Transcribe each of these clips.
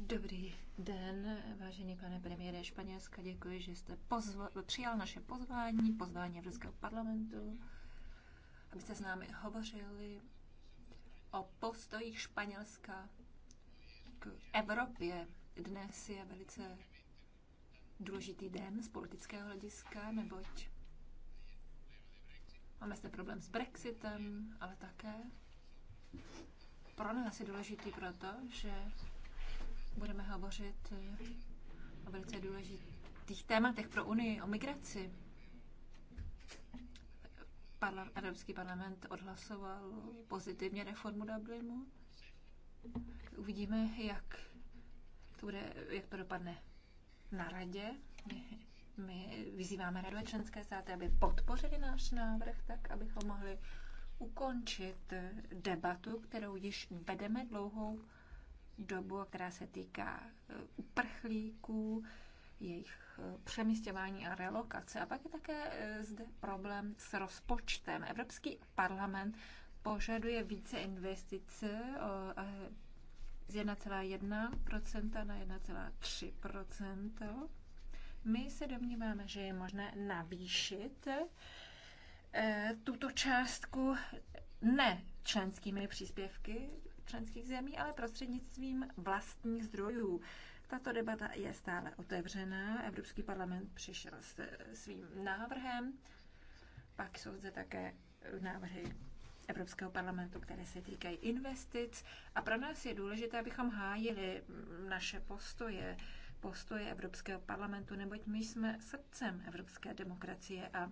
Dobrý den, vážený pane premiére Španělska, děkuji, že jste pozva- přijal naše pozvání, pozvání Evropského parlamentu, abyste s námi hovořili o postojích Španělska k Evropě. Dnes je velice důležitý den z politického hlediska, neboť máme zde problém s Brexitem, ale také pro nás je důležitý proto, že budeme hovořit eh, o velice důležitých tématech pro Unii, o migraci. Parla- Evropský parlament odhlasoval pozitivně reformu Dublinu. Uvidíme, jak to, bude, jak to dopadne na radě. My vyzýváme radu členské státy, aby podpořili náš návrh, tak abychom mohli ukončit debatu, kterou již vedeme dlouhou dobu, která se týká eh, uprchlíků, jejich eh, přemístěvání a relokace. A pak je také eh, zde problém s rozpočtem. Evropský parlament požaduje více investic z 1,1% na 1,3%. My se domníváme, že je možné navýšit Eh, tuto částku ne členskými příspěvky členských zemí, ale prostřednictvím vlastních zdrojů. Tato debata je stále otevřená. Evropský parlament přišel s eh, svým návrhem. Pak jsou zde také návrhy Evropského parlamentu, které se týkají investic. A pro nás je důležité, abychom hájili mm, naše postoje, postoje Evropského parlamentu, neboť my jsme srdcem evropské demokracie a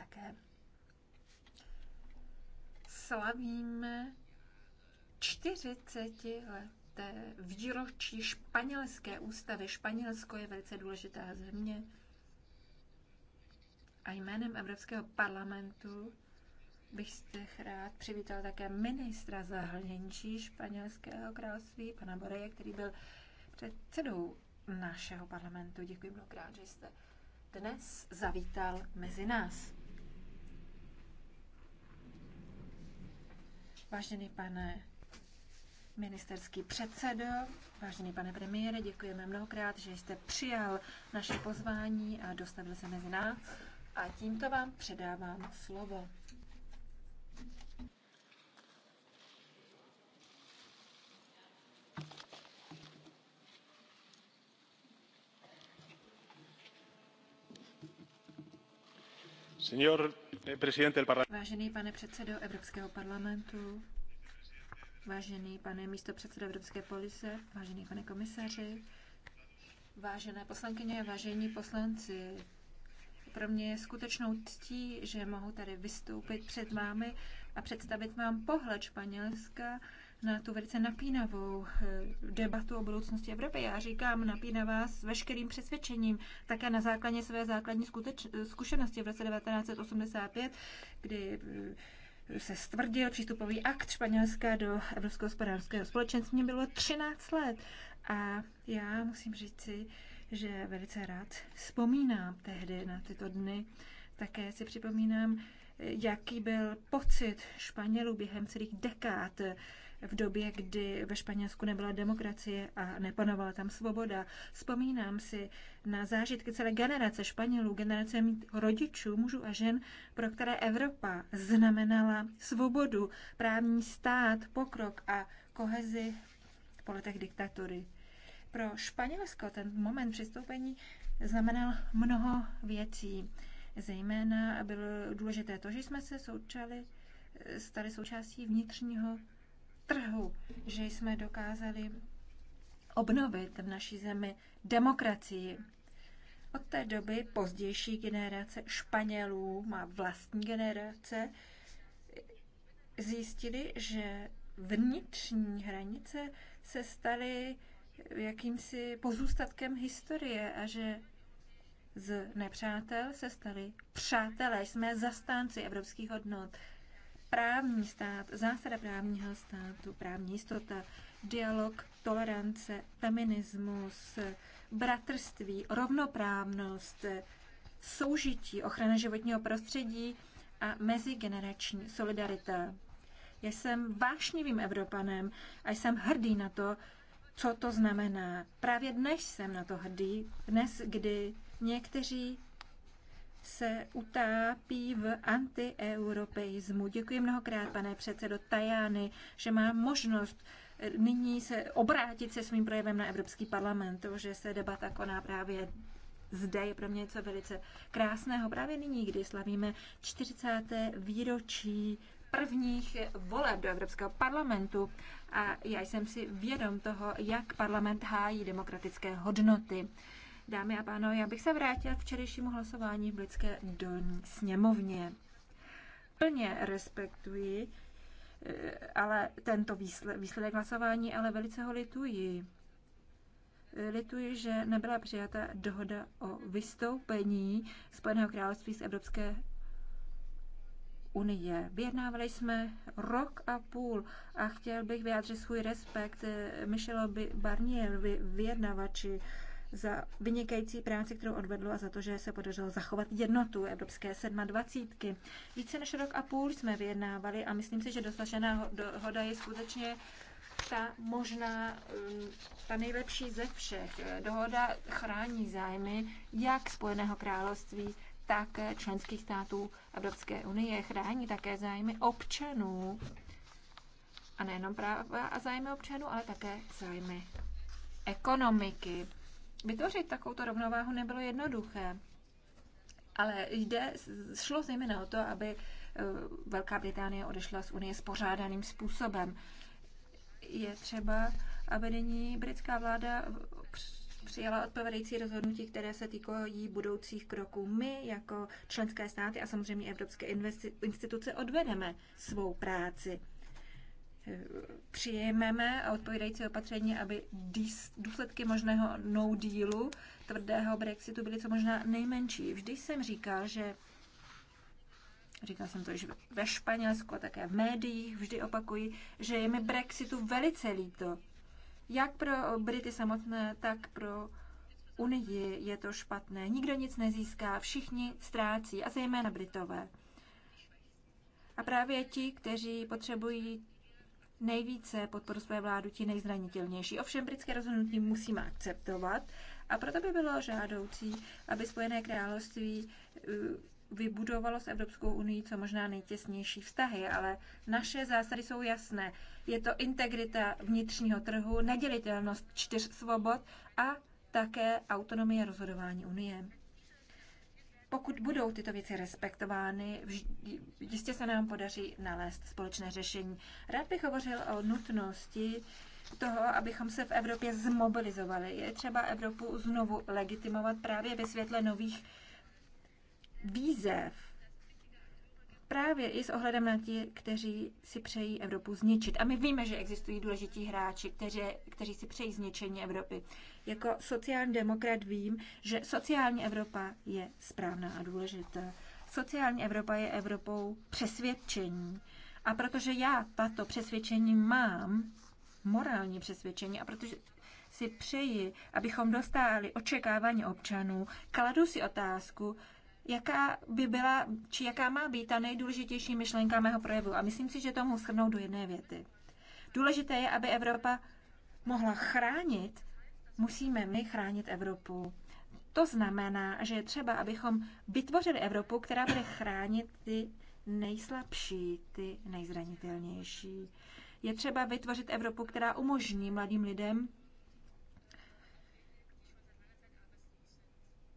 také slavíme 40 leté výročí španělské ústavy. Španělsko je velice důležitá země a jménem Evropského parlamentu bych se rád přivítal také ministra zahraničí španělského království, pana Boreje, který byl předsedou našeho parlamentu. Děkuji mnohokrát, že jste dnes zavítal mezi nás. Vážený pane ministerský předsedo, vážený pane premiére, děkujeme mnohokrát, že jste přijal naše pozvání a dostavil se mezi nás. A tímto vám předávám slovo. Señor Eh, vážený pane předsedo Evropského parlamentu, vážený pane místopředsedo Evropské police, vážený pane komisaři, vážené poslankyně, vážení poslanci, pro mě je skutečnou ctí, že mohu tady vystoupit před vámi a představit vám pohled Španělska na tu velice napínavou eh, debatu o budoucnosti Evropy. Já říkám napínavá s veškerým přesvědčením, také na základě své základní zkušenosti v roce 1985, kdy eh, se stvrdil přístupový akt Španělska do Evropského hospodářského společenství. Mě bylo 13 let a já musím říci, že velice rád vzpomínám tehdy na tyto dny. Také si připomínám, eh, jaký byl pocit Španělů během celých dekád v době, kdy ve Španělsku nebyla demokracie a nepanovala tam svoboda. Vzpomínám si na zážitky celé generace Španělů, generace rodičů, mužů a žen, pro které Evropa znamenala svobodu, právní stát, pokrok a kohezi po letech diktatury. Pro Španělsko ten moment přistoupení znamenal mnoho věcí. Zejména bylo důležité to, že jsme se součali, stali součástí vnitřního trhu, že jsme dokázali obnovit v naší zemi demokracii. Od té doby pozdější generace Španělů, má vlastní generace, zjistili, že vnitřní hranice se staly jakýmsi pozůstatkem historie a že z nepřátel se stali přátelé. Jsme zastánci evropských hodnot, Právní stát, zásada právního státu, právní jistota, dialog, tolerance, feminismus, bratrství, rovnoprávnost, soužití, ochrana životního prostředí a mezigenerační solidarita. Já jsem vášnivým Evropanem a jsem hrdý na to, co to znamená. Právě dnes jsem na to hrdý, dnes, kdy někteří se utápí v antieuropeismu. Děkuji mnohokrát, pane předsedo Tajány, že má možnost eh, nyní se obrátit se svým projevem na Evropský parlament, to, že se debata koná právě zde je pro mě něco velice krásného. Právě nyní, kdy slavíme 40. výročí prvních voleb do Evropského parlamentu a já jsem si vědom toho, jak parlament hájí demokratické hodnoty. Dámy a pánové, já bych se vrátil k včerejšímu hlasování v Blické dolní sněmovně. Plně respektuji eh, ale tento výsledek hlasování, ale velice ho lituji. Eh, lituji, že nebyla přijata dohoda o vystoupení Spojeného království z Evropské unie. Vyjednávali jsme rok a půl a chtěl bych vyjádřit svůj respekt eh, Michelovi Barnierovi, vyjednavači za vynikající práci, kterou odvedlo a za to, že se podařilo zachovat jednotu Evropské 27. Více než rok a půl jsme vyjednávali a myslím si, že dosažená dohoda je skutečně ta možná, mm, ta nejlepší ze všech. Dohoda chrání zájmy jak Spojeného království, tak členských států Evropské unie. Chrání také zájmy občanů. A nejenom práva a zájmy občanů, ale také zájmy ekonomiky. Vytvořit takovou rovnováhu nebylo jednoduché, ale jde, šlo zejména o to, aby eh, Velká Británie odešla z Unie spořádaným způsobem. Je třeba, aby nyní britská vláda přijala odpovědající rozhodnutí, které se týkají budoucích kroků. My jako členské státy a samozřejmě evropské instituce odvedeme svou práci přijmeme a odpovídající opatření, aby důsledky možného no dealu, tvrdého Brexitu byly co možná nejmenší. Vždy jsem říkal, že Říkal jsem to již ve Španělsku a také v médiích, vždy opakuji, že je mi Brexitu velice líto. Jak pro Brity samotné, tak pro Unii je to špatné. Nikdo nic nezíská, všichni ztrácí, a zejména Britové. A právě ti, kteří potřebují nejvíce podporu své vládu ti nejzranitelnější. Ovšem britské rozhodnutí musíme akceptovat a proto by bylo žádoucí, aby Spojené království eh, vybudovalo s Evropskou unii co možná nejtěsnější vztahy, ale naše zásady jsou jasné. Je to integrita vnitřního trhu, nedělitelnost čtyř svobod a také autonomie rozhodování Unie. Pokud budou tyto věci respektovány, jistě se nám podaří nalézt společné řešení. Rád bych hovořil o nutnosti toho, abychom se v Evropě zmobilizovali. Je třeba Evropu znovu legitimovat právě ve světle nových výzev. Právě i s ohledem na ti, kteří si přejí Evropu zničit. A my víme, že existují důležití hráči, kteří, kteří si přejí zničení Evropy. Jako sociální demokrat vím, že sociální Evropa je správná a důležitá. Sociální Evropa je Evropou přesvědčení. A protože já tato přesvědčení mám, morální přesvědčení, a protože si přeji, abychom dostali očekávání občanů, kladu si otázku, jaká by byla, či jaká má být ta nejdůležitější myšlenka mého projevu. A myslím si, že to mohu shrnout do jedné věty. Důležité je, aby Evropa mohla chránit musíme my chránit Evropu. To znamená, že je třeba, abychom vytvořili Evropu, která bude chránit ty nejslabší, ty nejzranitelnější. Je třeba vytvořit Evropu, která umožní mladým lidem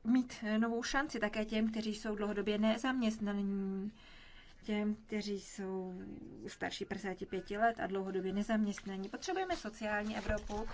mít eh, novou šanci také těm, kteří jsou dlouhodobě nezaměstnaní, těm, kteří jsou starší 55 let a dlouhodobě nezaměstnaní. Potřebujeme sociální Evropu,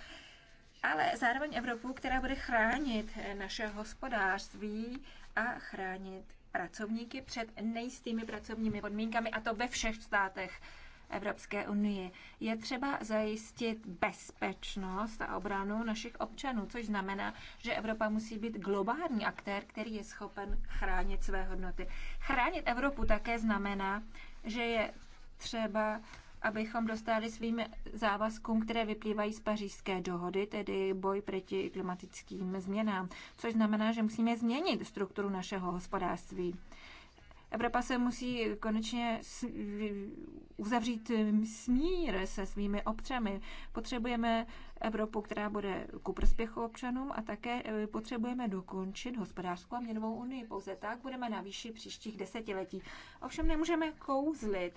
ale zároveň Evropu, která bude chránit eh, naše hospodářství a chránit pracovníky před nejistými pracovními podmínkami, a to ve všech státech Evropské unie. Je třeba zajistit bezpečnost a obranu našich občanů, což znamená, že Evropa musí být globální aktér, který je schopen chránit své hodnoty. Chránit Evropu také znamená, že je třeba abychom dostali svým závazkům, které vyplývají z pařížské dohody, tedy boj proti klimatickým změnám, což znamená, že musíme změnit strukturu našeho hospodářství. Evropa se musí konečně uzavřít smír se svými občany. Potřebujeme Evropu, která bude ku prospěchu občanům a také eh, potřebujeme dokončit hospodářskou a měnovou unii. Pouze tak budeme na výši příštích desetiletí. Ovšem nemůžeme kouzlit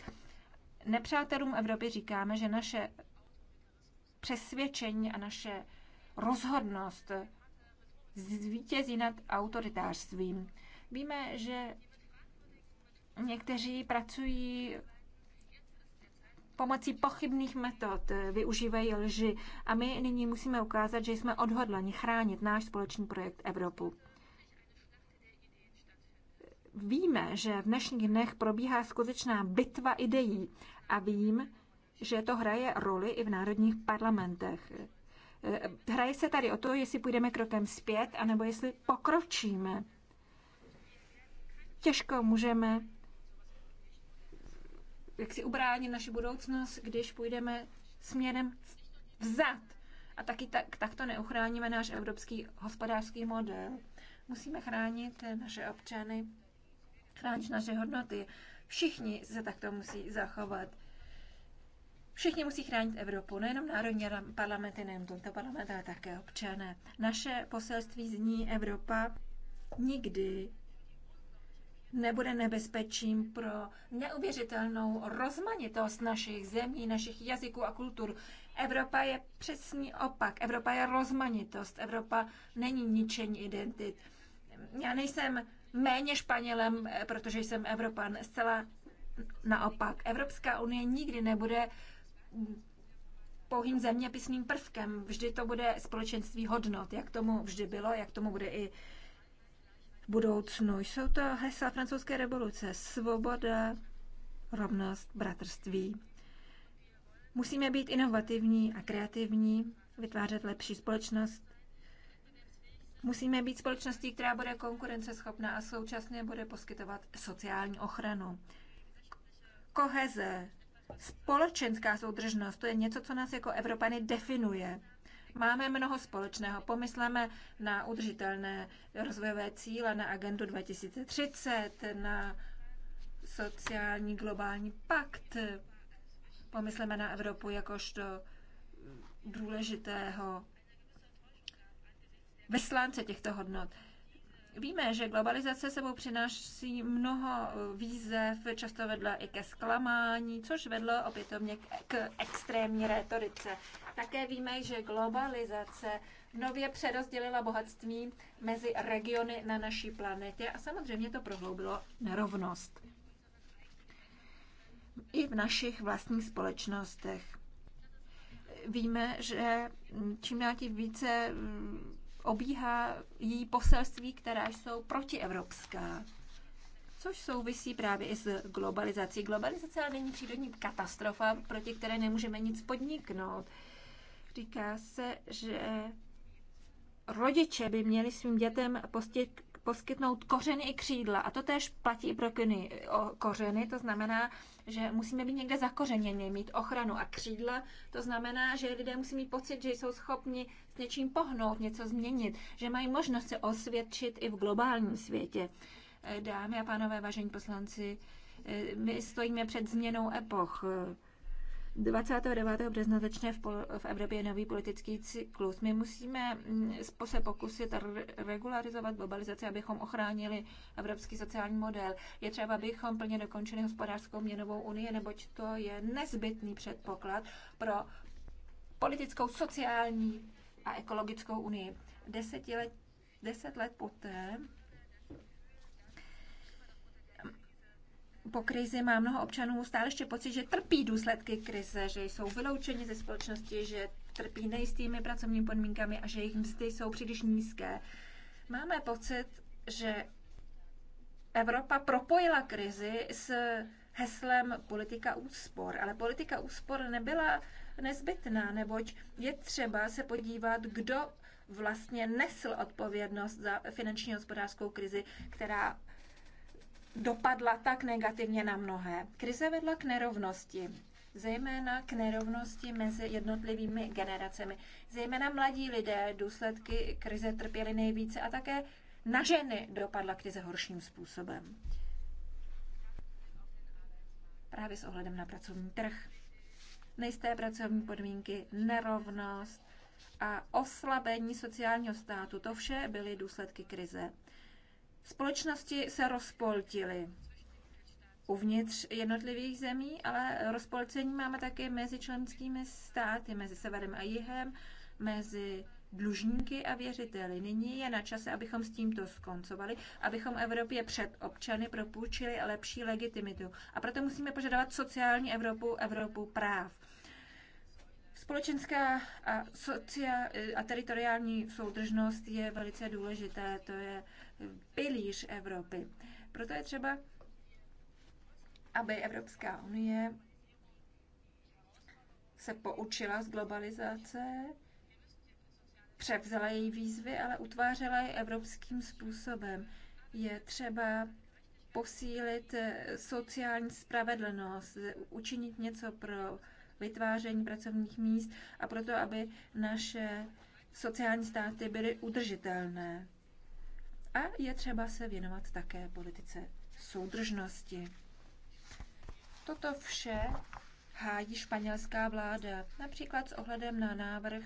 nepřátelům Evropy říkáme, že naše přesvědčení a naše rozhodnost zvítězí nad autoritářstvím. Víme, že někteří pracují pomocí pochybných metod, využívají lži a my nyní musíme ukázat, že jsme odhodlani chránit náš společný projekt Evropu. Víme, že v dnešních dnech probíhá skutečná bitva ideí a vím, že to hraje roli i v národních parlamentech. Eh, hraje se tady o to, jestli půjdeme krokem zpět, anebo jestli pokročíme. Těžko můžeme jak si ubránit naši budoucnost, když půjdeme směrem vzad. A taky tak, to neuchráníme náš evropský hospodářský model. Musíme chránit naše občany chránit naše hodnoty. Všichni se takto musí zachovat. Všichni musí chránit Evropu, nejenom národní parlamenty, nejenom tento parlament, ale také občané. Naše poselství zní Evropa nikdy nebude nebezpečím pro neuvěřitelnou rozmanitost našich zemí, našich jazyků a kultur. Evropa je přesný opak. Evropa je rozmanitost. Evropa není ničení identit. Já nejsem méně Španělem, protože jsem Evropan. Zcela naopak. Evropská unie nikdy nebude pouhým zeměpisným prvkem. Vždy to bude společenství hodnot, jak tomu vždy bylo, jak tomu bude i v budoucnu. Jsou to hesla francouzské revoluce. Svoboda, rovnost, bratrství. Musíme být inovativní a kreativní, vytvářet lepší společnost, Musíme být společností, která bude konkurenceschopná a současně bude poskytovat sociální ochranu. Koheze, společenská soudržnost, to je něco, co nás jako Evropany definuje. Máme mnoho společného. Pomysleme na udržitelné rozvojové cíle, na agendu 2030, na sociální globální pakt. Pomysleme na Evropu jakožto důležitého vyslánce těchto hodnot. Víme, že globalizace sebou přináší mnoho výzev, často vedla i ke zklamání, což vedlo opětovně k extrémní rétorice. Také víme, že globalizace nově přerozdělila bohatství mezi regiony na naší planetě a samozřejmě to prohloubilo nerovnost. I v našich vlastních společnostech. Víme, že čím dál tím více obíhá její poselství, která jsou protievropská což souvisí právě i s globalizací. Globalizace ale není přírodní katastrofa, proti které nemůžeme nic podniknout. Říká se, že rodiče by měli svým dětem postit poskytnout kořeny i křídla. A to též platí i pro kyny. O kořeny, to znamená, že musíme být někde zakořeněni, mít ochranu a křídla. To znamená, že lidé musí mít pocit, že jsou schopni s něčím pohnout, něco změnit, že mají možnost se osvědčit i v globálním světě. Eh, dámy a pánové, vážení poslanci, eh, my stojíme před změnou epoch. Eh, 29. března začne v, pol- v Evropě nový politický cyklus. My musíme mm, se pokusit regularizovat globalizaci, abychom ochránili evropský sociální model. Je třeba, abychom plně dokončili hospodářskou měnovou unii, neboť to je nezbytný předpoklad pro politickou, sociální a ekologickou unii. deset let poté, po krizi má mnoho občanů stále ještě pocit, že trpí důsledky krize, že jsou vyloučeni ze společnosti, že trpí nejistými pracovními podmínkami a že jejich mzdy jsou příliš nízké. Máme pocit, že Evropa propojila krizi s heslem politika úspor, ale politika úspor nebyla nezbytná, neboť je třeba se podívat, kdo vlastně nesl odpovědnost za finanční hospodářskou krizi, která dopadla tak negativně na mnohé. Krize vedla k nerovnosti, zejména k nerovnosti mezi jednotlivými generacemi. Zejména mladí lidé důsledky krize trpěli nejvíce a také na ženy dopadla krize horším způsobem. Právě s ohledem na pracovní trh. Nejisté pracovní podmínky, nerovnost a oslabení sociálního státu, to vše byly důsledky krize. Společnosti se rozpoltily uvnitř jednotlivých zemí, ale rozpolcení máme také mezi členskými státy, mezi severem a jihem, mezi dlužníky a věřiteli. Nyní je na čase, abychom s tímto skoncovali, abychom Evropě před občany propůjčili lepší legitimitu. A proto musíme požadovat sociální Evropu, Evropu práv. Společenská a, socia- a teritoriální soudržnost je velice důležité. To je pilíř Evropy. Proto je třeba, aby Evropská unie se poučila z globalizace, převzala její výzvy, ale utvářela je evropským způsobem. Je třeba posílit sociální spravedlnost, učinit něco pro vytváření pracovních míst a proto, aby naše sociální státy byly udržitelné. A je třeba se věnovat také politice soudržnosti. Toto vše hájí španělská vláda, například s ohledem na návrh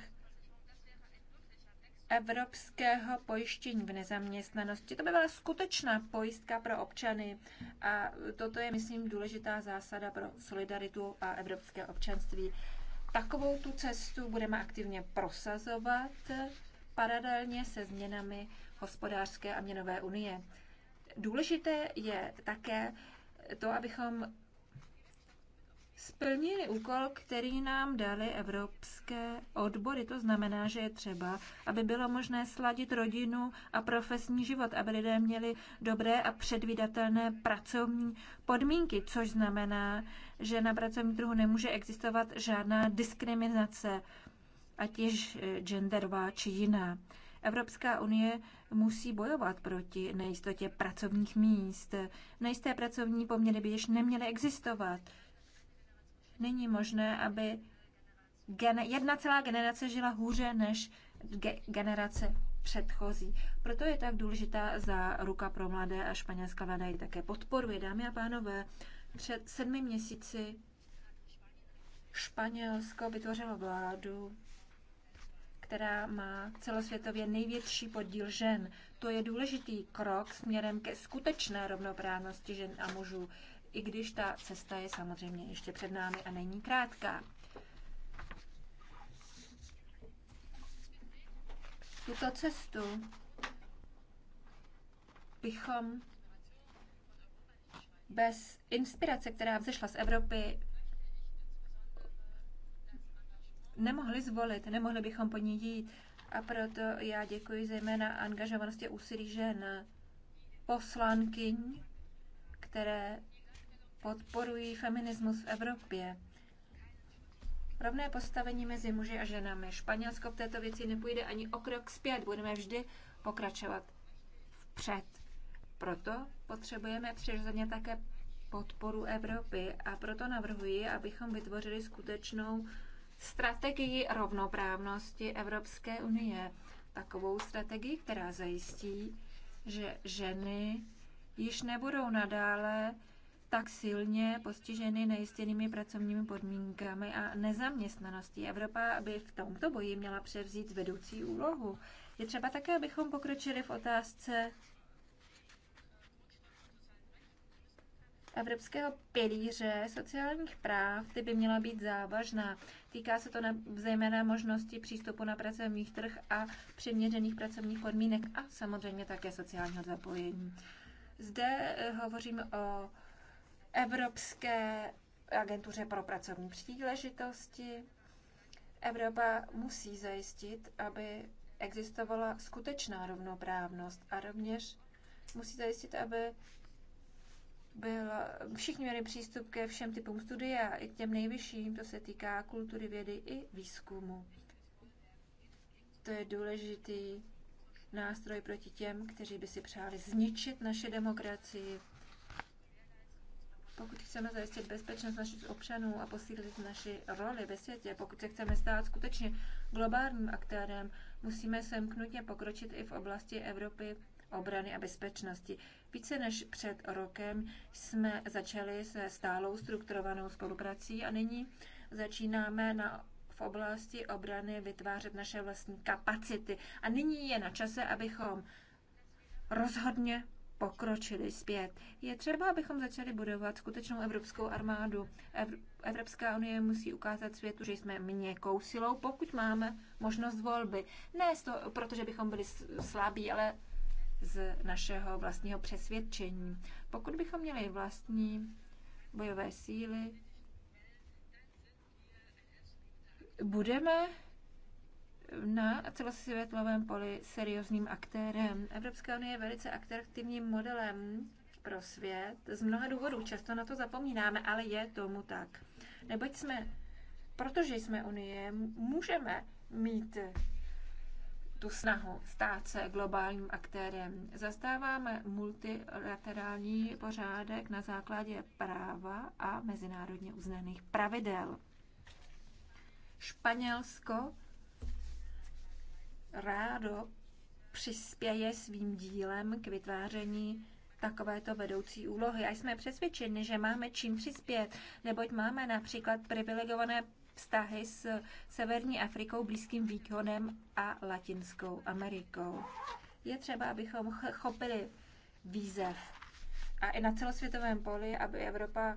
evropského pojištění v nezaměstnanosti. To by byla skutečná pojistka pro občany a toto je, myslím, důležitá zásada pro solidaritu a evropské občanství. Takovou tu cestu budeme aktivně prosazovat paralelně se změnami hospodářské a měnové unie. Důležité je také to, abychom splnili úkol, který nám dali evropské odbory. To znamená, že je třeba, aby bylo možné sladit rodinu a profesní život, aby lidé měli dobré a předvídatelné pracovní podmínky, což znamená, že na pracovním trhu nemůže existovat žádná diskriminace, ať již eh, genderová či jiná. Evropská unie musí bojovat proti nejistotě pracovních míst. Nejisté pracovní poměry by již neměly existovat. Není možné, aby jedna celá generace žila hůře než ge- generace předchozí. Proto je tak důležitá za ruka pro mladé a španělská vláda ji také podporuje. Dámy a pánové, před sedmi měsíci Španělsko vytvořilo vládu, která má celosvětově největší podíl žen. To je důležitý krok směrem ke skutečné rovnoprávnosti žen a mužů, i když ta cesta je samozřejmě ještě před námi a není krátká. Tuto cestu bychom bez inspirace, která vzešla z Evropy, nemohli zvolit, nemohli bychom po ní jít. A proto já děkuji zejména angažovanosti úsilí žen poslankyň, které podporují feminismus v Evropě. Rovné postavení mezi muži a ženami. Španělsko v této věci nepůjde ani o krok zpět. Budeme vždy pokračovat vpřed. Proto potřebujeme přirozeně také podporu Evropy a proto navrhuji, abychom vytvořili skutečnou strategii rovnoprávnosti Evropské unie. Takovou strategii, která zajistí, že ženy již nebudou nadále tak silně postiženy nejistěnými pracovními podmínkami a nezaměstnaností. Evropa by v tomto boji měla převzít vedoucí úlohu. Je třeba také, abychom pokročili v otázce Evropského pilíře sociálních práv, ty by měla být závažná. Týká se to na, zejména možnosti přístupu na pracovních trh a přiměřených pracovních podmínek a samozřejmě také sociálního zapojení. Zde eh, hovořím o Evropské agentuře pro pracovní příležitosti. Evropa musí zajistit, aby existovala skutečná rovnoprávnost a rovněž musí zajistit, aby byl, všichni měli přístup ke všem typům studia, i k těm nejvyšším, to se týká kultury, vědy i výzkumu. To je důležitý nástroj proti těm, kteří by si přáli zničit naše demokracii. Pokud chceme zajistit bezpečnost našich občanů a posílit naši roli ve světě, pokud se chceme stát skutečně globálním aktérem, musíme semknutně pokročit i v oblasti Evropy obrany a bezpečnosti. Více než před rokem jsme začali se stálou strukturovanou spoluprací a nyní začínáme na v oblasti obrany vytvářet naše vlastní kapacity. A nyní je na čase, abychom rozhodně pokročili zpět. Je třeba, abychom začali budovat skutečnou evropskou armádu. Evropská unie musí ukázat světu, že jsme měkkou silou, pokud máme možnost volby. Ne to, protože bychom byli slabí, ale z našeho vlastního přesvědčení. Pokud bychom měli vlastní bojové síly, budeme na celosvětlovém poli seriózním aktérem. Evropská unie je velice aktivním modelem pro svět. Z mnoha důvodů často na to zapomínáme, ale je tomu tak. Neboť jsme, protože jsme unie, můžeme mít tu snahu stát se globálním aktérem. Zastáváme multilaterální pořádek na základě práva a mezinárodně uznaných pravidel. Španělsko rádo přispěje svým dílem k vytváření takovéto vedoucí úlohy. A jsme přesvědčeni, že máme čím přispět, neboť máme například privilegované vztahy s Severní Afrikou, Blízkým východem a Latinskou Amerikou. Je třeba, abychom chopili výzev a i na celosvětovém poli, aby Evropa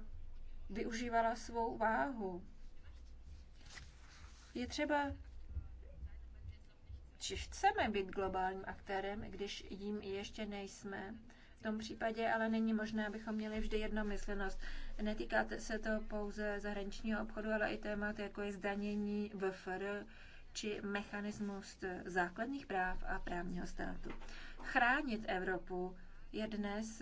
využívala svou váhu. Je třeba, či chceme být globálním aktérem, když jim ještě nejsme. V tom případě ale není možné, abychom měli vždy jednomyslnost. Netýká se to pouze zahraničního obchodu, ale i témat, jako je zdanění VFR či mechanismus základních práv a právního státu. Chránit Evropu je dnes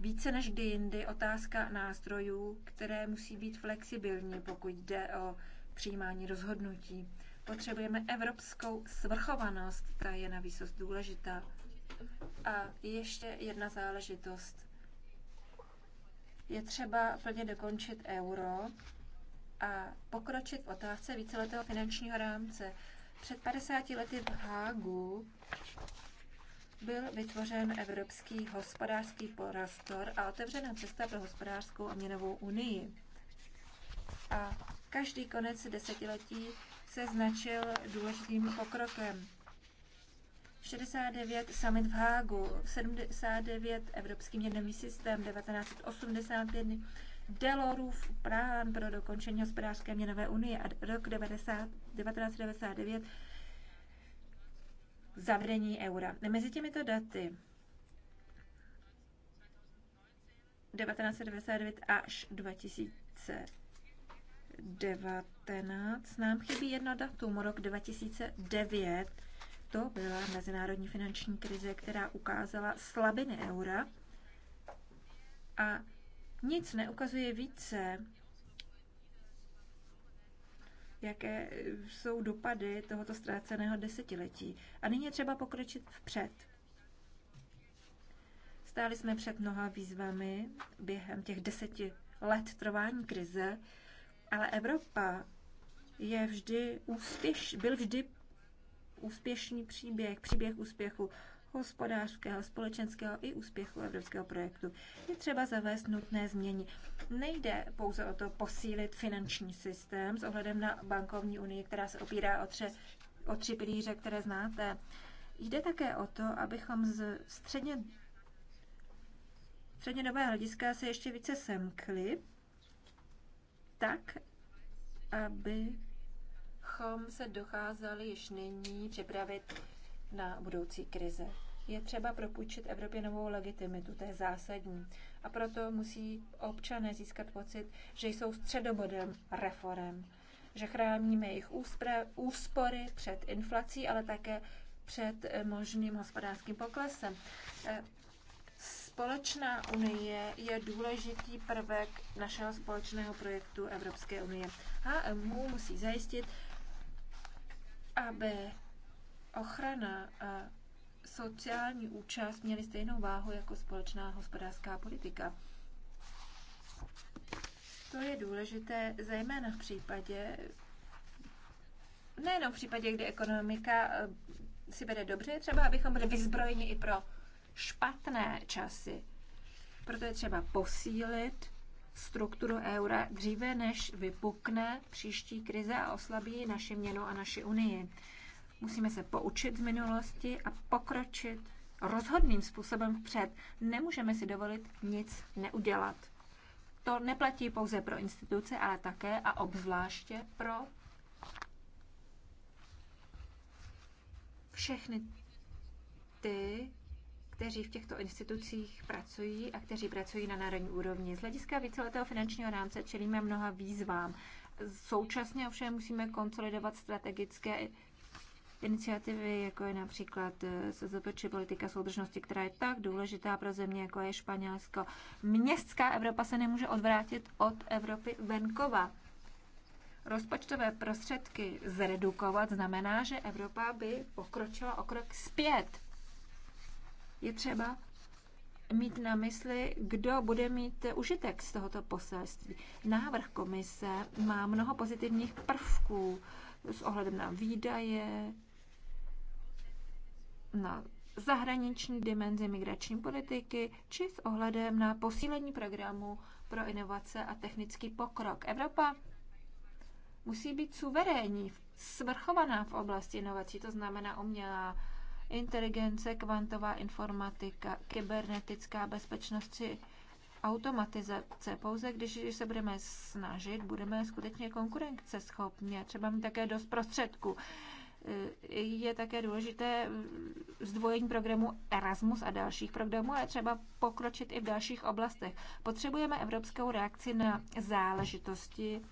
více než kdy jindy otázka nástrojů, které musí být flexibilní, pokud jde o přijímání rozhodnutí. Potřebujeme evropskou svrchovanost, ta je na důležitá. A ještě jedna záležitost. Je třeba plně dokončit euro a pokročit v otázce víceletého finančního rámce. Před 50 lety v Hágu byl vytvořen Evropský hospodářský prostor a otevřena cesta pro hospodářskou a měnovou unii. A každý konec desetiletí se značil důležitým pokrokem. 69 summit v Hágu, 79 Evropský měnový systém, 1981 Delorův plán pro dokončení hospodářské měnové unie a rok 90, 1999 zavření eura. Mezi těmito daty 1999 až 2019 nám chybí jedno datum, rok 2009, to byla mezinárodní finanční krize, která ukázala slabiny eura a nic neukazuje více, jaké jsou dopady tohoto ztráceného desetiletí. A nyní je třeba pokročit vpřed. Stáli jsme před mnoha výzvami během těch deseti let trvání krize, ale Evropa je vždy úspěš, byl vždy úspěšný příběh, příběh úspěchu hospodářského, společenského i úspěchu evropského projektu. Je třeba zavést nutné změny. Nejde pouze o to posílit finanční systém s ohledem na bankovní unii, která se opírá o, tře, o tři pilíře, které znáte. Jde také o to, abychom z středně, střednědobé hlediska se ještě více semkli, tak, aby abychom se docházeli již nyní připravit na budoucí krize. Je třeba propůjčit Evropě novou legitimitu, to je zásadní. A proto musí občané získat pocit, že jsou středobodem reform, že chráníme jejich úspory před inflací, ale také před eh, možným hospodářským poklesem. Eh, společná unie je důležitý prvek našeho společného projektu Evropské unie. HMU musí zajistit, aby ochrana a sociální účast měly stejnou váhu jako společná hospodářská politika. To je důležité zejména v případě, nejenom v případě, kdy ekonomika eh, si bude dobře, třeba abychom byli vyzbrojeni i pro špatné časy. Proto je třeba posílit strukturu eura dříve, než vypukne příští krize a oslabí naši měnu a naši unii. Musíme se poučit z minulosti a pokročit rozhodným způsobem vpřed. Nemůžeme si dovolit nic neudělat. To neplatí pouze pro instituce, ale také a obzvláště pro všechny ty, kteří v těchto institucích pracují a kteří pracují na národní úrovni. Z hlediska víceletého finančního rámce čelíme mnoha výzvám. Současně ovšem musíme konsolidovat strategické iniciativy, jako je například eh, SZP či politika soudržnosti, která je tak důležitá pro země, jako je Španělsko. Městská Evropa se nemůže odvrátit od Evropy venkova. Rozpočtové prostředky zredukovat znamená, že Evropa by pokročila o krok zpět je třeba mít na mysli, kdo bude mít užitek z tohoto poselství. Návrh komise má mnoho pozitivních prvků s ohledem na výdaje, na zahraniční dimenzi migrační politiky či s ohledem na posílení programu pro inovace a technický pokrok. Evropa musí být suverénní, svrchovaná v oblasti inovací, to znamená umělá inteligence, kvantová informatika, kybernetická bezpečnost či automatizace. Pouze když se budeme snažit, budeme skutečně a třeba mít také dost prostředků. Je také důležité zdvojení programu Erasmus a dalších programů, ale třeba pokročit i v dalších oblastech. Potřebujeme evropskou reakci na záležitosti,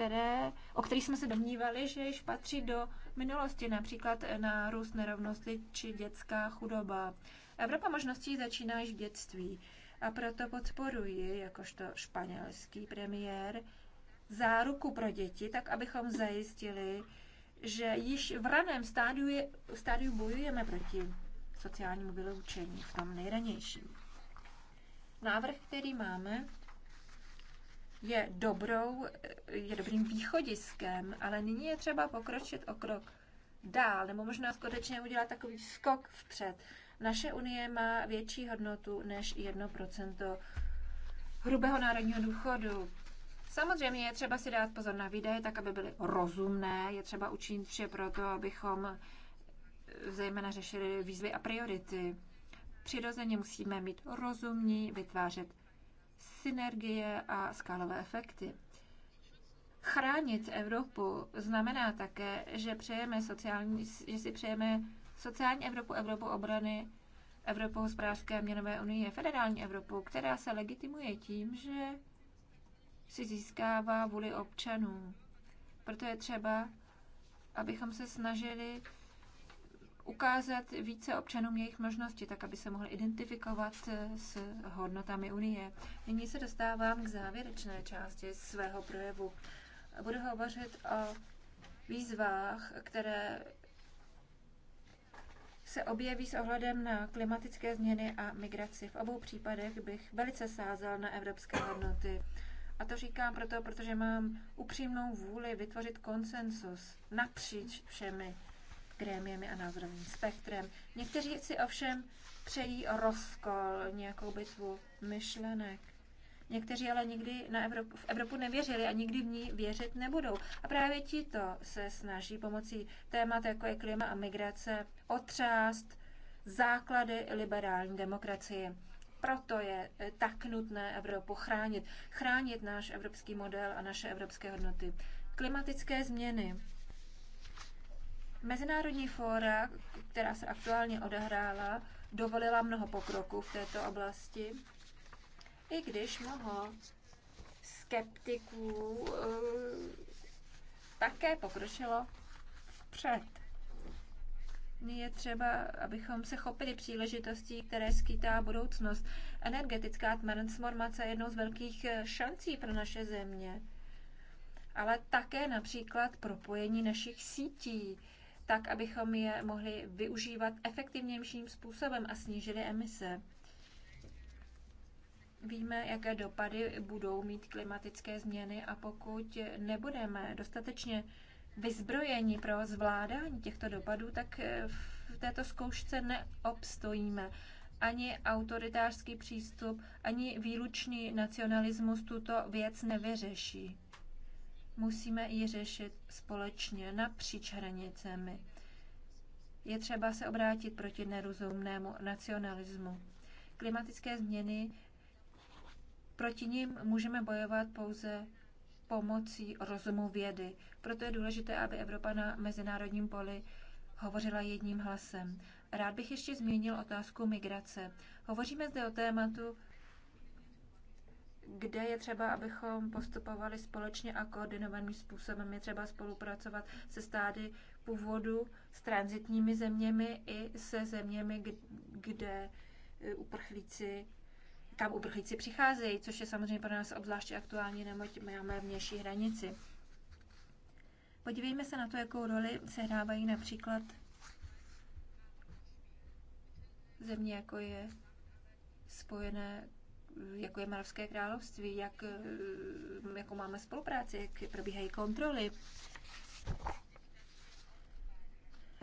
které, o kterých jsme se domnívali, že již patří do minulosti, například nárůst nerovnosti či dětská chudoba. Evropa možností začíná již v dětství a proto podporuji, jakožto španělský premiér, záruku pro děti, tak abychom zajistili, že již v raném stádiu, je, stádiu bojujeme proti sociálnímu vyloučení, v tom nejranějším. Návrh, který máme, je, dobrou, je dobrým východiskem, ale nyní je třeba pokročit o krok dál, nebo možná skutečně udělat takový skok vpřed. Naše unie má větší hodnotu než 1% hrubého národního důchodu. Samozřejmě je třeba si dát pozor na výdaje, tak aby byly rozumné, je třeba učinit vše to, abychom eh, zejména řešili výzvy a priority. Přirozeně musíme mít rozumní, vytvářet synergie a skálové efekty. Chránit Evropu znamená také, že, přejeme sociální, že si přejeme sociální Evropu, Evropu obrany, Evropu hospodářské a měnové unie, federální Evropu, která se legitimuje tím, že si získává vůli občanů. Proto je třeba, abychom se snažili ukázat více občanům jejich možnosti, tak aby se mohli identifikovat eh, s hodnotami Unie. Nyní se dostávám k závěrečné části svého projevu. Budu hovořit o výzvách, které se objeví s ohledem na klimatické změny a migraci. V obou případech bych velice sázel na evropské hodnoty. A to říkám proto, protože mám upřímnou vůli vytvořit konsensus napříč všemi grémiemi a názorovým spektrem. Někteří si ovšem přejí rozkol, nějakou bitvu myšlenek. Někteří ale nikdy na Evropu, v Evropu nevěřili a nikdy v ní věřit nebudou. A právě tito se snaží pomocí témat, jako je klima a migrace, otřást základy liberální demokracie. Proto je eh, tak nutné Evropu chránit. Chránit náš evropský model a naše evropské hodnoty. Klimatické změny Mezinárodní fóra, která se aktuálně odehrála, dovolila mnoho pokroku v této oblasti, i když mnoho skeptiků eh, také pokročilo vpřed. Je třeba, abychom se chopili příležitostí, které skýtá budoucnost. Energetická transformace je jednou z velkých eh, šancí pro naše země, ale také například propojení našich sítí tak abychom je mohli využívat efektivnějším způsobem a snížili emise. Víme, jaké dopady budou mít klimatické změny a pokud nebudeme dostatečně vyzbrojeni pro zvládání těchto dopadů, tak eh, v této zkoušce neobstojíme. Ani autoritářský přístup, ani výlučný nacionalismus tuto věc nevyřeší musíme ji řešit společně napříč hranicemi. Je třeba se obrátit proti nerozumnému nacionalismu. Klimatické změny, proti nim můžeme bojovat pouze pomocí rozumu vědy. Proto je důležité, aby Evropa na mezinárodním poli hovořila jedním hlasem. Rád bych ještě zmínil otázku migrace. Hovoříme zde o tématu, kde je třeba, abychom postupovali společně a koordinovaným způsobem. Je třeba spolupracovat se stády původu, s transitními zeměmi i se zeměmi, kde e, uprchlíci kam uprchlíci přicházejí, což je samozřejmě pro nás obzvláště aktuální, neboť máme vnější hranici. Podívejme se na to, jakou roli sehrávají například země, jako je Spojené jako je Moravské království, jak, eh, jako máme spolupráci, jak probíhají kontroly.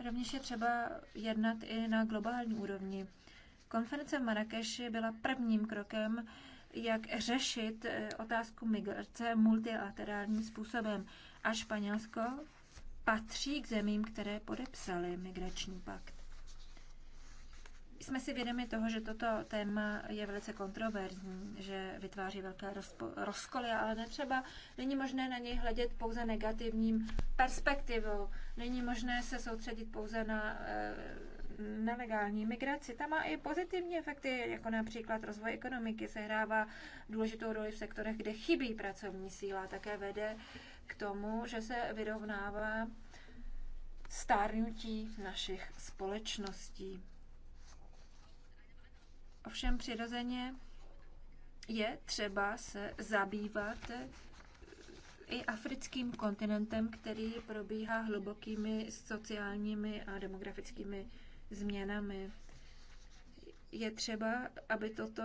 Rovněž je třeba jednat i na globální úrovni. Konference v Marrakeši byla prvním krokem, jak řešit eh, otázku migrace multilaterálním způsobem. A Španělsko patří k zemím, které podepsaly migrační pakt jsme si vědomi toho, že toto téma je velice kontroverzní, že vytváří velké rozkoly, ale netřeba, není možné na něj hledět pouze negativním perspektivou. Není možné se soustředit pouze na e, nelegální migraci. Ta má i pozitivní efekty, jako například rozvoj ekonomiky, sehrává důležitou roli v sektorech, kde chybí pracovní síla, také vede k tomu, že se vyrovnává stárnutí našich společností. Ovšem přirozeně je třeba se zabývat eh, i africkým kontinentem, který probíhá hlubokými sociálními a demografickými změnami. Je třeba, aby toto,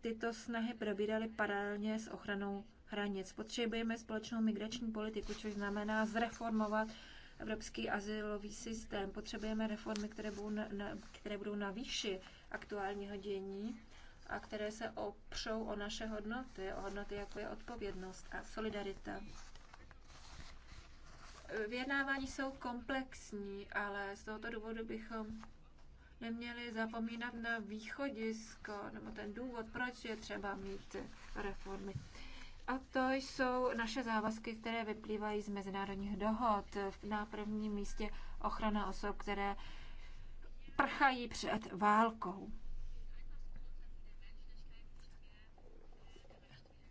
tyto snahy probíraly paralelně s ochranou hranic. Potřebujeme společnou migrační politiku, což znamená zreformovat evropský asilový systém. Potřebujeme reformy, které budou na, na, které budou na výši aktuálního dění a které se opřou o naše hodnoty, o hodnoty jako je odpovědnost a solidarita. Vyjednávání jsou komplexní, ale z tohoto důvodu bychom neměli zapomínat na východisko nebo ten důvod, proč je třeba mít reformy. A to jsou naše závazky, které vyplývají z mezinárodních dohod. Na prvním místě ochrana osob, které prchají před válkou.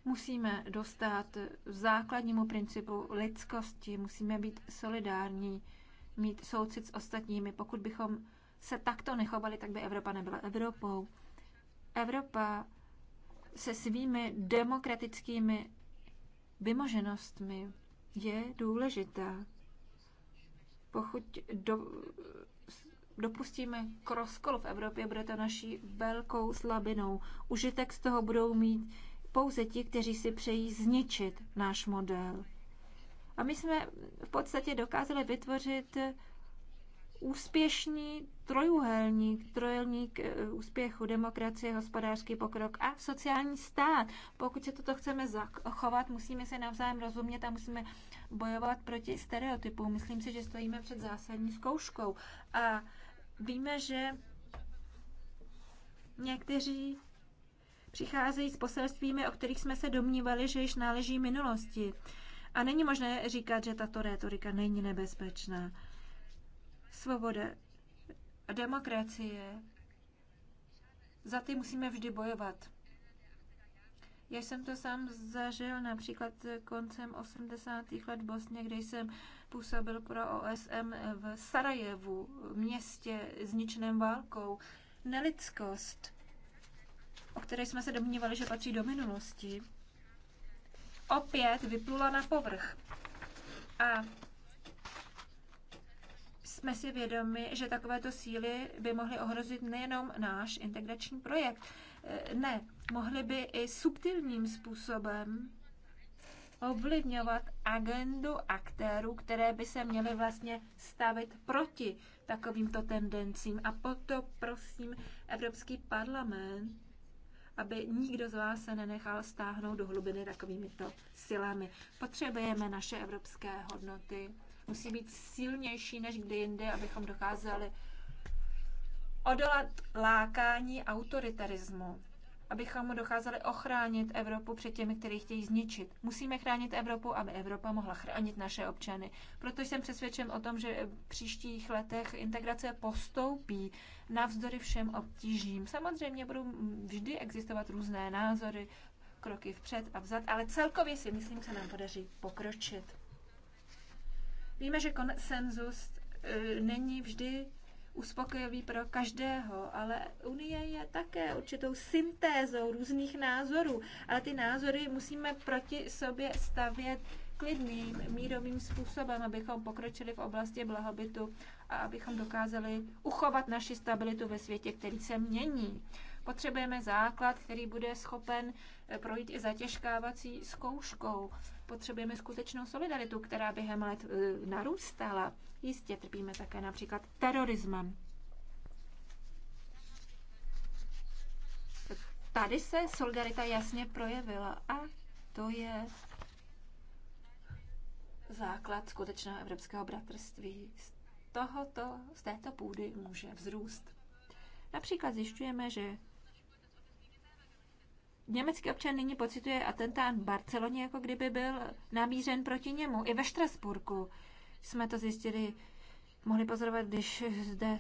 Musíme dostat základnímu principu lidskosti, musíme být solidární, mít soucit s ostatními. Pokud bychom se takto nechovali, tak by Evropa nebyla Evropou. Evropa se svými demokratickými vymoženostmi je důležitá. Pokud do, dopustíme k rozkolu v Evropě, bude to naší velkou slabinou. Užitek z toho budou mít pouze ti, kteří si přejí zničit náš model. A my jsme v podstatě dokázali vytvořit úspěšný trojuhelník, trojuhelník eh, úspěchu, demokracie, hospodářský pokrok a sociální stát. Pokud se toto chceme zachovat, musíme se navzájem rozumět a musíme bojovat proti stereotypům. Myslím si, že stojíme před zásadní zkouškou. A Víme, že někteří přicházejí s poselstvími, o kterých jsme se domnívali, že již náleží minulosti. A není možné říkat, že tato rétorika není nebezpečná. Svoboda a demokracie, za ty musíme vždy bojovat. Já jsem to sám zažil například koncem 80. let v Bosně, kde jsem působil pro OSM v Sarajevu, městě zničeném válkou. Nelidskost, o které jsme se domnívali, že patří do minulosti, opět vyplula na povrch. A jsme si vědomi, že takovéto síly by mohly ohrozit nejenom náš integrační projekt. Ne, mohly by i subtilním způsobem ovlivňovat agendu aktérů, které by se měly vlastně stavit proti takovýmto tendencím. A proto prosím Evropský parlament, aby nikdo z vás se nenechal stáhnout do hlubiny takovýmito silami. Potřebujeme naše evropské hodnoty. Musí být silnější než kdy jindy, abychom dokázali odolat lákání autoritarismu abychom docházeli ochránit Evropu před těmi, kteří chtějí zničit. Musíme chránit Evropu, aby Evropa mohla chránit naše občany. Proto jsem přesvědčen o tom, že v příštích letech integrace postoupí navzdory všem obtížím. Samozřejmě budou vždy existovat různé názory, kroky vpřed a vzad, ale celkově si myslím, se nám podaří pokročit. Víme, že konsenzus eh, není vždy uspokojivý pro každého, ale Unie je také určitou syntézou různých názorů, ale ty názory musíme proti sobě stavět klidným, mírovým způsobem, abychom pokročili v oblasti blahobytu a abychom dokázali uchovat naši stabilitu ve světě, který se mění. Potřebujeme základ, který bude schopen projít i zatěžkávací zkouškou. Potřebujeme skutečnou solidaritu, která během let e, narůstala. Jistě trpíme také například terorismem. Tady se solidarita jasně projevila a to je základ skutečného evropského bratrství. Z, tohoto, z této půdy může vzrůst. Například zjišťujeme, že Německý občan nyní pocituje atentát v Barceloně, jako kdyby byl namířen proti němu. I ve Štrasburku jsme to zjistili, mohli pozorovat, když zde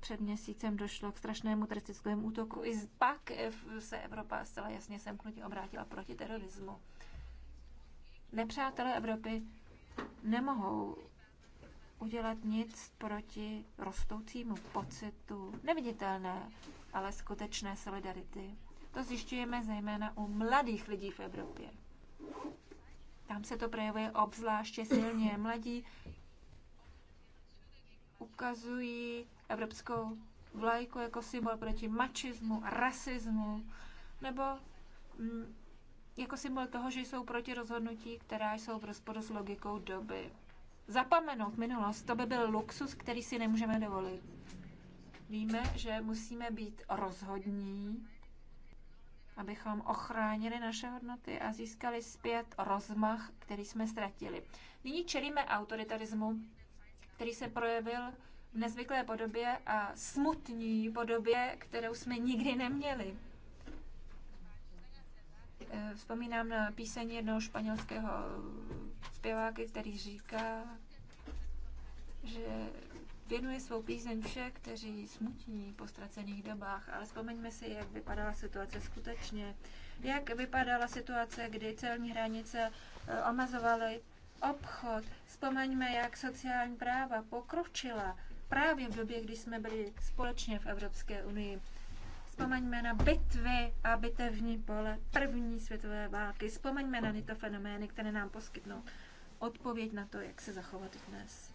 před měsícem došlo k strašnému teroristickému útoku. I pak se Evropa zcela jasně semknutě obrátila proti terorismu. Nepřátelé Evropy nemohou udělat nic proti rostoucímu pocitu neviditelné, ale skutečné solidarity to zjišťujeme zejména u mladých lidí v Evropě. Tam se to projevuje obzvláště silně. Mladí ukazují evropskou vlajku jako symbol proti mačismu a rasismu, nebo mm, jako symbol toho, že jsou proti rozhodnutí, která jsou v rozporu s logikou doby. Zapomenout minulost, to by byl luxus, který si nemůžeme dovolit. Víme, že musíme být rozhodní, abychom ochránili naše hodnoty a získali zpět rozmach, který jsme ztratili. Nyní čelíme autoritarismu, který se projevil v nezvyklé podobě a smutní podobě, kterou jsme nikdy neměli. Eh, vzpomínám na píseň jednoho španělského zpěváky, který říká, že věnuje svou pízeň vše, kteří smutní po ztracených dobách, ale vzpomeňme si, jak vypadala situace skutečně. Jak vypadala situace, kdy celní hranice eh, omezovaly obchod. Vzpomeňme, jak sociální práva pokročila právě v době, kdy jsme byli společně v Evropské unii. Vzpomeňme na bitvy a bitevní pole první světové války. Vzpomeňme na tyto fenomény, které nám poskytnou odpověď na to, jak se zachovat dnes.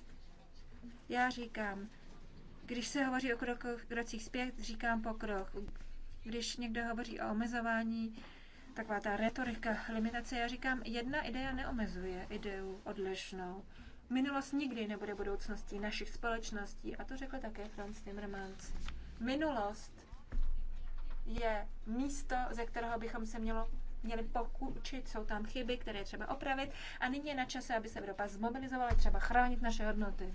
Já říkám, když se hovoří o krokoch, krocích zpět, říkám pokrok. Když někdo hovoří o omezování, taková ta retorika limitace, já říkám, jedna idea neomezuje ideu odlišnou. Minulost nikdy nebude budoucností našich společností. A to řekl také Franz Timmermans. Minulost je místo, ze kterého bychom se mělo, měli pokučit. Jsou tam chyby, které třeba opravit. A nyní je na čase, aby se Evropa zmobilizovala, třeba chránit naše hodnoty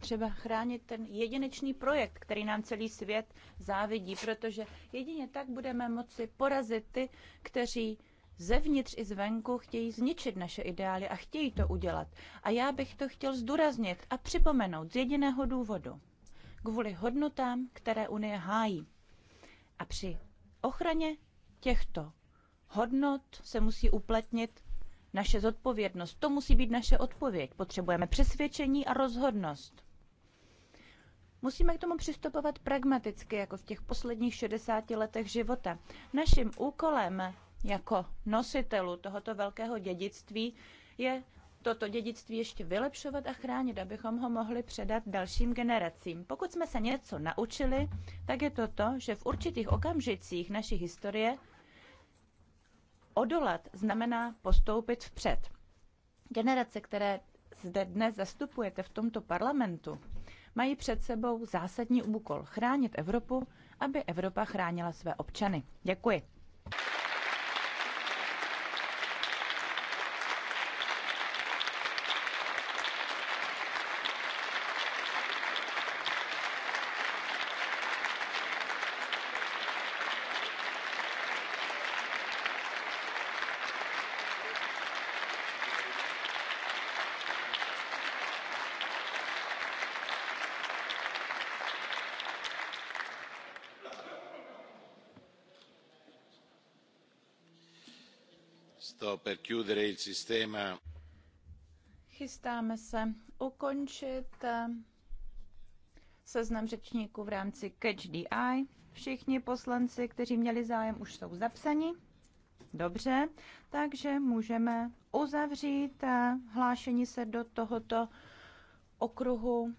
třeba chránit ten jedinečný projekt, který nám celý svět závidí, protože jedině tak budeme moci porazit ty, kteří zevnitř i zvenku chtějí zničit naše ideály a chtějí to udělat. A já bych to chtěl zdůraznit a připomenout z jediného důvodu. Kvůli hodnotám, které Unie hájí. A při ochraně těchto hodnot se musí uplatnit naše zodpovědnost. To musí být naše odpověď. Potřebujeme přesvědčení a rozhodnost. Musíme k tomu přistupovat pragmaticky, jako v těch posledních 60 letech života. Naším úkolem jako nositelů tohoto velkého dědictví je toto dědictví ještě vylepšovat a chránit, abychom ho mohli předat dalším generacím. Pokud jsme se něco naučili, tak je to to, že v určitých okamžicích naší historie odolat znamená postoupit vpřed. Generace, které zde dnes zastupujete v tomto parlamentu, mají před sebou zásadní úkol chránit Evropu, aby Evropa chránila své občany. Děkuji. Chystáme se ukončit eh, seznam řečníků v rámci Catch the Eye. Všichni poslanci, kteří měli zájem, už jsou zapsaní. Dobře, takže můžeme uzavřít eh, hlášení se do tohoto okruhu.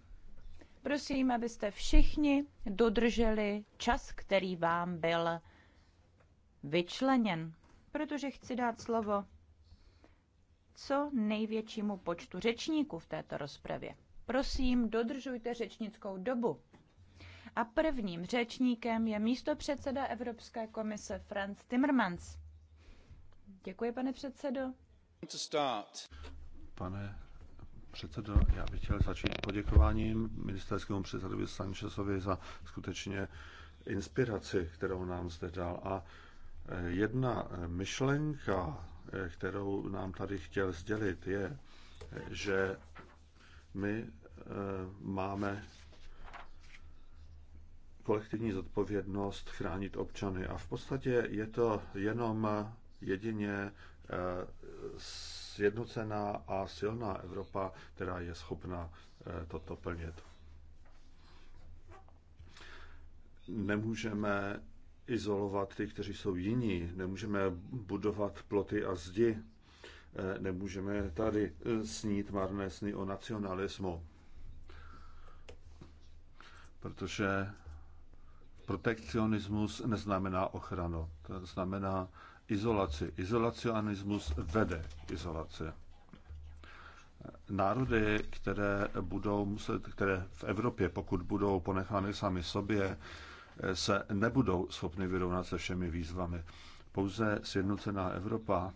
Prosím, abyste všichni dodrželi čas, který vám byl vyčleněn protože chci dát slovo co největšímu počtu řečníků v této rozpravě. Prosím, dodržujte řečnickou dobu. A prvním řečníkem je místopředseda Evropské komise Franz Timmermans. Děkuji, pane předsedo. Pane předsedo, já bych chtěl začít poděkováním ministerskému předsedovi Sanchezovi za skutečně inspiraci, kterou nám zde dal. A Jedna myšlenka, kterou nám tady chtěl sdělit, je, že my eh, máme kolektivní zodpovědnost chránit občany. A v podstatě je to jenom jedině eh, sjednocená a silná Evropa, která je schopna eh, toto plnit. Nemůžeme izolovat ty, kteří jsou jiní. Nemůžeme budovat ploty a zdi. Eh, nemůžeme tady eh, snít marné sny o nacionalismu. Protože protekcionismus neznamená ochranu. To znamená izolaci. Izolacionismus vede izolaci. Národy, které budou muset, které v Evropě, pokud budou ponechány sami sobě, se nebudou schopny vyrovnat se všemi výzvami. Pouze sjednocená Evropa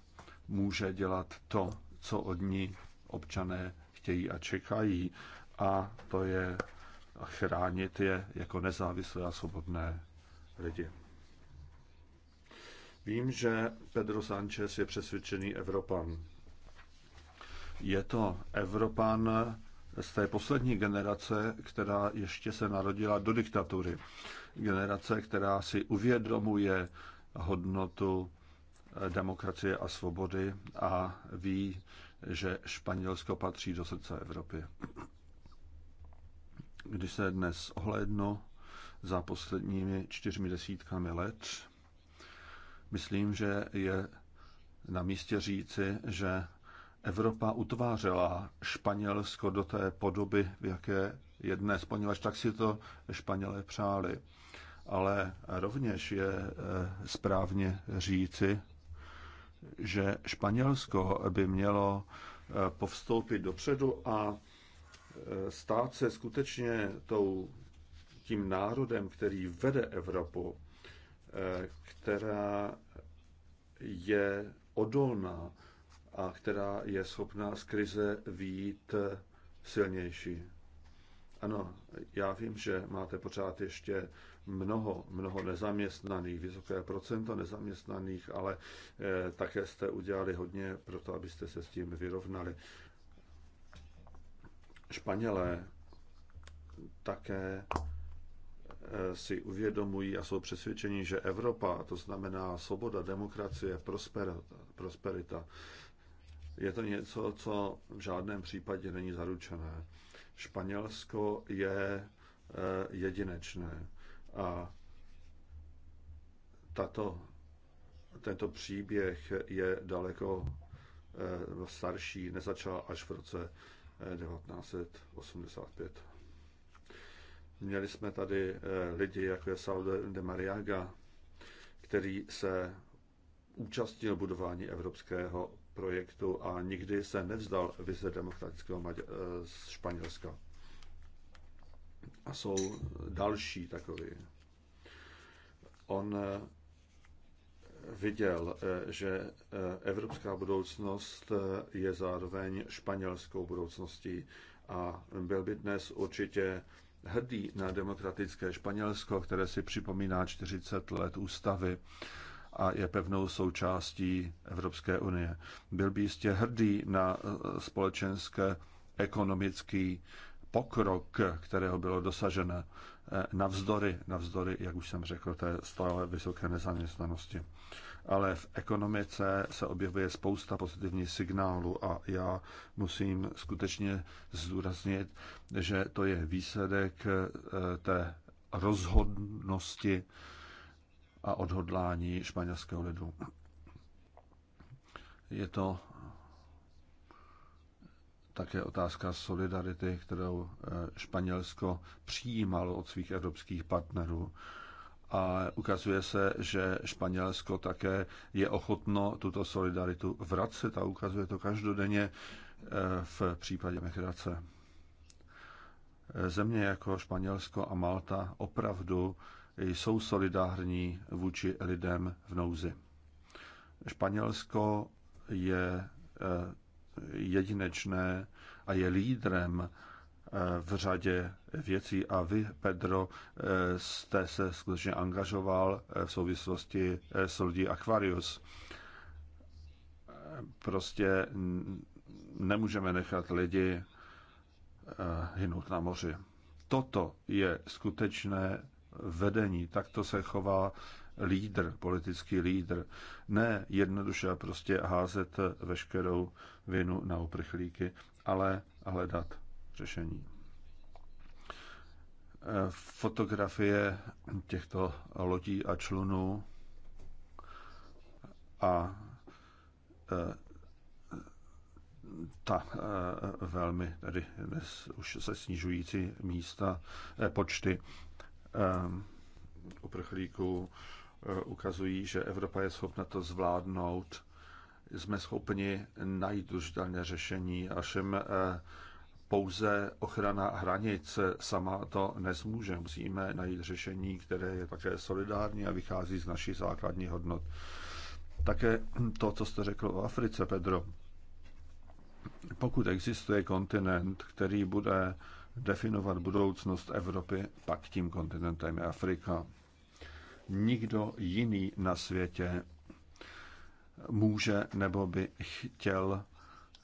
může dělat to, co od ní občané chtějí a čekají, a to je chránit je jako nezávislé a svobodné lidi. Vím, že Pedro Sánchez je přesvědčený Evropan. Je to Evropan, z té poslední generace, která ještě se narodila do diktatury. Generace, která si uvědomuje hodnotu eh, demokracie a svobody a ví, že Španělsko patří do srdce Evropy. Když se dnes ohlédnu za posledními čtyřmi desítkami let, myslím, že je na místě říci, že Evropa utvářela Španělsko do té podoby, v jaké je dnes, poněvadž tak si to Španělé přáli. Ale rovněž je eh, správně říci, že Španělsko by mělo eh, povstoupit dopředu a eh, stát se skutečně tou, tím národem, který vede Evropu, která je odolná a která je schopná z krize výjít silnější. Ano, já vím, že máte pořád ještě mnoho, mnoho nezaměstnaných, vysoké procento nezaměstnaných, ale eh, také jste udělali hodně pro to, abyste se s tím vyrovnali. Španělé také eh, si uvědomují a jsou přesvědčeni, že Evropa, to znamená svoboda, demokracie, prosperita, prosperita je to něco, co v žádném případě není zaručené. Španělsko je eh, jedinečné a tato, tento příběh je daleko eh, starší, nezačal až v roce 1985. Eh, Měli jsme tady lidi, jako je Saude de Mariaga, který se účastnil budování evropského projektu a nikdy se nevzdal vize demokratického eh, z Španělska. A jsou další takový. On eh, viděl, eh, že evropská budoucnost je zároveň španělskou budoucností a byl by dnes určitě hrdý na demokratické Španělsko, které si připomíná 40 let ústavy a je pevnou součástí Evropské unie. Byl by jistě hrdý na eh, společenské ekonomický pokrok, kterého bylo dosaženo eh, navzdory, navzdory, jak už jsem řekl, té stále vysoké nezaměstnanosti. Ale v ekonomice se objevuje spousta pozitivních signálů a já musím skutečně zdůraznit, že to je výsledek eh, té rozhodnosti a odhodlání španělského lidu. Je to také otázka solidarity, kterou eh, Španělsko přijímalo od svých evropských partnerů. A ukazuje se, že Španělsko také je ochotno tuto solidaritu vracet a ukazuje to každodenně eh, v případě migrace. Eh, země jako Španělsko a Malta opravdu jsou solidární vůči lidem v nouzi. Španělsko je eh, jedinečné a je lídrem eh, v řadě věcí a vy, Pedro, eh, jste se skutečně angažoval v souvislosti s lidí Aquarius. Prostě nemůžeme nechat lidi hynout na moři. Toto je skutečné vedení, takto se chová lídr, politický lídr. Ne jednoduše prostě házet veškerou vinu na uprchlíky, ale hledat řešení. Fotografie těchto lodí a člunů a e, ta e, velmi tady dnes už se snižující místa, e, počty Ehm, uprchlíků eh, ukazují, že Evropa je schopna to zvládnout. Jsme schopni najít užitelné řešení, a všem eh, pouze ochrana hranic sama to nezmůže. Musíme najít řešení, které je také solidární a vychází z našich základních hodnot. Také to, co jste řekl o Africe, Pedro. Pokud existuje kontinent, který bude definovat budoucnost Evropy, pak tím kontinentem je Afrika. Nikdo jiný na světě může nebo by chtěl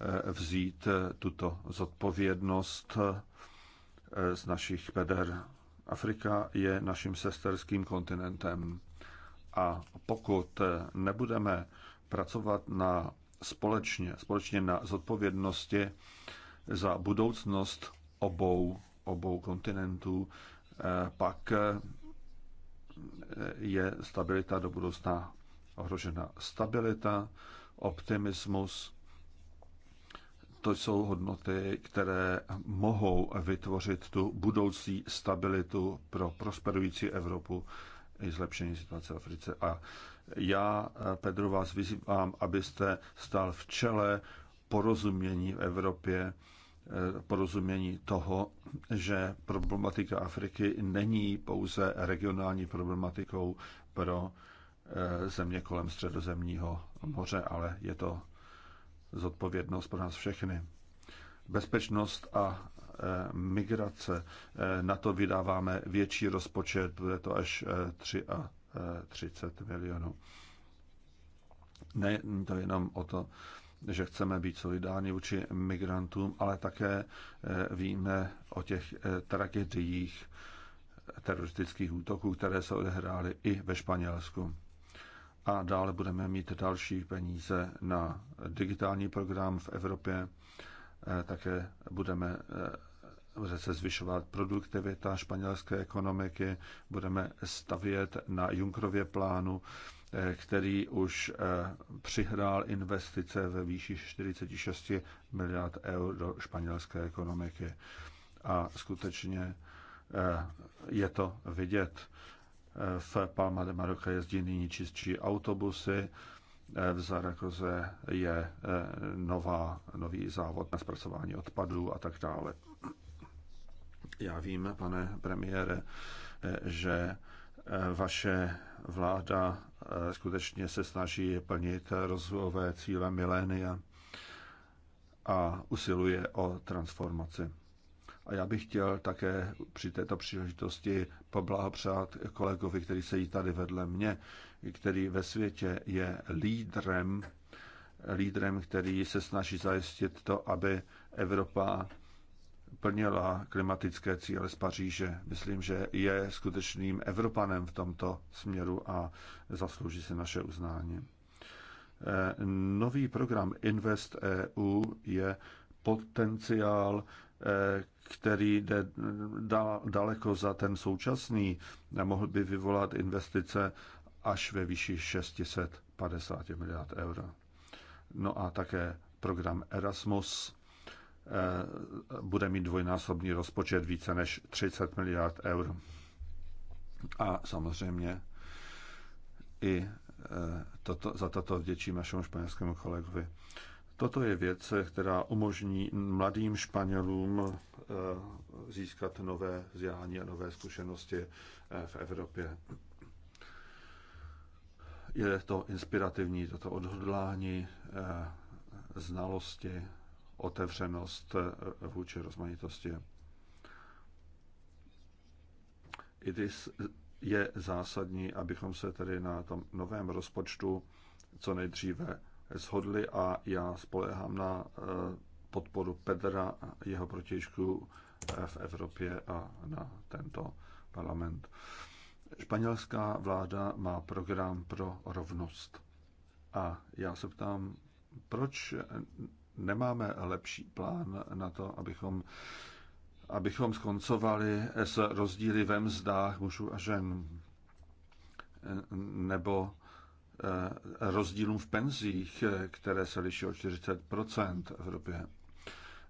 eh, vzít eh, tuto zodpovědnost eh, z našich peder. Afrika je naším sesterským kontinentem a pokud nebudeme pracovat na společně, společně na zodpovědnosti za budoucnost obou, obou kontinentů, eh, pak eh, je stabilita do budoucna ohrožena. Stabilita, optimismus, to jsou hodnoty, které mohou vytvořit tu budoucí stabilitu pro prosperující Evropu i zlepšení situace v Africe. A já, eh, Pedro, vás vyzývám, abyste stál v čele porozumění v Evropě Eh, porozumění toho, že problematika Afriky není pouze regionální problematikou pro eh, země kolem Středozemního moře, ale je to zodpovědnost pro nás všechny. Bezpečnost a eh, migrace. Na to vydáváme větší rozpočet, bude to až 33 milionů. Ne, to jenom o to, že chceme být solidární vůči migrantům, ale také eh, víme o těch eh, tragediích eh, teroristických útoků, které se odehrály i ve Španělsku. A dále budeme mít další peníze na digitální program v Evropě. Také budeme bude se zvyšovat produktivita španělské ekonomiky, budeme stavět na Junkrově plánu Eh, který už eh, přihrál investice ve výši 46 miliard eur do španělské ekonomiky. A skutečně eh, je to vidět. V Palma de Maroka jezdí nyní čistší autobusy, v Zarakoze je nová, nový závod na zpracování odpadů a tak dále. Já vím, pane premiére, že Eh, vaše vláda eh, skutečně se snaží plnit rozvojové cíle milénia a usiluje o transformaci. A já bych chtěl také při této příležitosti poblahopřát kolegovi, který sedí tady vedle mě, který ve světě je lídrem, lídrem, který se snaží zajistit to, aby Evropa plnila klimatické cíle z Paříže. Myslím, že je skutečným Evropanem v tomto směru a zaslouží si naše uznání. Eh, nový program Invest EU je potenciál, eh, který jde daleko za ten současný a mohl by vyvolat investice až ve výši 650 miliard euro. No a také program Erasmus Eh, bude mít dvojnásobný rozpočet více než 30 miliard eur. A samozřejmě i eh, toto, za toto vděčím našemu španělskému kolegovi. Toto je věc, která umožní mladým Španělům eh, získat nové vzdělání a nové zkušenosti v Evropě. Je to inspirativní, toto odhodlání, znalosti otevřenost eh, vůči rozmanitosti. I když je zásadní, abychom se tedy na tom novém rozpočtu co nejdříve shodli a já spolehám na eh, podporu Pedra, jeho protěžku eh, v Evropě a na tento parlament. Španělská vláda má program pro rovnost. A já se ptám, proč nemáme lepší plán na to, abychom, abychom skoncovali s rozdíly ve mzdách mužů a žen nebo eh, rozdílům v penzích, které se liší o 40 v Evropě.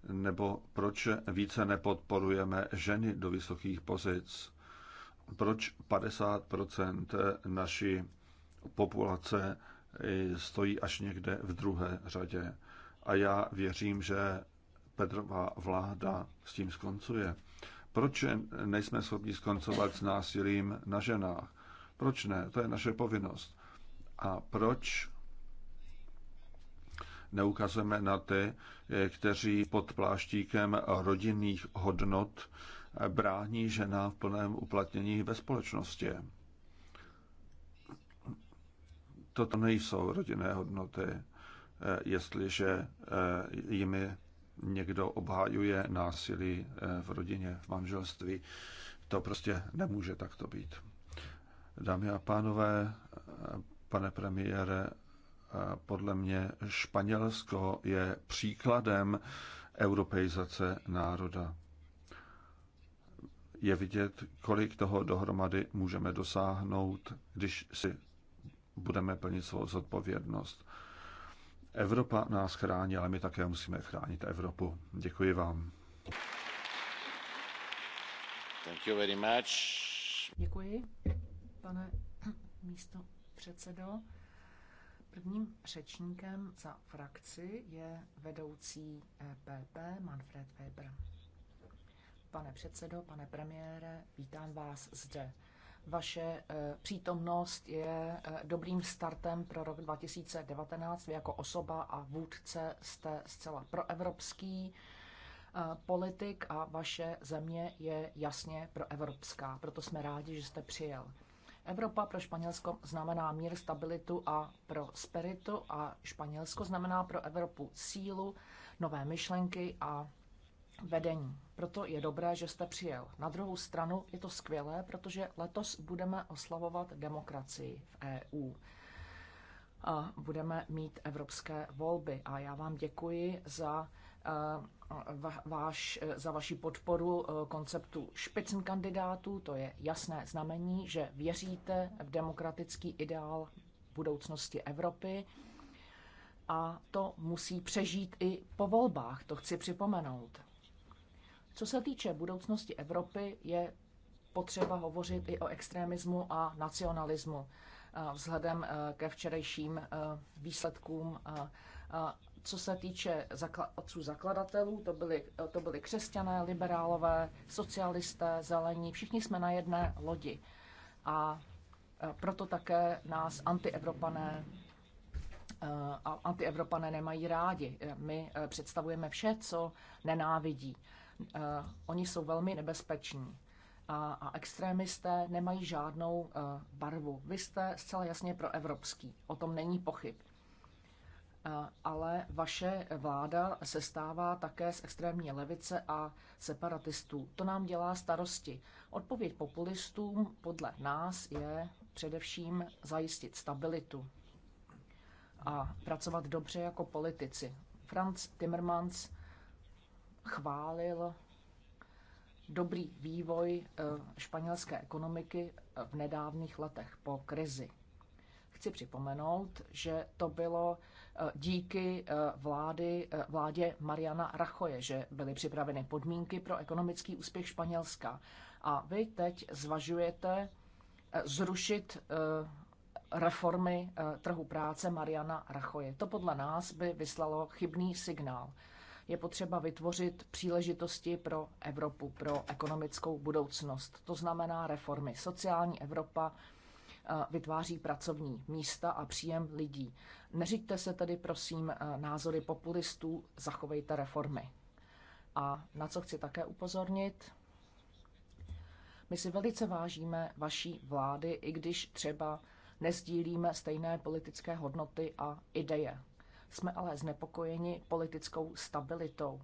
Nebo proč více nepodporujeme ženy do vysokých pozic? Proč 50 naší populace eh, stojí až někde v druhé řadě? a já věřím, že Petrova vláda s tím skoncuje. Proč nejsme schopni skoncovat s násilím na ženách? Proč ne? To je naše povinnost. A proč neukazujeme na ty, kteří pod pláštíkem rodinných hodnot brání ženám v plném uplatnění ve společnosti? Toto nejsou rodinné hodnoty. Eh, jestliže eh, jimi někdo obhájuje násilí eh, v rodině, v manželství. To prostě nemůže takto být. Dámy a pánové, pane premiére, podle mě Španělsko je příkladem europeizace národa. Je vidět, kolik toho dohromady můžeme dosáhnout, když si budeme plnit svou zodpovědnost. Evropa nás chrání, ale my také musíme chránit Evropu. Děkuji vám. Thank you very much. Děkuji, pane místo předsedo. Prvním řečníkem za frakci je vedoucí EPP Manfred Weber. Pane předsedo, pane premiére, vítám vás zde. Vaše eh, přítomnost je eh, dobrým startem pro rok 2019. Vy jako osoba a vůdce jste zcela proevropský eh, politik a vaše země je jasně proevropská. Proto jsme rádi, že jste přijel. Evropa pro Španělsko znamená mír, stabilitu a prosperitu a Španělsko znamená pro Evropu sílu, nové myšlenky a vedení. Proto je dobré, že jste přijel. Na druhou stranu je to skvělé, protože letos budeme oslavovat demokracii v EU. A budeme mít evropské volby. A já vám děkuji za eh, váš, eh, za vaši podporu eh, konceptu špicn kandidátů. To je jasné znamení, že věříte v demokratický ideál budoucnosti Evropy a to musí přežít i po volbách, to chci připomenout. Co se týče budoucnosti Evropy, je potřeba hovořit i o extremismu a nacionalismu eh, vzhledem eh, ke včerejším eh, výsledkům. Co se týče otců zakladatelů, to byli, to byly křesťané, liberálové, socialisté, zelení, všichni jsme na jedné lodi. A proto také nás antievropané a antievropané nemají rádi. My představujeme vše, co nenávidí. Eh, oni jsou velmi nebezpeční a, a extrémisté nemají žádnou uh, barvu. Vy jste zcela jasně proevropský, o tom není pochyb. Uh, ale vaše vláda se stává také z extrémní levice a separatistů. To nám dělá starosti. Odpověď populistům podle nás je především zajistit stabilitu a pracovat dobře jako politici. Franz Timmermans chválil dobrý vývoj eh, španělské ekonomiky eh, v nedávných letech po krizi. Chci připomenout, že to bylo eh, díky vlády, vládě Mariana Rachoje, že byly připraveny podmínky pro ekonomický úspěch Španělska. A vy teď zvažujete zrušit reformy trhu práce Mariana Rachoje. To podle nás by vyslalo chybný signál je potřeba vytvořit příležitosti pro Evropu, pro ekonomickou budoucnost. To znamená reformy. Sociální Evropa eh, vytváří pracovní místa a příjem lidí. Neříďte se tedy, prosím, eh, názory populistů, zachovejte reformy. A na co chci také upozornit? My si velice vážíme vaší vlády, i když třeba nezdílíme stejné politické hodnoty a ideje. Jsme ale znepokojeni politickou stabilitou,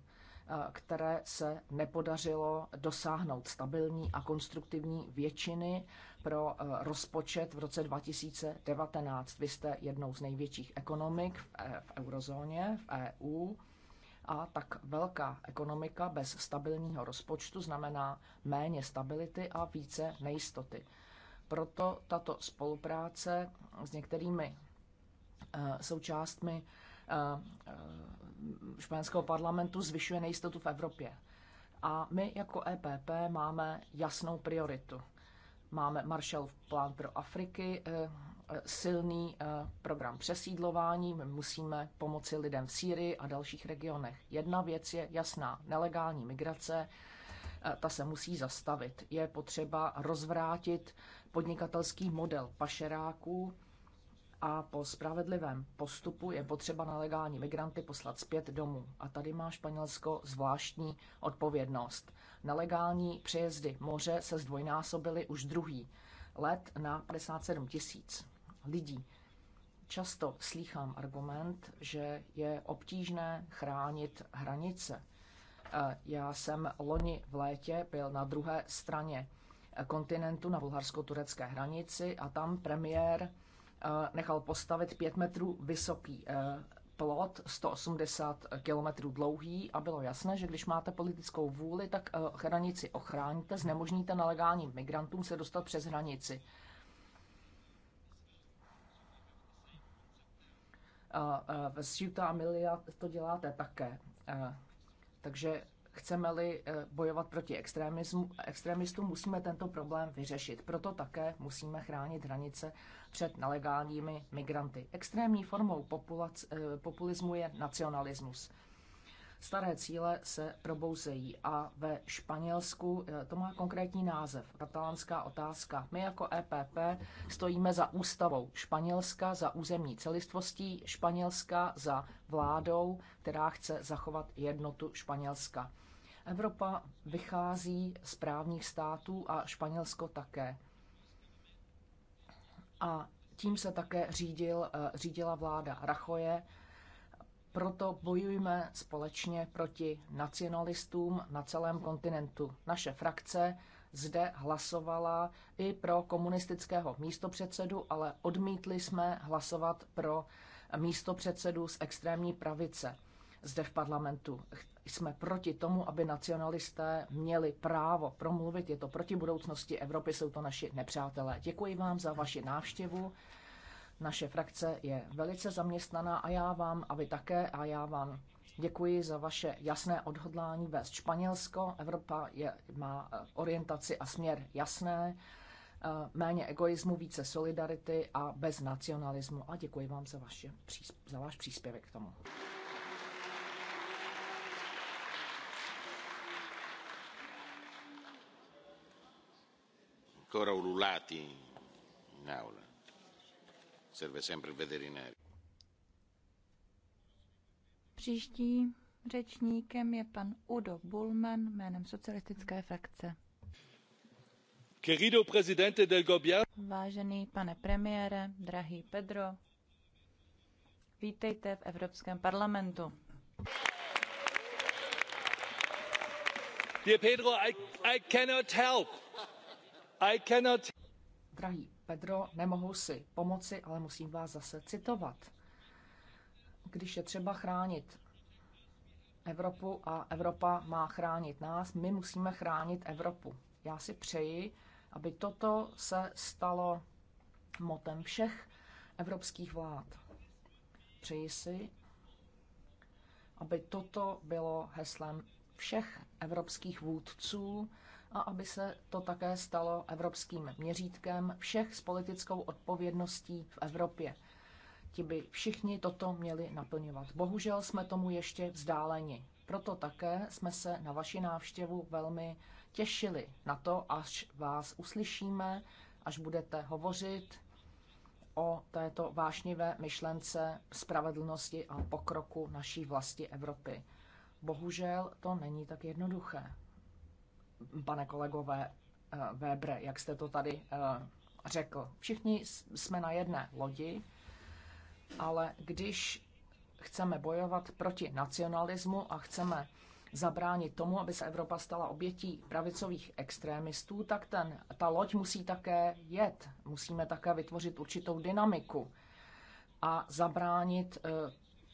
eh, které se nepodařilo dosáhnout stabilní a konstruktivní většiny pro eh, rozpočet v roce 2019. Vy jste jednou z největších ekonomik v eh, eurozóně, v EU. A tak velká ekonomika bez stabilního rozpočtu znamená méně stability a více nejistoty. Proto tato spolupráce s některými součástmi Eh, španělského parlamentu zvyšuje nejistotu v Evropě. A my jako EPP máme jasnou prioritu. Máme Marshallův plán pro Afriky, eh, silný eh, program přesídlování, my musíme pomoci lidem v Sýrii a dalších regionech. Jedna věc je jasná, nelegální migrace, ta se musí zastavit. Je potřeba rozvrátit podnikatelský model pašeráků, a po spravedlivém postupu je potřeba na legální migranty poslat zpět domů. A tady má Španělsko zvláštní odpovědnost. Nelegální přejezdy moře se zdvojnásobily už druhý let na 57 tisíc lidí. Často slýchám argument, že je obtížné chránit hranice. E, já jsem loni v létě byl na druhé straně kontinentu na bulharsko-turecké hranici a tam premiér Eh, nechal postavit 5 metrů vysoký eh, plot 180 kilometrů dlouhý a bylo jasné, že když máte politickou vůli, tak eh, hranici ochráníte, znemožníte nelegálním migrantům se dostat přes hranici. Ve Ceuta Amelia to děláte také. Takže Chceme-li eh, bojovat proti extremistům, musíme tento problém vyřešit. Proto také musíme chránit hranice před nelegálními migranty. Extrémní formou populac, eh, populismu je nacionalismus. Staré cíle se probouzejí a ve Španělsku eh, to má konkrétní název, katalánská otázka. My jako EPP stojíme za ústavou Španělska, za územní celistvostí Španělska, za vládou, která chce zachovat jednotu Španělska. Evropa vychází z právních států a Španělsko také. A tím se také řídil, eh, řídila vláda Rachoje. Proto bojujeme společně proti nacionalistům na celém kontinentu. Naše frakce zde hlasovala i pro komunistického místopředsedu, ale odmítli jsme hlasovat pro místopředsedu z extrémní pravice zde v parlamentu jsme proti tomu, aby nacionalisté měli právo promluvit. Je to proti budoucnosti Evropy, jsou to naši nepřátelé. Děkuji vám za vaši návštěvu. Naše frakce je velice zaměstnaná a já vám, a vy také, a já vám děkuji za vaše jasné odhodlání vést Španělsko. Evropa je, má eh, orientaci a směr jasné, eh, méně egoismu, více solidarity a bez nacionalismu. A děkuji vám za, vaše, za váš příspěvek k tomu. ancora ululati in aula. Serve sempre il veterinario. Příští řečníkem je pan Udo Bullman jménem socialistické frakce. Querido presidente del gobierno. Vážený pane premiére, drahý Pedro, vítejte v Evropském parlamentu. Dear Pedro, I, I cannot help. Drahý Pedro, nemohu si pomoci, ale musím vás zase citovat. Když je třeba chránit Evropu a Evropa má chránit nás, my musíme chránit Evropu. Já si přeji, aby toto se stalo motem všech evropských vlád. Přeji si, aby toto bylo heslem všech evropských vůdců, a aby se to také stalo evropským měřítkem všech s politickou odpovědností v Evropě. Ti by všichni toto měli naplňovat. Bohužel jsme tomu ještě vzdáleni. Proto také jsme se na vaši návštěvu velmi těšili na to, až vás uslyšíme, až budete hovořit o této vášnivé myšlence spravedlnosti a pokroku naší vlasti Evropy. Bohužel to není tak jednoduché pane kolegové eh, Webre, jak jste to tady eh, řekl. Všichni jsme na jedné lodi, ale když chceme bojovat proti nacionalismu a chceme zabránit tomu, aby se Evropa stala obětí pravicových extrémistů, tak ten, ta loď musí také jet. Musíme také vytvořit určitou dynamiku a zabránit eh,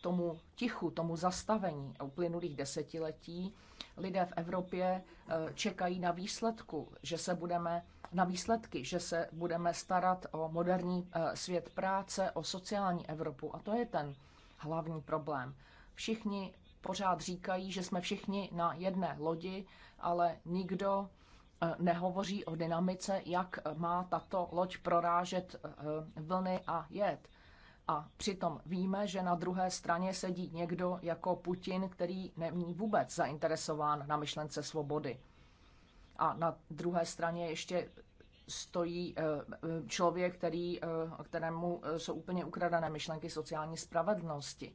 tomu tichu, tomu zastavení uplynulých desetiletí. Lidé v Evropě eh, čekají na výsledku, že se budeme na výsledky, že se budeme starat o moderní eh, svět práce, o sociální Evropu. A to je ten hlavní problém. Všichni pořád říkají, že jsme všichni na jedné lodi, ale nikdo eh, nehovoří o dynamice, jak má tato loď prorážet vlny a jet. A přitom víme, že na druhé straně sedí někdo jako Putin, který není vůbec zainteresován na myšlence svobody. A na druhé straně ještě stojí eh, eh, člověk, který, eh, kterému jsou úplně ukradené myšlenky sociální spravedlnosti.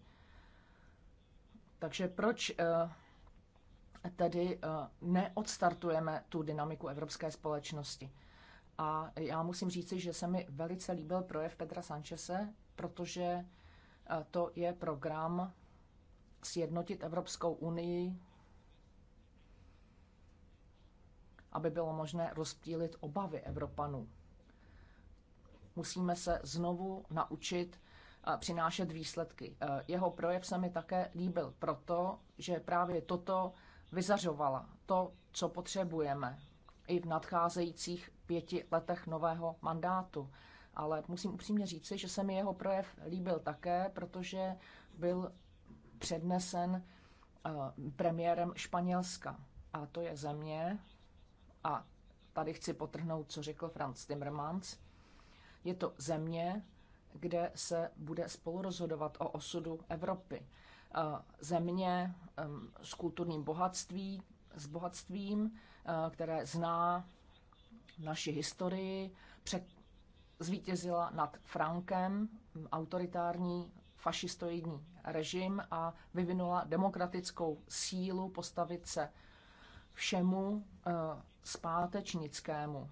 Takže proč tedy neodstartujeme tu dynamiku evropské společnosti? A já musím říci, že se mi velice líbil projev Petra Sancheze protože eh, to je program sjednotit Evropskou unii, aby bylo možné rozptýlit obavy Evropanů. Musíme se znovu naučit eh, přinášet výsledky. Eh, jeho projev se mi také líbil, protože právě toto vyzařovala, to, co potřebujeme i v nadcházejících pěti letech nového mandátu ale musím upřímně říci, že se mi jeho projev líbil také, protože byl přednesen eh, premiérem Španělska. A to je země, a tady chci potrhnout, co řekl Franz Timmermans, je to země, kde se bude spolurozhodovat o osudu Evropy. Eh, země ehm, s kulturním bohatstvím, s bohatstvím, eh, které zná naši historii, zvítězila nad Frankem, autoritární fašistoidní režim a vyvinula demokratickou sílu postavit se všemu eh, zpátečnickému,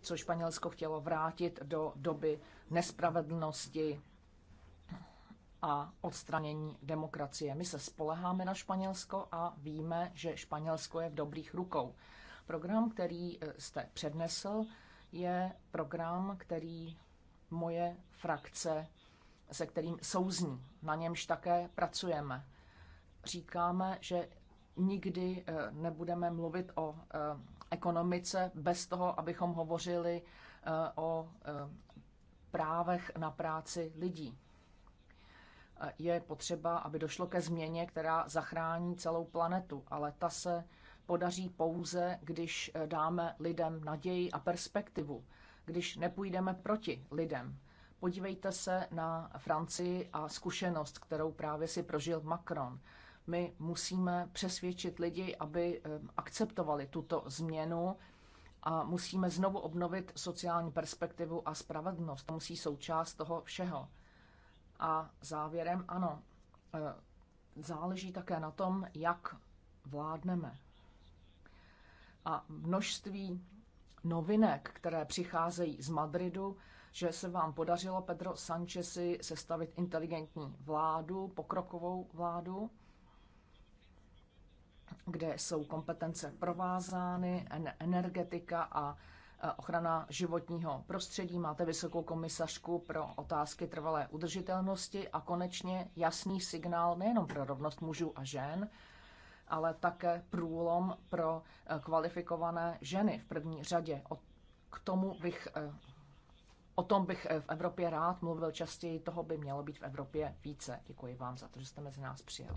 co Španělsko chtělo vrátit do doby nespravedlnosti a odstranění demokracie. My se spoleháme na Španělsko a víme, že Španělsko je v dobrých rukou. Program, který eh, jste přednesl, je program, který moje frakce, se kterým souzní. Na němž také pracujeme. Říkáme, že nikdy eh, nebudeme mluvit o eh, ekonomice bez toho, abychom hovořili eh, o právech na práci lidí. Je potřeba, aby došlo ke změně, která zachrání celou planetu, ale ta se podaří pouze, když eh, dáme lidem naději a perspektivu, když nepůjdeme proti lidem. Podívejte se na Francii a zkušenost, kterou právě si prožil Macron. My musíme přesvědčit lidi, aby eh, akceptovali tuto změnu a musíme znovu obnovit sociální perspektivu a spravedlnost. To musí součást toho všeho. A závěrem ano, eh, záleží také na tom, jak vládneme a množství novinek, které přicházejí z Madridu, že se vám podařilo, Pedro Sanchezi, sestavit inteligentní vládu, pokrokovou vládu, kde jsou kompetence provázány, energetika a e, ochrana životního prostředí. Máte vysokou komisařku pro otázky trvalé udržitelnosti a konečně jasný signál nejenom pro rovnost mužů a žen, ale také průlom pro eh, kvalifikované ženy v první řadě. O, k tomu bych, eh, o tom bych eh, v Evropě rád mluvil častěji, toho by mělo být v Evropě více. Děkuji vám za to, že jste mezi nás přijel.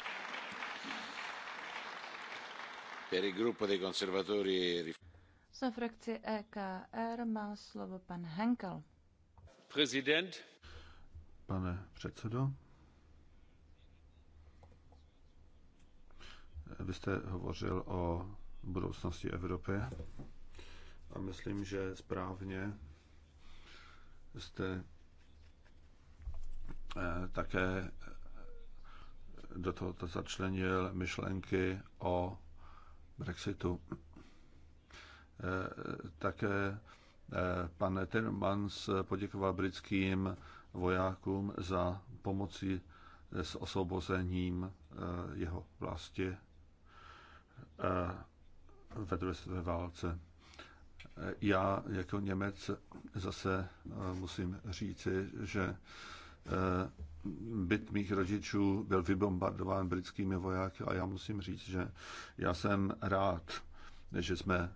Za frakci EKR má slovo pan Henkel. Prezident. Pane předsedo, Vy jste hovořil o budoucnosti Evropy a myslím, že správně jste eh, také do tohoto začlenil myšlenky o Brexitu. Eh, také eh, pan Timmermans poděkoval britským vojákům za pomoci s osvobozením jeho vlasti Eh, ve druhé světové válce. Eh, já jako Němec zase eh, musím říci, že byt mých rodičů byl vybombardován britskými vojáky a já musím říct, že já jsem rád, že jsme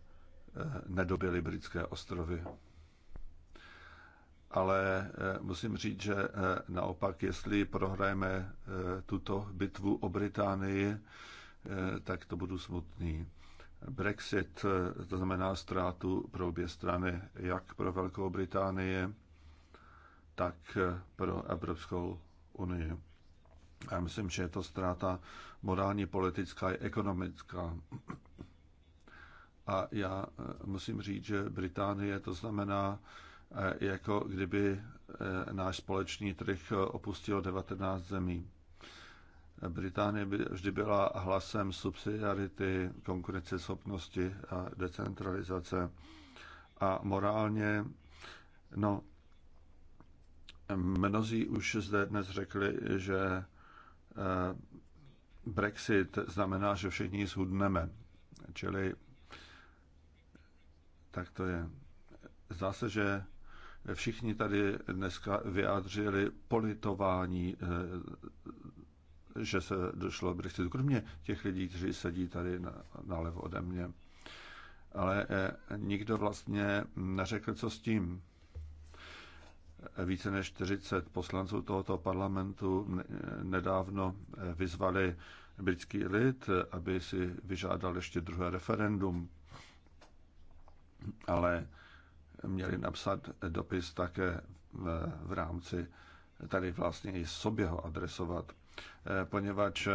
nedobili britské ostrovy. Ale musím říct, že naopak, jestli prohrajeme tuto bitvu o Británii, Eh, tak to budu smutný. Brexit, eh, to znamená ztrátu pro obě strany, jak pro Velkou Británii, tak eh, pro Evropskou unii. Já myslím, že je to ztráta morální, politická i ekonomická. A já musím říct, že Británie to znamená, jako kdyby náš společný trh opustil 19 zemí. Británie vždy byla hlasem subsidiarity, konkurenceschopnosti a decentralizace. A morálně, no, mnozí už zde dnes řekli, že eh, Brexit znamená, že všichni zhudneme. Čili tak to je. Zdá se, že všichni tady dneska vyjádřili politování eh, že se došlo k Brexitu, kromě těch lidí, kteří sedí tady nalevo ode mě. Ale eh, nikdo vlastně neřekl, co s tím. Více než 40 poslanců tohoto parlamentu nedávno eh, vyzvali britský lid, aby si vyžádal ještě druhé referendum. Ale měli napsat dopis také v, v rámci tady vlastně i sobě ho adresovat. Eh, poněvadž eh,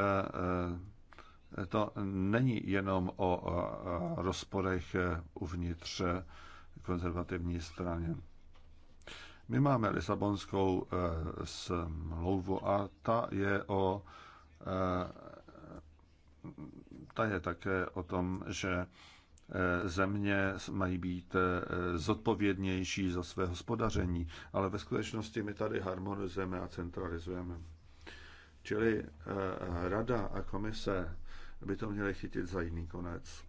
eh, to není jenom o rozporech uvnitř konzervativní straně. My máme Lisabonskou smlouvu a ta je o ta je také o tom, že země mají být zodpovědnější za své hospodaření, ale ve skutečnosti my tady harmonizujeme a centralizujeme. Čili eh, rada a komise by to měly chytit za jiný konec.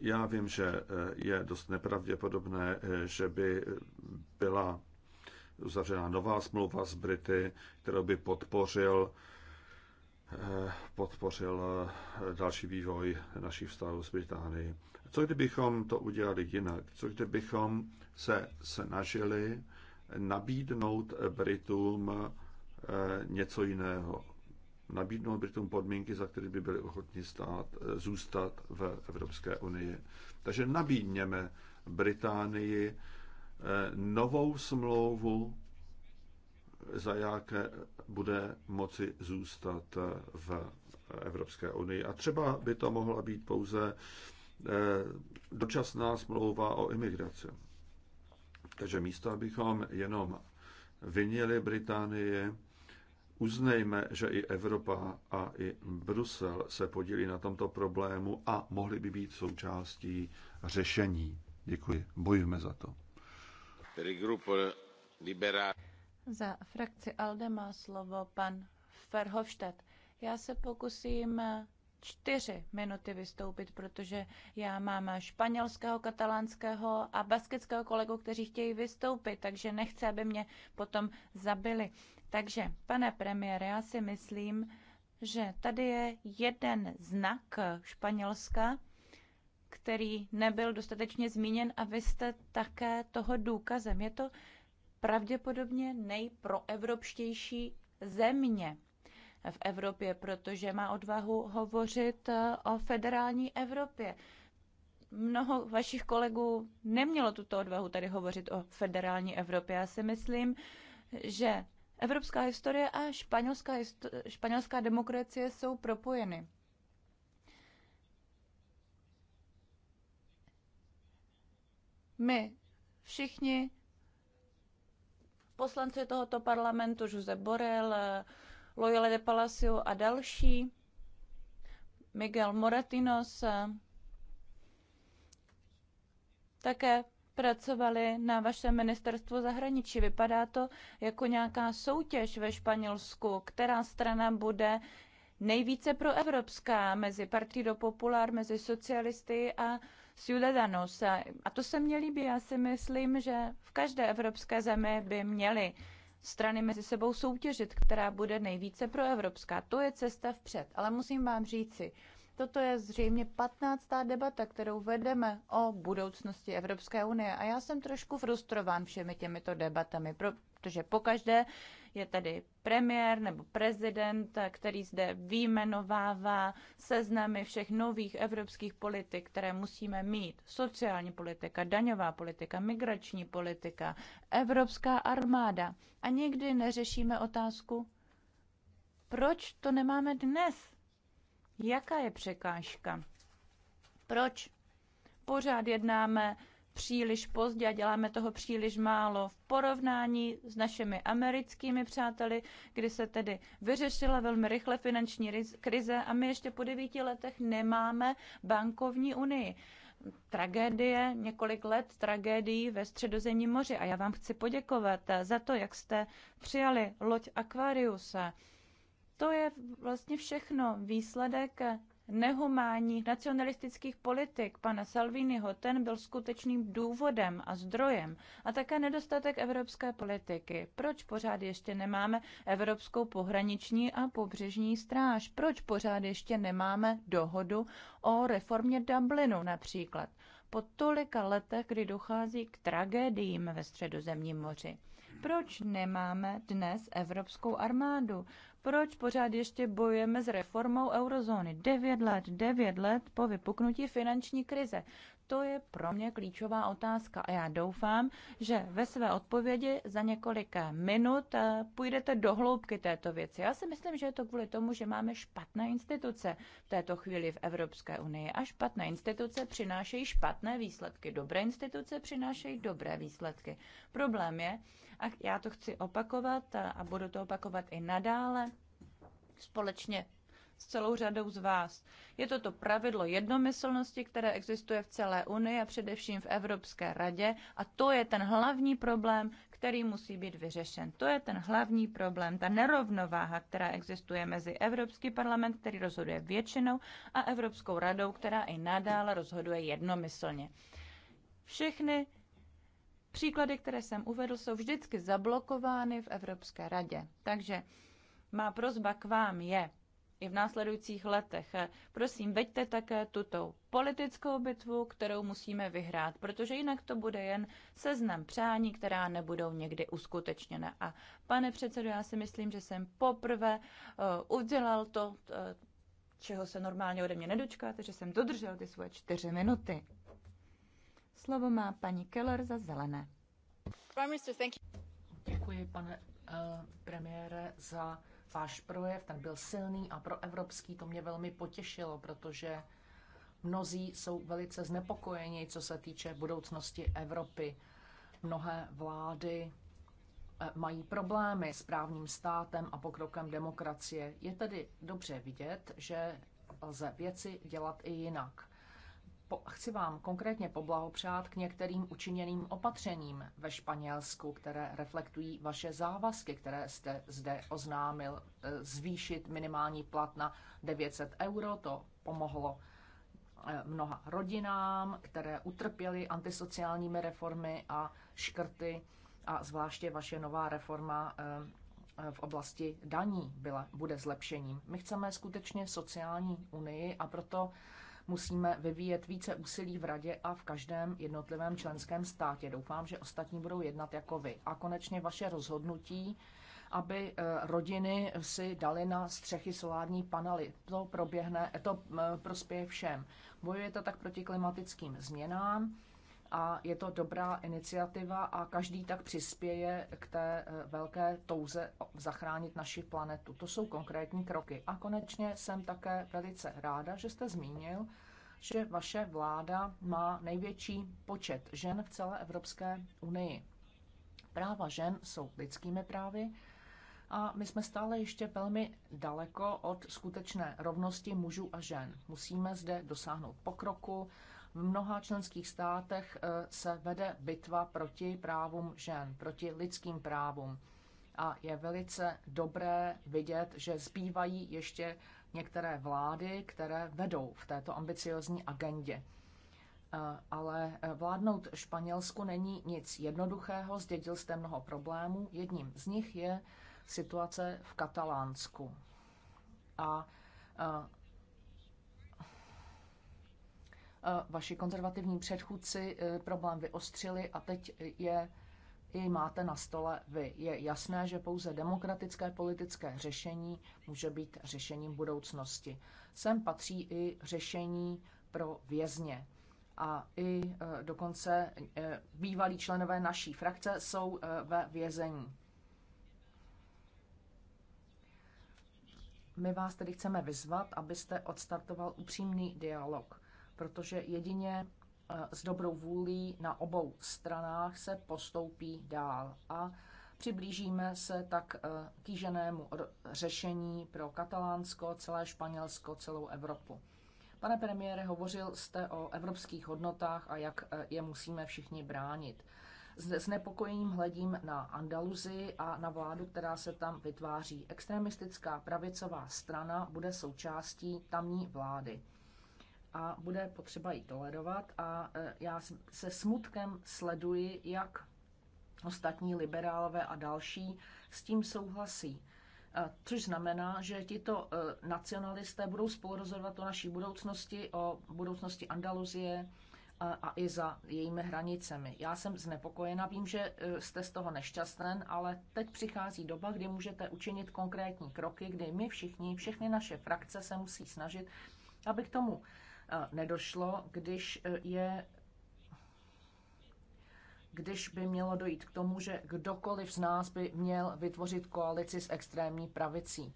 Já vím, že eh, je dost nepravděpodobné, eh, že by byla uzavřena nová smlouva s Brity, kterou by podpořil, podpořil další vývoj našich vztahů s Británií. Co kdybychom to udělali jinak? Co kdybychom se snažili nabídnout Britům Eh, něco jiného. Nabídnout Britům podmínky, za které by byli ochotni stát, eh, zůstat v Evropské unii. Takže nabídněme Británii eh, novou smlouvu, za jaké bude moci zůstat v Evropské unii. A třeba by to mohla být pouze dočasná smlouva o imigraci. Takže místo, abychom jenom vinili Británii Uznejme, že i Evropa a i Brusel se podílí na tomto problému a mohli by být součástí řešení. Děkuji. Bojujeme za to. Za frakci ALDE má slovo pan Ferhofstadt. Já se pokusím čtyři minuty vystoupit, protože já mám španělského, katalánského a baskického kolegu, kteří chtějí vystoupit, takže nechci, aby mě potom zabili. Takže, pane premiére, já si myslím, že tady je jeden znak Španělska, který nebyl dostatečně zmíněn a vy jste také toho důkazem. Je to pravděpodobně nejproevropštější země v Evropě, protože má odvahu hovořit eh, o federální Evropě. Mnoho vašich kolegů nemělo tuto odvahu tady hovořit o federální Evropě. Já si myslím, že Evropská historie a španělská, španělská demokracie jsou propojeny. My všichni, poslanci tohoto parlamentu, Jose Borel, Loyola de Palacio a další, Miguel Moratinos, také pracovali na vašem ministerstvu zahraničí. Vypadá to jako nějaká soutěž ve Španělsku, která strana bude nejvíce proevropská mezi Partido Popular, mezi socialisty a Ciudadanos. A to se mně líbí. Já si myslím, že v každé evropské zemi by měly strany mezi sebou soutěžit, která bude nejvíce proevropská. To je cesta vpřed. Ale musím vám říci, Toto je zřejmě 15. debata, kterou vedeme o budoucnosti Evropské unie. A já jsem trošku frustrován všemi těmito debatami, protože pokaždé je tady premiér nebo prezident, který zde výjmenovává seznamy všech nových evropských politik, které musíme mít. Sociální politika, daňová politika, migrační politika, evropská armáda. A nikdy neřešíme otázku, proč to nemáme dnes? Jaká je překážka? Proč pořád jednáme příliš pozdě a děláme toho příliš málo v porovnání s našimi americkými přáteli, kdy se tedy vyřešila velmi rychle finanční krize a my ještě po devíti letech nemáme bankovní unii. Tragédie, několik let tragédií ve středozemním moři a já vám chci poděkovat za to, jak jste přijali loď Aquariusa. To je vlastně všechno výsledek nehumání nacionalistických politik pana Salviniho, ten byl skutečným důvodem a zdrojem a také nedostatek evropské politiky. Proč pořád ještě nemáme evropskou pohraniční a pobřežní stráž? Proč pořád ještě nemáme dohodu o reformě Dublinu například? Po tolika letech, kdy dochází k tragédiím ve středozemním moři. Proč nemáme dnes evropskou armádu? Proč pořád ještě bojujeme s reformou eurozóny? Devět let, devět let po vypuknutí finanční krize. To je pro mě klíčová otázka a já doufám, že ve své odpovědi za několik minut eh, půjdete do hloubky této věci. Já si myslím, že je to kvůli tomu, že máme špatné instituce v této chvíli v Evropské unii a špatné instituce přinášejí špatné výsledky. Dobré instituce přinášejí dobré výsledky. Problém je, a já to chci opakovat a, a budu to opakovat i nadále společně s celou řadou z vás. Je to to pravidlo jednomyslnosti, které existuje v celé Unii a především v Evropské radě a to je ten hlavní problém, který musí být vyřešen. To je ten hlavní problém, ta nerovnováha, která existuje mezi Evropský parlament, který rozhoduje většinou, a Evropskou radou, která i nadále rozhoduje jednomyslně. Všechny Příklady, které jsem uvedl, jsou vždycky zablokovány v Evropské radě. Takže má prozba k vám je i v následujících letech. Prosím, veďte také tuto politickou bitvu, kterou musíme vyhrát, protože jinak to bude jen seznam přání, která nebudou někdy uskutečněna. A pane předsedo, já si myslím, že jsem poprvé eh, udělal to, eh, čeho se normálně ode mě nedočkáte, že jsem dodržel ty svoje čtyři minuty. Slovo má paní Keller za zelené. Děkuji, pane uh, premiére, za váš projev. Ten byl silný a proevropský. To mě velmi potěšilo, protože mnozí jsou velice znepokojeni, co se týče budoucnosti Evropy. Mnohé vlády eh, mají problémy s právním státem a pokrokem demokracie. Je tedy dobře vidět, že lze věci dělat i jinak po, chci vám konkrétně poblahopřát k některým učiněným opatřením ve Španělsku, které reflektují vaše závazky, které jste zde oznámil. E, zvýšit minimální plat na 900 euro, to pomohlo e, mnoha rodinám, které utrpěly antisociálními reformy a škrty a zvláště vaše nová reforma e, v oblasti daní byla, bude zlepšením. My chceme skutečně sociální unii a proto musíme vyvíjet více úsilí v radě a v každém jednotlivém členském státě. Doufám, že ostatní budou jednat jako vy. A konečně vaše rozhodnutí, aby eh, rodiny si dali na střechy solární panely. To proběhne, to eh, prospěje všem. Bojujete tak proti klimatickým změnám, a je to dobrá iniciativa a každý tak přispěje k té eh, velké touze zachránit naši planetu. To jsou konkrétní kroky. A konečně jsem také velice ráda, že jste zmínil, že vaše vláda má největší počet žen v celé Evropské unii. Práva žen jsou lidskými právy a my jsme stále ještě velmi daleko od skutečné rovnosti mužů a žen. Musíme zde dosáhnout pokroku, v mnoha členských státech eh, se vede bitva proti právům žen, proti lidským právům. A je velice dobré vidět, že zbývají ještě některé vlády, které vedou v této ambiciozní agendě. Eh, ale eh, vládnout Španělsku není nic jednoduchého, zdědil jste mnoho problémů. Jedním z nich je situace v Katalánsku. A vaši konzervativní předchůdci e, problém vyostřili a teď je jej máte na stole vy. Je jasné, že pouze demokratické politické řešení může být řešením budoucnosti. Sem patří i řešení pro vězně. A i e, dokonce e, bývalí členové naší frakce jsou ve vězení. My vás tedy chceme vyzvat, abyste odstartoval upřímný dialog protože jedině eh, s dobrou vůlí na obou stranách se postoupí dál a přiblížíme se tak eh, kýženému řešení pro Katalánsko, celé Španělsko, celou Evropu. Pane premiére, hovořil jste o evropských hodnotách a jak eh, je musíme všichni bránit. S nepokojením hledím na Andaluzi a na vládu, která se tam vytváří. Extremistická pravicová strana bude součástí tamní vlády a bude potřeba ji tolerovat. A e, já se smutkem sleduji, jak ostatní liberálové a další s tím souhlasí. E, což znamená, že tito e, nacionalisté budou spolurozhodovat o naší budoucnosti, o budoucnosti Andaluzie a i za jejími hranicemi. Já jsem znepokojena, vím, že jste z toho nešťastný, ale teď přichází doba, kdy můžete učinit konkrétní kroky, kdy my všichni, všechny naše frakce se musí snažit, aby k tomu nedošlo, když e, je když by mělo dojít k tomu, že kdokoliv z nás by měl vytvořit koalici s extrémní pravicí.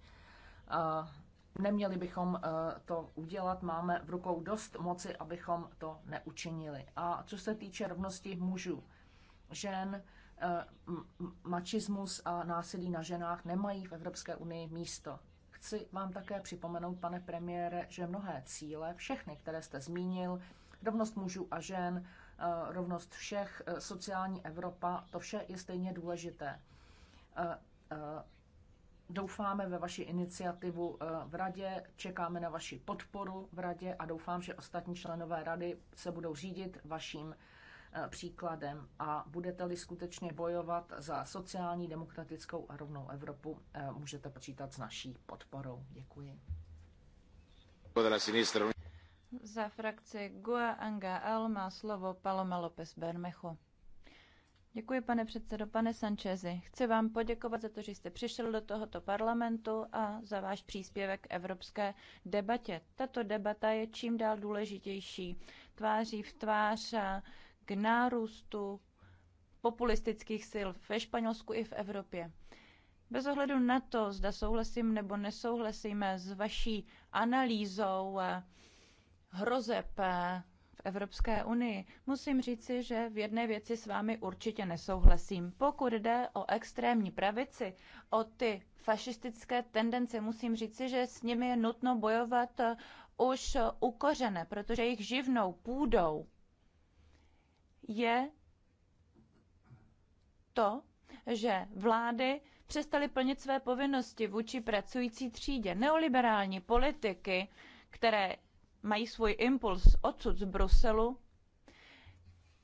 Neměli bychom e, to udělat, máme v rukou dost moci, abychom to neučinili. A co se týče rovnosti mužů, žen, e, machismus a násilí na ženách nemají v Evropské unii místo. Chci vám také připomenout, pane premiére, že mnohé cíle, všechny, které jste zmínil, rovnost mužů a žen, eh, rovnost všech, eh, sociální Evropa, to vše je stejně důležité. Eh, doufáme ve vaši iniciativu v radě, čekáme na vaši podporu v radě a doufám, že ostatní členové rady se budou řídit vaším Eh, příkladem a budete-li skutečně bojovat za sociální, demokratickou a rovnou Evropu, eh, můžete počítat s naší podporou. Děkuji. Za frakci GUA e NGL má slovo Paloma López Bermecho. Děkuji, pane předsedo. Pane Sanchezi, chci vám poděkovat za to, že jste přišel do tohoto parlamentu a za váš příspěvek k evropské debatě. Tato debata je čím dál důležitější. Tváří v tvář k nárůstu populistických sil ve Španělsku i v Evropě. Bez ohledu na to, zda souhlasím nebo nesouhlasím s vaší analýzou eh, hrozeb eh, v Evropské unii, musím říci, že v jedné věci s vámi určitě nesouhlasím. Pokud jde o extrémní pravici, o ty fašistické tendence, musím říci, že s nimi je nutno bojovat eh, už ukořené, protože jejich živnou půdou je to, že vlády přestaly plnit své povinnosti vůči pracující třídě. Neoliberální politiky, které mají svůj impuls odsud z Bruselu,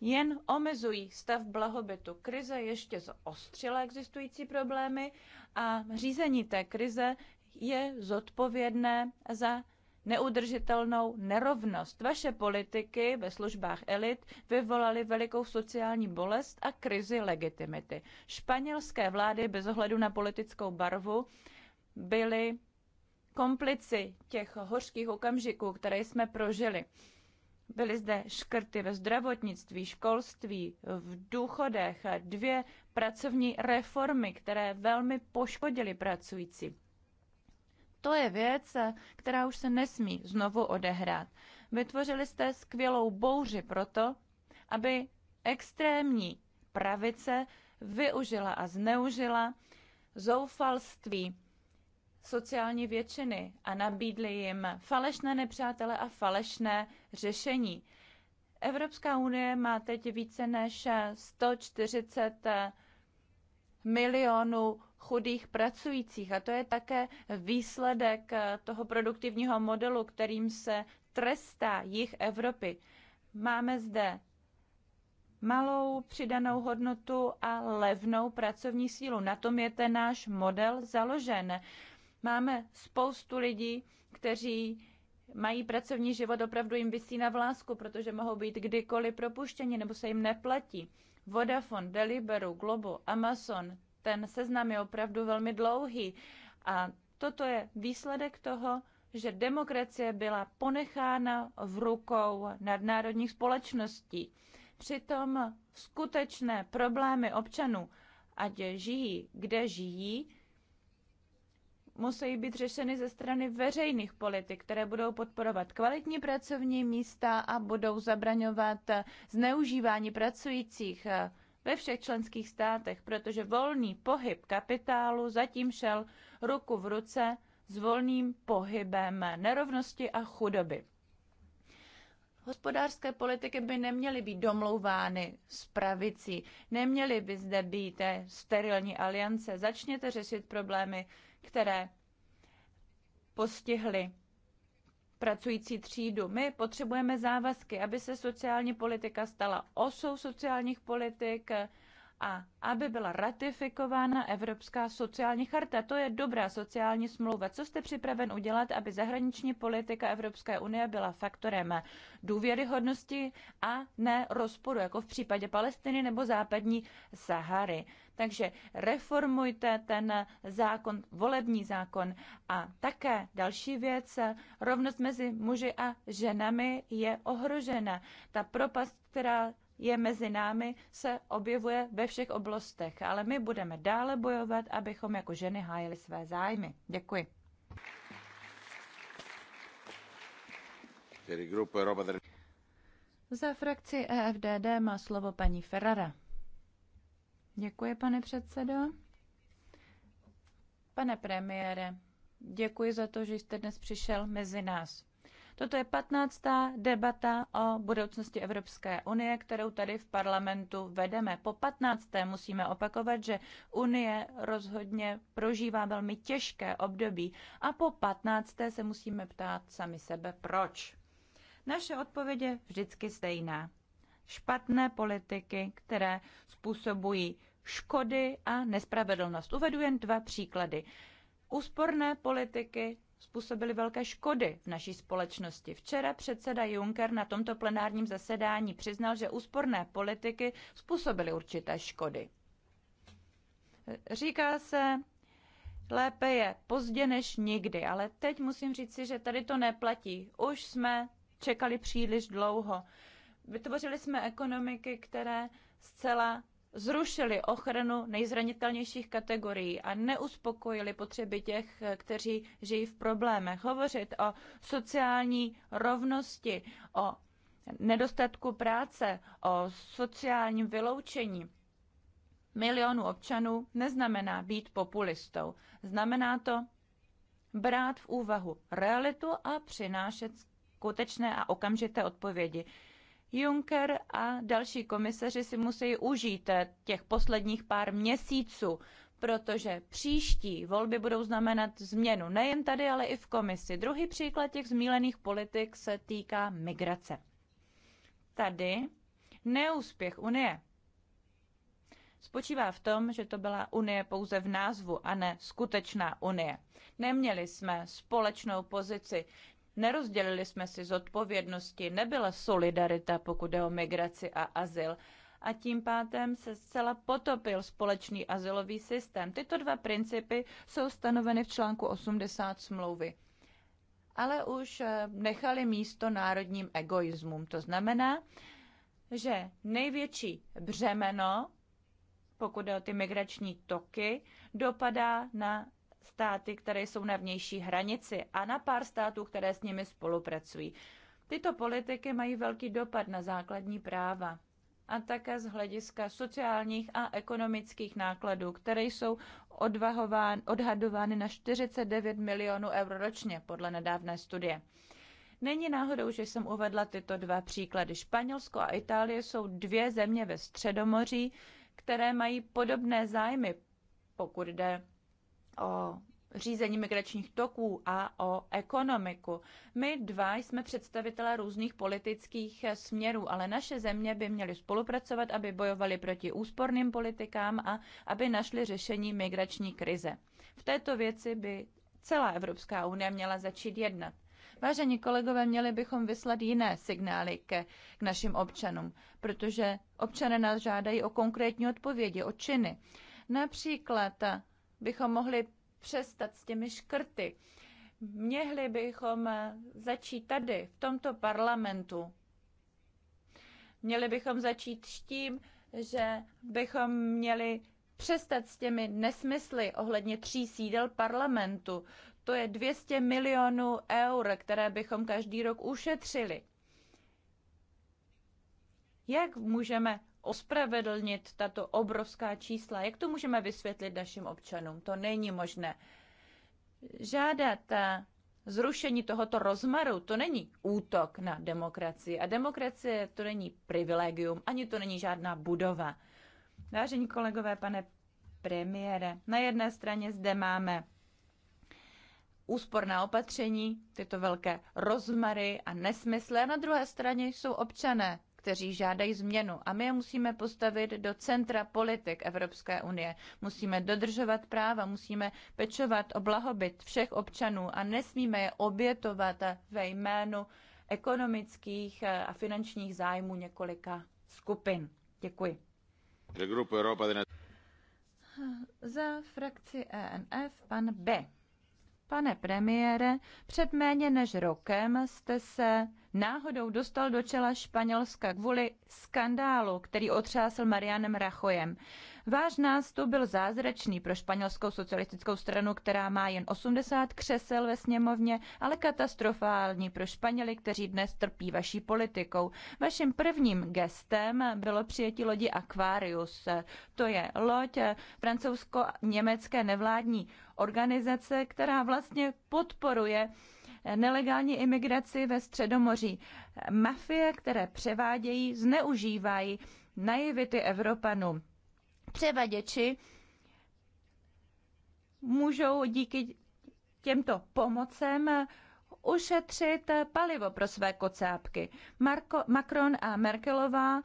jen omezují stav blahobytu. Krize ještě zostřila existující problémy a řízení té krize je zodpovědné za neudržitelnou nerovnost. Vaše politiky ve službách elit vyvolaly velikou sociální bolest a krizi legitimity. Španělské vlády bez ohledu na politickou barvu byly komplici těch hořkých okamžiků, které jsme prožili. Byly zde škrty ve zdravotnictví, školství, v důchodech a dvě pracovní reformy, které velmi poškodily pracující. To je věc, která už se nesmí znovu odehrát. Vytvořili jste skvělou bouři proto, aby extrémní pravice využila a zneužila zoufalství sociální většiny a nabídli jim falešné nepřátele a falešné řešení. Evropská unie má teď více než 140 milionů chudých pracujících. A to je také výsledek eh, toho produktivního modelu, kterým se trestá jich Evropy. Máme zde malou přidanou hodnotu a levnou pracovní sílu. Na tom je ten náš model založen. Máme spoustu lidí, kteří mají pracovní život, opravdu jim vysí na vlásku, protože mohou být kdykoliv propuštěni nebo se jim neplatí. Vodafone, Deliveroo, Globo, Amazon, ten seznam je opravdu velmi dlouhý. A toto je výsledek toho, že demokracie byla ponechána v rukou nadnárodních společností. Přitom skutečné problémy občanů, ať žijí, kde žijí, musí být řešeny ze strany veřejných politik, které budou podporovat kvalitní pracovní místa a budou zabraňovat zneužívání pracujících ve všech členských státech, protože volný pohyb kapitálu zatím šel ruku v ruce s volným pohybem nerovnosti a chudoby. Hospodářské politiky by neměly být domlouvány s pravicí, neměly by zde být sterilní aliance. Začněte řešit problémy, které postihly pracující třídu. My potřebujeme závazky, aby se sociální politika stala osou sociálních politik, a aby byla ratifikována Evropská sociální charta. To je dobrá sociální smlouva. Co jste připraven udělat, aby zahraniční politika Evropské unie byla faktorem důvěryhodnosti a ne rozporu, jako v případě Palestiny nebo západní Sahary. Takže reformujte ten zákon, volební zákon. A také další věc, rovnost mezi muži a ženami je ohrožena. Ta propast, která je mezi námi, se objevuje ve všech oblastech, ale my budeme dále bojovat, abychom jako ženy hájili své zájmy. Děkuji. Za frakci EFDD má slovo paní Ferrara. Děkuji, pane předsedo. Pane premiére, děkuji za to, že jste dnes přišel mezi nás. Toto je 15. debata o budoucnosti Evropské unie, kterou tady v parlamentu vedeme. Po 15. musíme opakovat, že Unie rozhodně prožívá velmi těžké období a po 15. se musíme ptát sami sebe, proč. Naše odpověď je vždycky stejná. Špatné politiky, které způsobují škody a nespravedlnost. Uvedu jen dva příklady. Úsporné politiky způsobili velké škody v naší společnosti. Včera předseda Juncker na tomto plenárním zasedání přiznal, že úsporné politiky způsobily určité škody. Říká se, lépe je pozdě než nikdy, ale teď musím říci, že tady to neplatí. Už jsme čekali příliš dlouho. Vytvořili jsme ekonomiky, které zcela zrušili ochranu nejzranitelnějších kategorií a neuspokojili potřeby těch, kteří žijí v problémech. Hovořit o sociální rovnosti, o nedostatku práce, o sociálním vyloučení milionů občanů neznamená být populistou. Znamená to brát v úvahu realitu a přinášet skutečné a okamžité odpovědi. Juncker a další komisaři si musí užít těch posledních pár měsíců, protože příští volby budou znamenat změnu nejen tady, ale i v komisi. Druhý příklad těch zmílených politik se týká migrace. Tady neúspěch Unie spočívá v tom, že to byla Unie pouze v názvu a ne skutečná Unie. Neměli jsme společnou pozici, Nerozdělili jsme si zodpovědnosti, nebyla solidarita, pokud jde o migraci a azyl. A tím pádem se zcela potopil společný azylový systém. Tyto dva principy jsou stanoveny v článku 80 smlouvy. Ale už eh, nechali místo národním egoismům. To znamená, že největší břemeno, pokud jde o ty migrační toky, dopadá na státy, které jsou na vnější hranici a na pár států, které s nimi spolupracují. Tyto politiky mají velký dopad na základní práva a také z hlediska sociálních a ekonomických nákladů, které jsou odhadovány na 49 milionů euro ročně podle nedávné studie. Není náhodou, že jsem uvedla tyto dva příklady. Španělsko a Itálie jsou dvě země ve Středomoří, které mají podobné zájmy, pokud jde o řízení migračních toků a o ekonomiku. My dva jsme představitelé různých politických směrů, ale naše země by měly spolupracovat, aby bojovali proti úsporným politikám a aby našli řešení migrační krize. V této věci by celá Evropská unie měla začít jednat. Vážení kolegové, měli bychom vyslat jiné signály ke, k našim občanům, protože občané nás žádají o konkrétní odpovědi, o činy. Například bychom mohli přestat s těmi škrty. Měhli bychom začít tady, v tomto parlamentu. Měli bychom začít s tím, že bychom měli přestat s těmi nesmysly ohledně tří sídel parlamentu. To je 200 milionů eur, které bychom každý rok ušetřili. Jak můžeme ospravedlnit tato obrovská čísla. Jak to můžeme vysvětlit našim občanům? To není možné. Žádat eh, zrušení tohoto rozmaru, to není útok na demokracii. A demokracie to není privilegium, ani to není žádná budova. Vážení kolegové, pane premiére, na jedné straně zde máme úsporná opatření, tyto velké rozmary a nesmysly, a na druhé straně jsou občané, kteří žádají změnu a my je musíme postavit do centra politik Evropské unie. Musíme dodržovat práva, musíme pečovat o blahobyt všech občanů a nesmíme je obětovat ve jménu ekonomických a finančních zájmů několika skupin. Děkuji. Za frakci ENF pan B. Pane premiére, před méně než rokem jste se náhodou dostal do čela Španělska kvůli skandálu, který otřásl Marianem Rachojem. Váš nástup byl zázračný pro španělskou socialistickou stranu, která má jen 80 křesel ve sněmovně, ale katastrofální pro Španěly, kteří dnes trpí vaší politikou. Vaším prvním gestem bylo přijetí lodi Aquarius. To je loď francouzsko-německé nevládní organizace, která vlastně podporuje nelegální imigraci ve Středomoří. Mafie, které převádějí, zneužívají naivity Evropanů převaděči můžou díky těmto pomocem ušetřit palivo pro své kocápky. Marko, Macron a Merkelová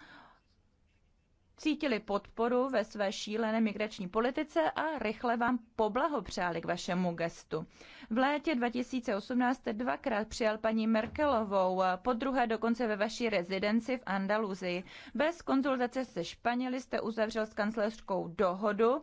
cítili podporu ve své šílené migrační politice a rychle vám poblahopřáli k vašemu gestu. V létě 2018 dvakrát přijal paní Merkelovou, po druhé dokonce ve vaší rezidenci v Andaluzii. Bez konzultace se Španěli jste uzavřel s kancelářskou dohodu,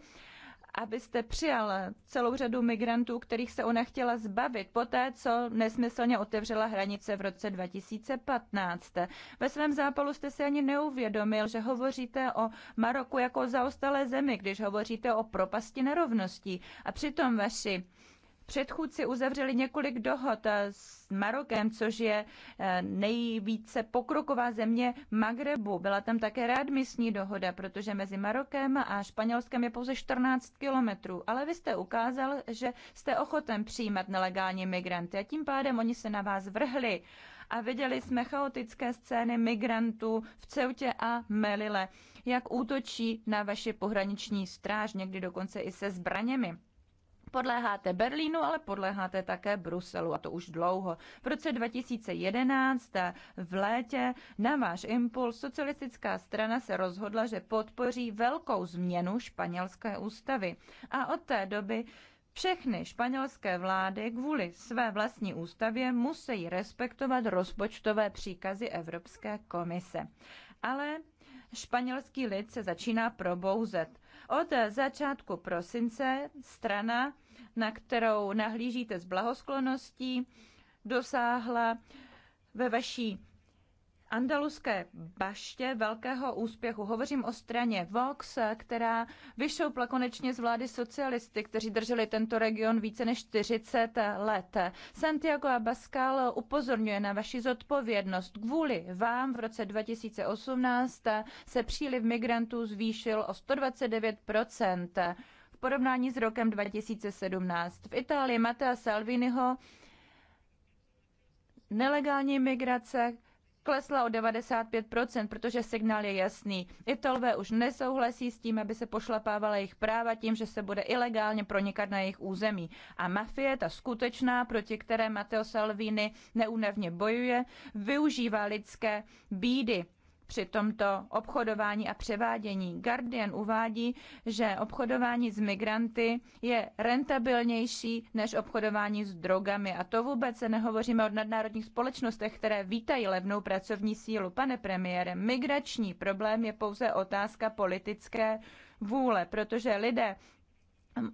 abyste přijal celou řadu migrantů, kterých se ona chtěla zbavit poté, co nesmyslně otevřela hranice v roce 2015. Ve svém zápalu jste si ani neuvědomil, že hovoříte o Maroku jako zaostalé zemi, když hovoříte o propasti nerovností. A přitom vaši Předchůdci uzavřeli několik dohod eh, s Marokem, což je eh, nejvíce pokroková země Magrebu. Byla tam také readmisní dohoda, protože mezi Marokem a Španělskem je pouze 14 kilometrů. Ale vy jste ukázal, že jste ochoten přijímat nelegální migranty a tím pádem oni se na vás vrhli a viděli jsme chaotické scény migrantů v Ceutě a Melile, jak útočí na vaši pohraniční stráž, někdy dokonce i se zbraněmi. Podléháte Berlínu, ale podléháte také Bruselu a to už dlouho. V roce 2011 v létě na váš impuls socialistická strana se rozhodla, že podpoří velkou změnu španělské ústavy. A od té doby všechny španělské vlády kvůli své vlastní ústavě musí respektovat rozpočtové příkazy Evropské komise. Ale španělský lid se začíná probouzet. Od začátku prosince strana na kterou nahlížíte s blahoskloností, dosáhla ve vaší andaluské baště velkého úspěchu. Hovořím o straně Vox, která vyšoupla konečně z vlády socialisty, kteří drželi tento region více než 40 let. Santiago Abascal upozorňuje na vaši zodpovědnost. Kvůli vám v roce 2018 se příliv migrantů zvýšil o 129 porovnání s rokem 2017. V Itálii Matea Salviniho nelegální migrace klesla o 95%, protože signál je jasný. Italové už nesouhlasí s tím, aby se pošlapávala jejich práva tím, že se bude ilegálně pronikat na jejich území. A mafie, ta skutečná, proti které Matteo Salvini neúnevně bojuje, využívá lidské bídy při tomto obchodování a převádění. Guardian uvádí, že obchodování s migranty je rentabilnější než obchodování s drogami. A to vůbec se nehovoříme o nadnárodních společnostech, které vítají levnou pracovní sílu. Pane premiére, migrační problém je pouze otázka politické vůle, protože lidé,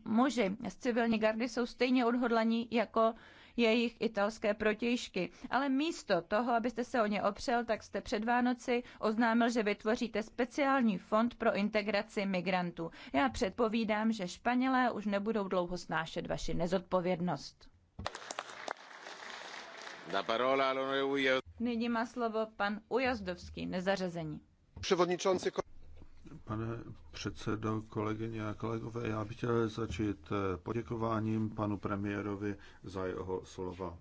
muži z civilní gardy jsou stejně odhodlaní jako jejich italské protějšky. Ale místo toho, abyste se o ně opřel, tak jste před Vánoci oznámil, že vytvoříte speciální fond pro integraci migrantů. Já předpovídám, že Španělé už nebudou dlouho snášet vaši nezodpovědnost. Nyní má slovo pan Ujazdovský, nezařazení. Przewodniczący Pane předsedo, kolegyně a kolegové, já bych chtěl začít eh, poděkováním panu premiérovi za jeho slova.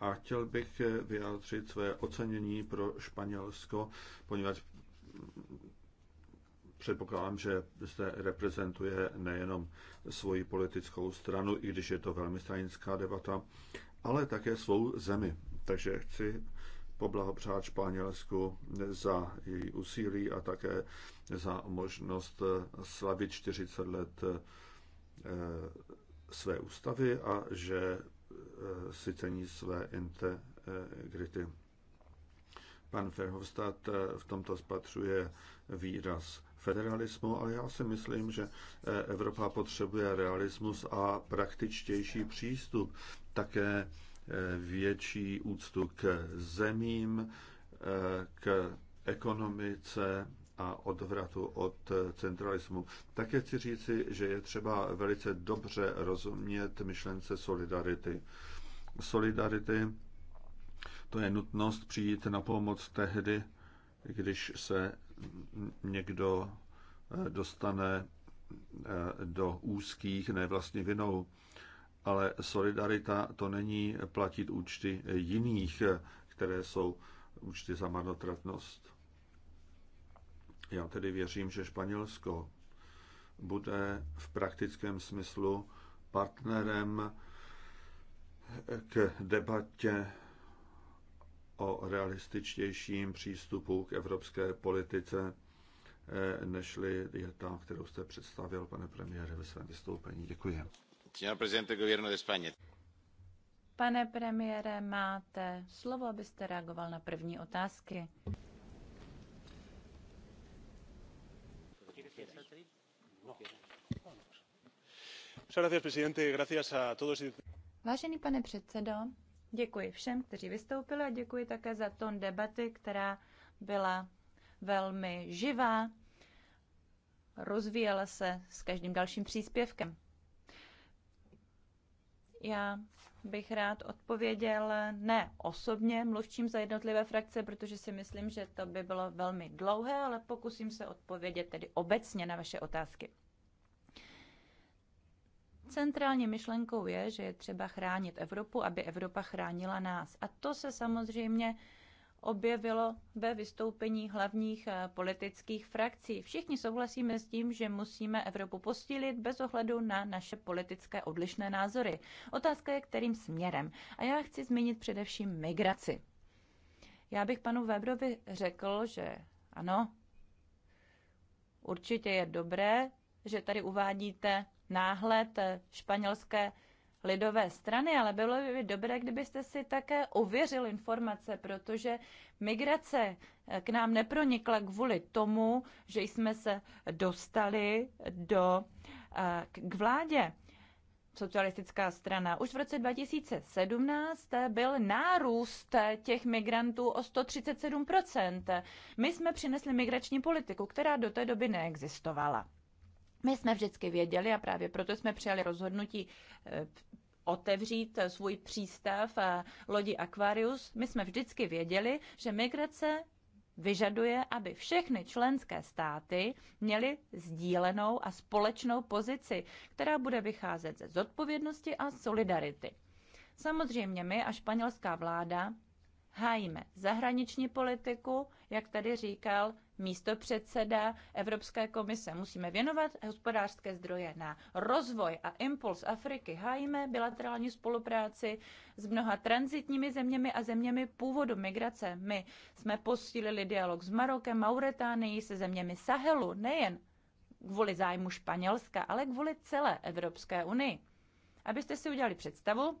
A chtěl bych eh, vyjádřit své ocenění pro Španělsko, poněvadž mm, předpokládám, že zde reprezentuje nejenom svoji politickou stranu, i když je to velmi stranická debata, ale také svou zemi. Takže chci poblahopřát Španělsku za její úsilí a také za možnost slavit 40 let eh, své ústavy a že eh, si cení své integrity. Pan Verhofstadt eh, v tomto spatřuje výraz federalismu, ale já si myslím, že Evropa potřebuje realismus a praktičtější přístup. Také větší úctu k zemím, eh, k ekonomice a odvratu od centralismu. Také chci říci, že je třeba velice dobře rozumět myšlence solidarity. Solidarity to je nutnost přijít na pomoc tehdy, když se někdo eh, dostane eh, do úzkých, ne vlastně vinou ale solidarita to není platit účty jiných, které jsou účty za marnotratnost. Já tedy věřím, že Španělsko bude v praktickém smyslu partnerem k debatě o realističtějším přístupu k evropské politice, eh, nežli je ta, kterou jste představil, pane premiére, ve svém vystoupení. Děkuji. Pane premiére, máte slovo, abyste reagoval na první otázky. Vážený pane předsedo, děkuji všem, kteří vystoupili a děkuji také za tón debaty, která byla velmi živá, rozvíjela se s každým dalším příspěvkem. Já bych rád odpověděl ne osobně mluvčím za jednotlivé frakce, protože si myslím, že to by bylo velmi dlouhé, ale pokusím se odpovědět tedy obecně na vaše otázky. Centrální myšlenkou je, že je třeba chránit Evropu, aby Evropa chránila nás. A to se samozřejmě objevilo ve vystoupení hlavních eh, politických frakcí. Všichni souhlasíme s tím, že musíme Evropu posílit bez ohledu na naše politické odlišné názory. Otázka je, kterým směrem. A já chci zmínit především migraci. Já bych panu Webrovi řekl, že ano, určitě je dobré, že tady uvádíte náhled eh, španělské lidové strany, ale bylo by dobré, kdybyste si také ověřil informace, protože migrace eh, k nám nepronikla kvůli tomu, že jsme se dostali do, eh, k vládě socialistická strana. Už v roce 2017 byl nárůst těch migrantů o 137%. My jsme přinesli migrační politiku, která do té doby neexistovala. My jsme vždycky věděli a právě proto jsme přijali rozhodnutí eh, otevřít svůj přístav a eh, lodi Aquarius. My jsme vždycky věděli, že migrace vyžaduje, aby všechny členské státy měly sdílenou a společnou pozici, která bude vycházet ze zodpovědnosti a solidarity. Samozřejmě my a španělská vláda hájíme zahraniční politiku, jak tady říkal místo Evropské komise. Musíme věnovat hospodářské zdroje na rozvoj a impuls Afriky. Hájíme bilaterální spolupráci s mnoha transitními zeměmi a zeměmi původu migrace. My jsme posílili dialog s Marokem, Mauretánií, se zeměmi Sahelu, nejen kvůli zájmu Španělska, ale kvůli celé Evropské unii. Abyste si udělali představu,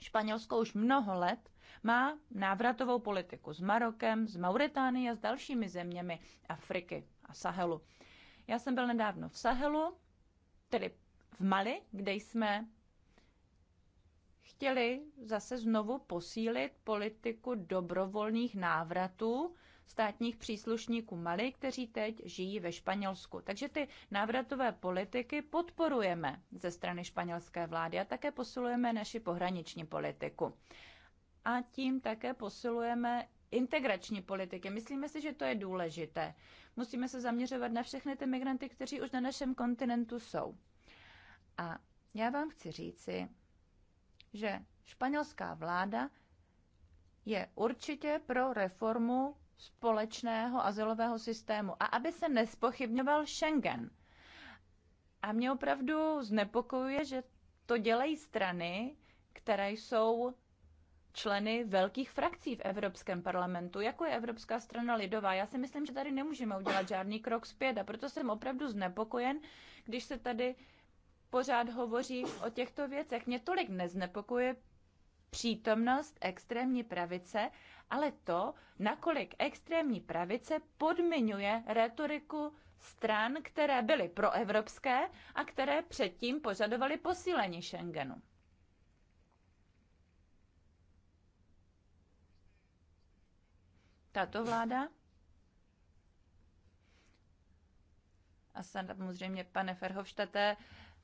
Španělsko už mnoho let má návratovou politiku s Marokem, s Mauritánií a s dalšími zeměmi Afriky a Sahelu. Já jsem byl nedávno v Sahelu, tedy v Mali, kde jsme chtěli zase znovu posílit politiku dobrovolných návratů státních příslušníků Mali, kteří teď žijí ve Španělsku. Takže ty návratové politiky podporujeme ze strany španělské vlády a také posilujeme naši pohraniční politiku a tím také posilujeme integrační politiky. Myslíme si, že to je důležité. Musíme se zaměřovat na všechny ty migranty, kteří už na našem kontinentu jsou. A já vám chci říci, že španělská vláda je určitě pro reformu společného azylového systému a aby se nespochybňoval Schengen. A mě opravdu znepokojuje, že to dělají strany, které jsou členy velkých frakcí v Evropském parlamentu, jako je Evropská strana lidová. Já si myslím, že tady nemůžeme udělat žádný krok zpět a proto jsem opravdu znepokojen, když se tady pořád hovoří o těchto věcech. Mě tolik neznepokuje přítomnost extrémní pravice, ale to, nakolik extrémní pravice podmiňuje retoriku stran, které byly proevropské a které předtím požadovaly posílení Schengenu. tato vláda a samozřejmě pane Ferhovštaté,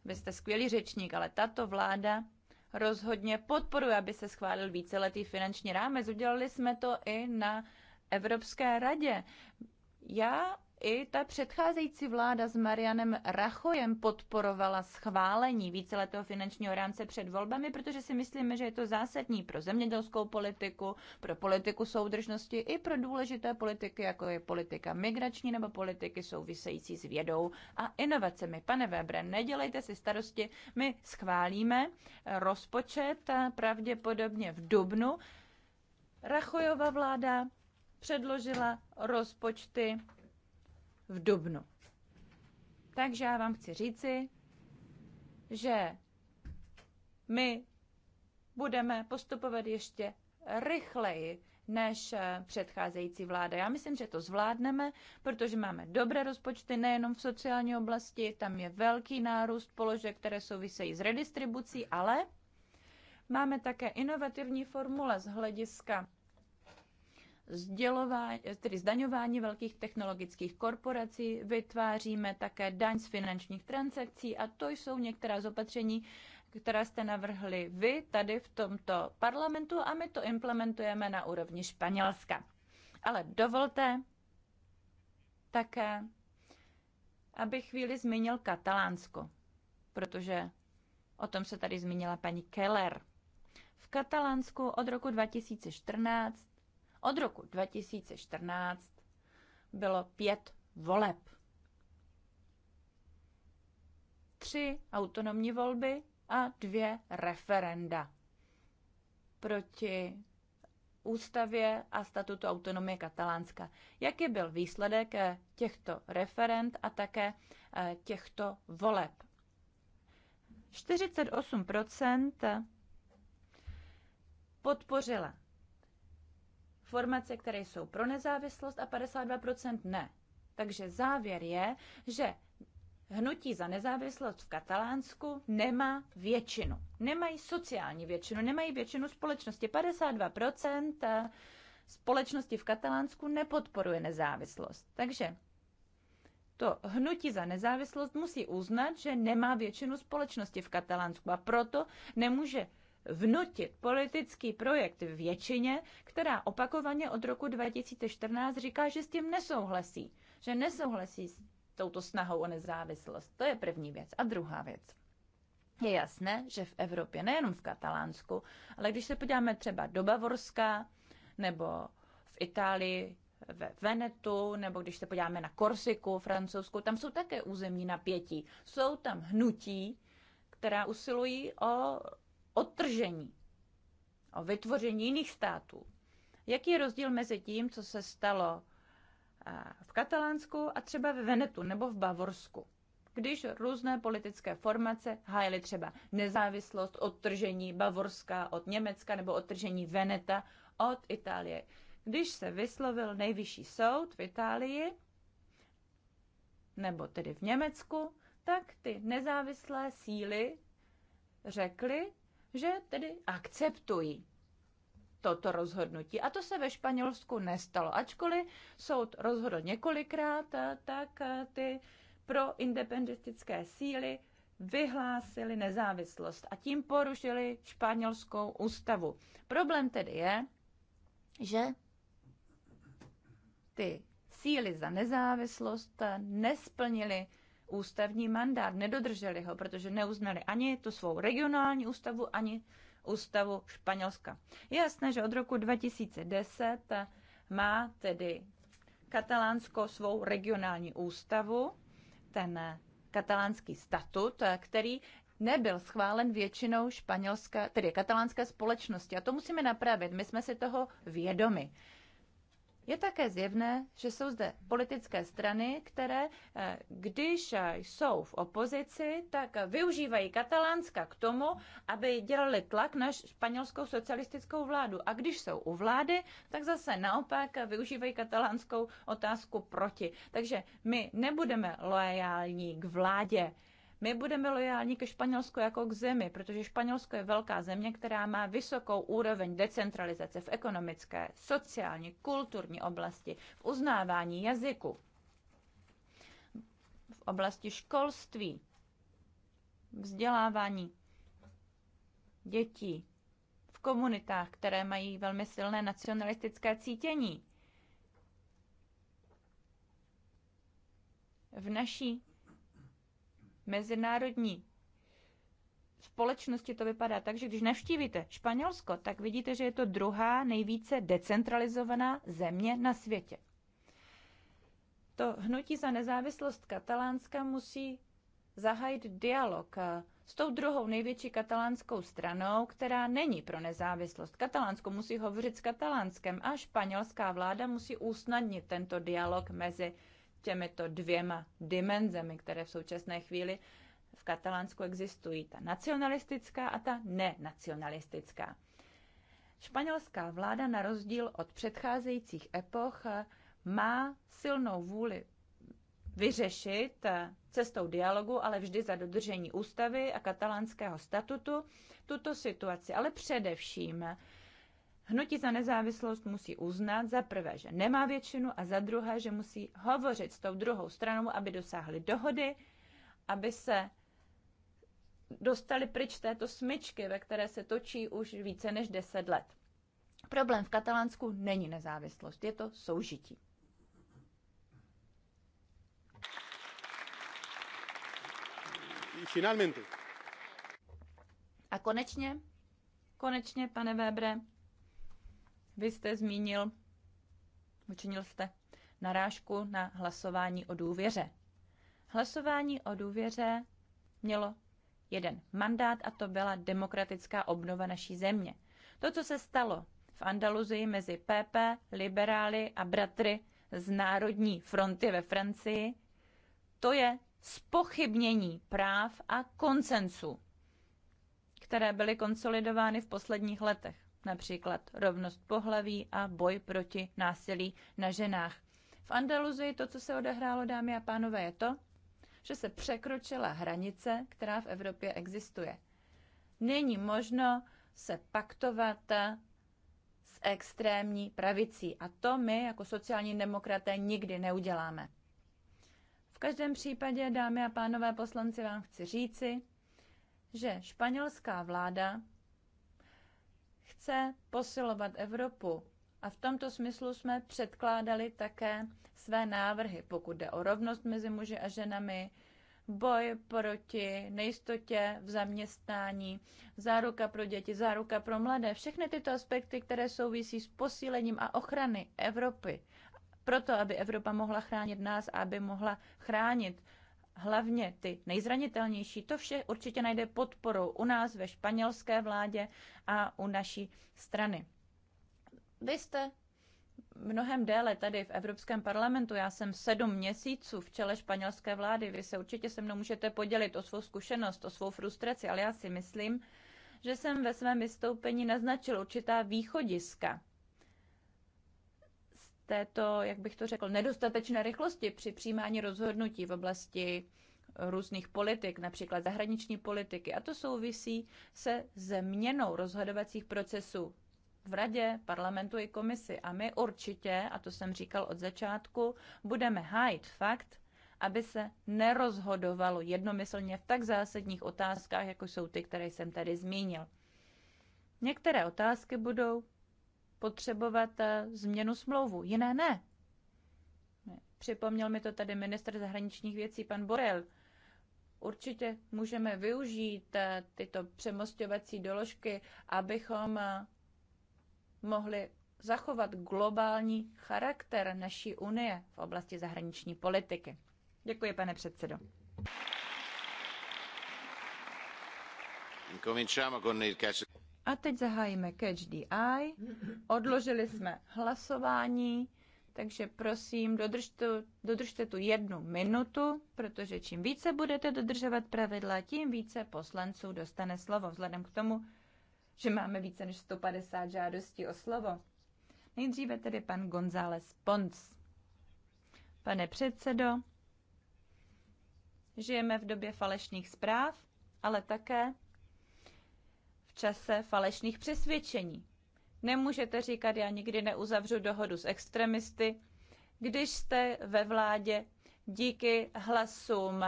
vy jste skvělý řečník, ale tato vláda rozhodně podporuje, aby se schválil víceletý finanční rámec. Udělali jsme to i na Evropské radě. Já i ta předcházející vláda s Marianem Rachojem podporovala schválení víceletého finančního rámce před volbami, protože si myslíme, že je to zásadní pro zemědělskou politiku, pro politiku soudržnosti i pro důležité politiky, jako je politika migrační nebo politiky související s vědou a inovacemi. Pane Webre, nedělejte si starosti, my schválíme rozpočet pravděpodobně v dubnu. Rachojova vláda předložila rozpočty v dubnu. Takže já vám chci říci, že my budeme postupovat ještě rychleji než předcházející vláda. Já myslím, že to zvládneme, protože máme dobré rozpočty nejenom v sociální oblasti, tam je velký nárůst položek, které souvisejí s redistribucí, ale máme také inovativní formule z hlediska tedy zdaňování velkých technologických korporací, vytváříme také daň z finančních transakcí a to jsou některá z opatření, která jste navrhli vy tady v tomto parlamentu a my to implementujeme na úrovni Španělska. Ale dovolte také, abych chvíli zmínil Katalánsko, protože o tom se tady zmínila paní Keller. V Katalánsku od roku 2014 od roku 2014 bylo pět voleb. Tři autonomní volby a dvě referenda proti ústavě a statutu autonomie katalánska. Jaký byl výsledek eh, těchto referend a také eh, těchto voleb? 48 podpořila formace, které jsou pro nezávislost a 52% ne. Takže závěr je, že hnutí za nezávislost v Katalánsku nemá většinu. Nemají sociální většinu, nemají většinu společnosti. 52% eh, společnosti v Katalánsku nepodporuje nezávislost. Takže to hnutí za nezávislost musí uznat, že nemá většinu společnosti v Katalánsku a proto nemůže vnutit politický projekt většině, která opakovaně od roku 2014 říká, že s tím nesouhlasí, že nesouhlasí s touto snahou o nezávislost. To je první věc. A druhá věc. Je jasné, že v Evropě, nejenom v Katalánsku, ale když se podíváme třeba do Bavorska nebo v Itálii, ve Venetu, nebo když se podíváme na Korsiku, Francouzsku, tam jsou také územní napětí. Jsou tam hnutí, která usilují o odtržení, o vytvoření jiných států. Jaký je rozdíl mezi tím, co se stalo v Katalánsku a třeba ve Venetu nebo v Bavorsku? Když různé politické formace hájily třeba nezávislost, odtržení Bavorska od Německa nebo odtržení Veneta od Itálie. Když se vyslovil nejvyšší soud v Itálii, nebo tedy v Německu, tak ty nezávislé síly řekly, že tedy akceptují toto rozhodnutí. A to se ve Španělsku nestalo. Ačkoliv soud rozhodl několikrát, tak ty pro independentistické síly vyhlásili nezávislost a tím porušili španělskou ústavu. Problém tedy je, že ty síly za nezávislost nesplnily ústavní mandát, nedodrželi ho, protože neuznali ani tu svou regionální ústavu, ani ústavu Španělska. Je jasné, že od roku 2010 má tedy Katalánsko svou regionální ústavu, ten katalánský statut, který nebyl schválen většinou španělské, tedy katalánské společnosti. A to musíme napravit. My jsme si toho vědomi. Je také zjevné, že jsou zde politické strany, které, eh, když eh, jsou v opozici, tak využívají Katalánska k tomu, aby dělali tlak na španělskou socialistickou vládu. A když jsou u vlády, tak zase naopak využívají katalánskou otázku proti. Takže my nebudeme loajální k vládě. My budeme lojální ke Španělsku jako k zemi, protože Španělsko je velká země, která má vysokou úroveň decentralizace v ekonomické, sociální, kulturní oblasti, v uznávání jazyku, v oblasti školství, vzdělávání dětí, v komunitách, které mají velmi silné nacionalistické cítění. V naší mezinárodní společnosti to vypadá tak, že když navštívíte Španělsko, tak vidíte, že je to druhá nejvíce decentralizovaná země na světě. To hnutí za nezávislost katalánska musí zahajit dialog eh, s tou druhou největší katalánskou stranou, která není pro nezávislost. Katalánsko musí hovořit s katalánskem a španělská vláda musí usnadnit tento dialog mezi těmito dvěma dimenzemi, které v současné chvíli v Katalánsku existují, ta nacionalistická a ta nenacionalistická. Španělská vláda na rozdíl od předcházejících epoch má silnou vůli vyřešit cestou dialogu, ale vždy za dodržení ústavy a katalánského statutu tuto situaci, ale především Hnutí za nezávislost musí uznat za prvé, že nemá většinu a za druhé, že musí hovořit s tou druhou stranou, aby dosáhli dohody, aby se dostali pryč této smyčky, ve které se točí už více než 10 let. Problém v Katalánsku není nezávislost, je to soužití. A konečně, konečně, pane Webre, vy jste zmínil, učinil jste narážku na hlasování o důvěře. Hlasování o důvěře mělo jeden mandát a to byla demokratická obnova naší země. To, co se stalo v Andaluzii mezi PP, liberály a bratry z Národní fronty ve Francii, to je spochybnění práv a koncensu, které byly konsolidovány v posledních letech například rovnost pohlaví a boj proti násilí na ženách. V Andaluzii to, co se odehrálo, dámy a pánové, je to, že se překročila hranice, která v Evropě existuje. Není možno se paktovat s extrémní pravicí a to my jako sociální demokraté nikdy neuděláme. V každém případě, dámy a pánové poslanci, vám chci říci, že španělská vláda chce posilovat Evropu. A v tomto smyslu jsme předkládali také své návrhy, pokud jde o rovnost mezi muži a ženami, boj proti nejistotě v zaměstnání, záruka pro děti, záruka pro mladé, všechny tyto aspekty, které souvisí s posílením a ochrany Evropy, proto aby Evropa mohla chránit nás a aby mohla chránit hlavně ty nejzranitelnější, to vše určitě najde podporu u nás ve španělské vládě a u naší strany. Vy jste mnohem déle tady v Evropském parlamentu. Já jsem sedm měsíců v čele španělské vlády. Vy se určitě se mnou můžete podělit o svou zkušenost, o svou frustraci, ale já si myslím, že jsem ve svém vystoupení naznačil určitá východiska této, jak bych to řekl, nedostatečné rychlosti při přijímání rozhodnutí v oblasti různých politik, například zahraniční politiky. A to souvisí se změnou rozhodovacích procesů v radě, parlamentu i komisi. A my určitě, a to jsem říkal od začátku, budeme hájit fakt, aby se nerozhodovalo jednomyslně v tak zásadních otázkách, jako jsou ty, které jsem tady zmínil. Některé otázky budou potřebovat eh, změnu smlouvu, jiné ne. Připomněl mi to tady minister zahraničních věcí, pan Borel. Určitě můžeme využít eh, tyto přemostovací doložky, abychom eh, mohli zachovat globální charakter naší unie v oblasti zahraniční politiky. Děkuji, pane předsedo. A teď zahájíme Catch the Eye. Odložili jsme hlasování, takže prosím, dodržte, dodržte tu jednu minutu, protože čím více budete dodržovat pravidla, tím více poslanců dostane slovo, vzhledem k tomu, že máme více než 150 žádostí o slovo. Nejdříve tedy pan González Pons. Pane předsedo, žijeme v době falešných zpráv, ale také čase falešných přesvědčení. Nemůžete říkat, já nikdy neuzavřu dohodu s extremisty, když jste ve vládě díky hlasům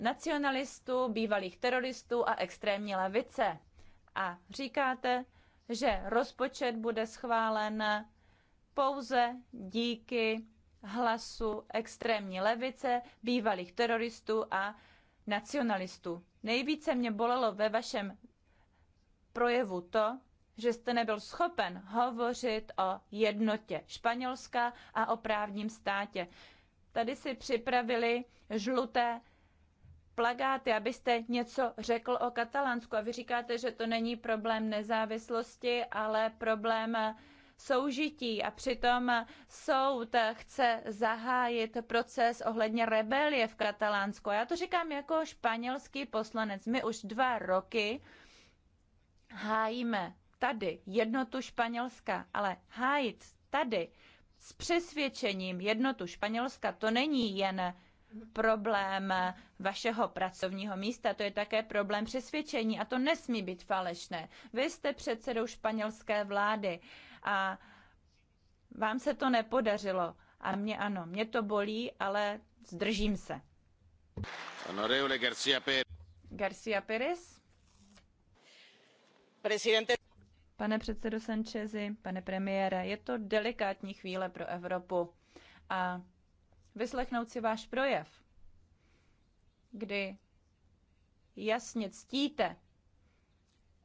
nacionalistů, bývalých teroristů a extrémní levice. A říkáte, že rozpočet bude schválen pouze díky hlasu extrémní levice, bývalých teroristů a nacionalistů. Nejvíce mě bolelo ve vašem projevu to, že jste nebyl schopen hovořit o jednotě Španělska a o právním státě. Tady si připravili žluté plagáty, abyste něco řekl o Katalánsku. A vy říkáte, že to není problém nezávislosti, ale problém soužití a přitom soud chce zahájit proces ohledně rebelie v Katalánsku. Já to říkám jako španělský poslanec. My už dva roky hájíme tady jednotu Španělska, ale hájit tady s přesvědčením jednotu Španělska, to není jen problém vašeho pracovního místa, to je také problém přesvědčení a to nesmí být falešné. Vy jste předsedou španělské vlády a vám se to nepodařilo a mě ano, mě to bolí, ale zdržím se. Honorable García Pérez. Garcia Pérez. Pane předsedo Sanchezi, pane premiére, je to delikátní chvíle pro Evropu a vyslechnout si váš projev, kdy jasně ctíte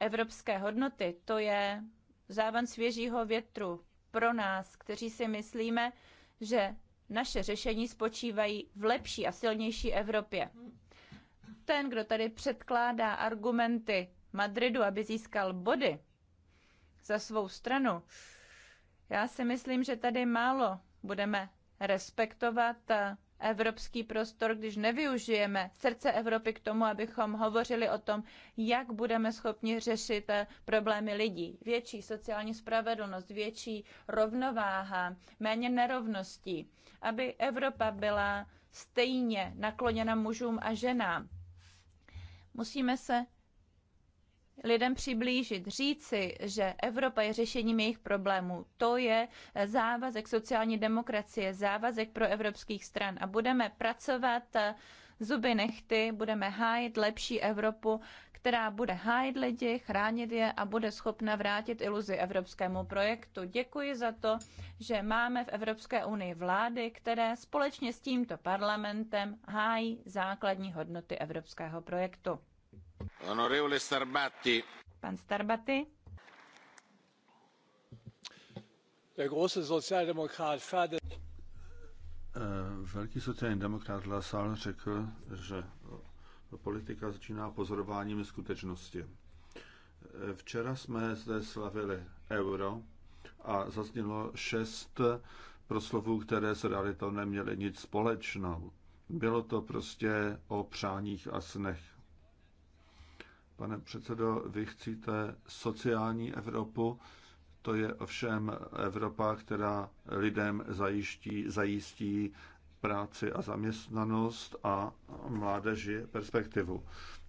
evropské hodnoty, to je závan svěžího větru pro nás, kteří si myslíme, že naše řešení spočívají v lepší a silnější Evropě. Ten, kdo tady předkládá argumenty Madridu, aby získal body za svou stranu, já si myslím, že tady málo budeme respektovat eh, evropský prostor, když nevyužijeme srdce Evropy k tomu, abychom hovořili o tom, jak budeme schopni řešit eh, problémy lidí. Větší sociální spravedlnost, větší rovnováha, méně nerovností, aby Evropa byla stejně nakloněna mužům a ženám. Musíme se lidem přiblížit, říci, že Evropa je řešením jejich problémů. To je závazek sociální demokracie, závazek pro evropských stran a budeme pracovat eh, zuby nechty, budeme hájit lepší Evropu, která bude hájit lidi, chránit je a bude schopna vrátit iluzi evropskému projektu. Děkuji za to, že máme v Evropské unii vlády, které společně s tímto parlamentem hájí základní hodnoty evropského projektu. Pan Starbatti. Eh, velký sociální demokrat Lasal řekl, že politika začíná pozorováním skutečnosti. Eh, včera jsme zde slavili euro a zaznělo šest proslovů, které s realitou neměly nic společnou. Bylo to prostě o přáních a snech. Pane předsedo, vy chcíte sociální Evropu, to je ovšem Evropa, která lidem zajiští, zajistí práci a zaměstnanost a mládeži perspektivu.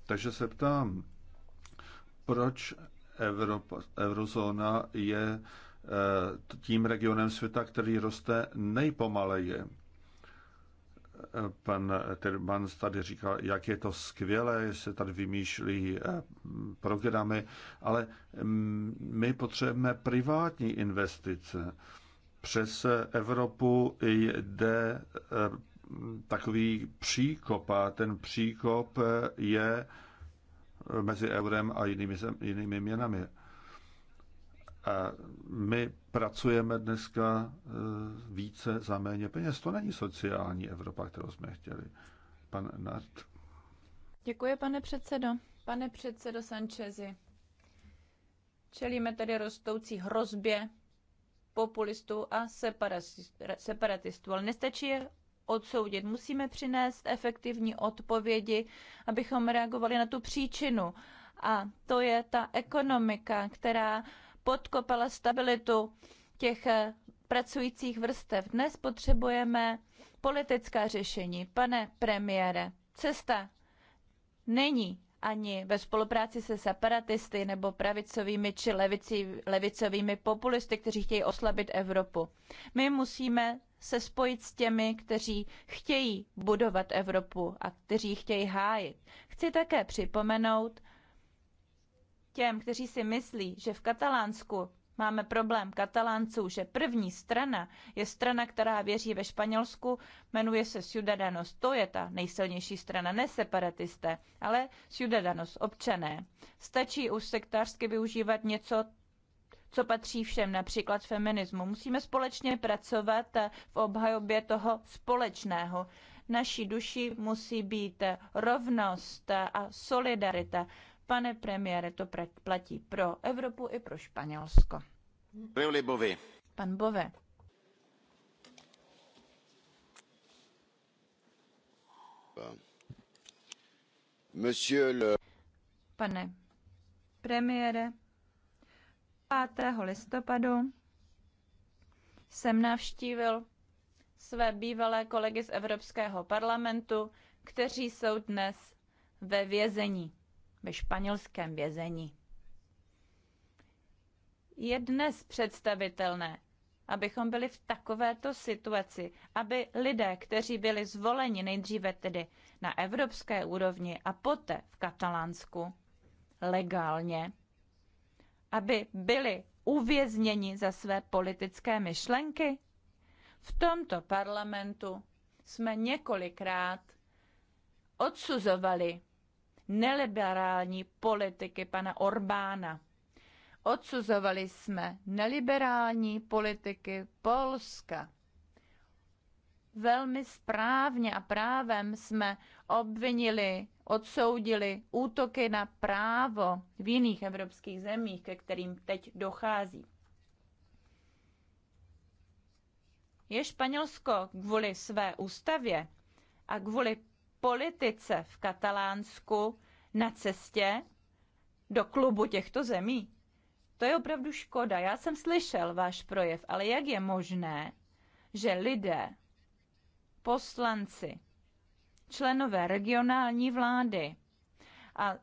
Takže se ptám, proč Evropa, eurozóna je eh, tím regionem světa, který roste nejpomaleji. Pan Tirbans tady říkal, jak je to skvělé, že se tady vymýšlí eh, programy, ale mm, my potřebujeme privátní investice. Přes Evropu jde eh, takový příkop a ten příkop je mezi eurem a jinými, jinými měnami. A my pracujeme dneska e, více za méně peněz. To není sociální Evropa, kterou jsme chtěli. Pan Nart. Děkuji, pane předsedo. Pane předsedo Sanchezi, čelíme tedy rostoucí hrozbě populistů a separatistů, ale nestačí je odsoudit. Musíme přinést efektivní odpovědi, abychom reagovali na tu příčinu. A to je ta ekonomika, která podkopala stabilitu těch eh, pracujících vrstev. Dnes potřebujeme politická řešení. Pane premiére, cesta není ani ve spolupráci se separatisty nebo pravicovými či levicí, levicovými populisty, kteří chtějí oslabit Evropu. My musíme se spojit s těmi, kteří chtějí budovat Evropu a kteří chtějí hájit. Chci také připomenout, těm, kteří si myslí, že v Katalánsku máme problém Katalánců, že první strana je strana, která věří ve Španělsku, jmenuje se Ciudadanos. To je ta nejsilnější strana, ne separatisté, ale Ciudadanos, občané. Stačí už sektářsky využívat něco, co patří všem, například feminismu. Musíme společně pracovat v obhajobě toho společného. Naší duši musí být rovnost a solidarita. Pane premiére, to platí pro Evropu i pro Španělsko. Bové. Pan Bove. Pane premiére, 5. listopadu jsem navštívil své bývalé kolegy z Evropského parlamentu, kteří jsou dnes ve vězení ve španělském vězení. Je dnes představitelné, abychom byli v takovéto situaci, aby lidé, kteří byli zvoleni nejdříve tedy na evropské úrovni a poté v Katalánsku legálně, aby byli uvězněni za své politické myšlenky? V tomto parlamentu jsme několikrát odsuzovali neliberální politiky pana Orbána. Odsuzovali jsme neliberální politiky Polska. Velmi správně a právem jsme obvinili, odsoudili útoky na právo v jiných evropských zemích, ke kterým teď dochází. Je Španělsko kvůli své ústavě a kvůli politice v Katalánsku na cestě do klubu těchto zemí. To je opravdu škoda. Já jsem slyšel váš projev, ale jak je možné, že lidé, poslanci, členové regionální vlády a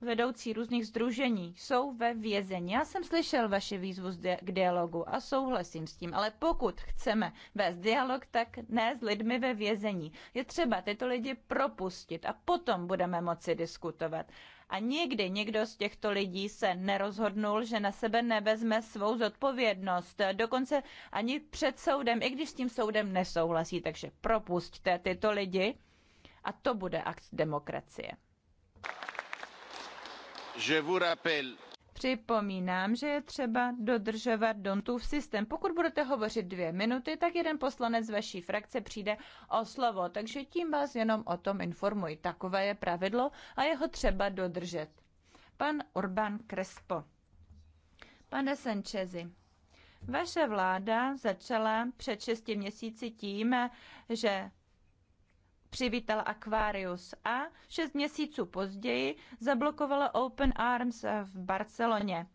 vedoucí různých združení jsou ve vězení. Já jsem slyšel vaše výzvu k dialogu a souhlasím s tím, ale pokud chceme vést dialog, tak ne s lidmi ve vězení. Je třeba tyto lidi propustit a potom budeme moci diskutovat. A nikdy někdo z těchto lidí se nerozhodnul, že na sebe nevezme svou zodpovědnost, dokonce ani před soudem, i když s tím soudem nesouhlasí. Takže propustte tyto lidi a to bude akt demokracie. Připomínám, že je třeba dodržovat Dontův systém. Pokud budete hovořit dvě minuty, tak jeden poslanec z vaší frakce přijde o slovo, takže tím vás jenom o tom informuji. Takové je pravidlo a jeho třeba dodržet. Pan Urban Crespo. Pane Sanchezi, vaše vláda začala před šesti měsíci tím, že přivítal Aquarius a šest měsíců později zablokovala Open Arms v Barceloně.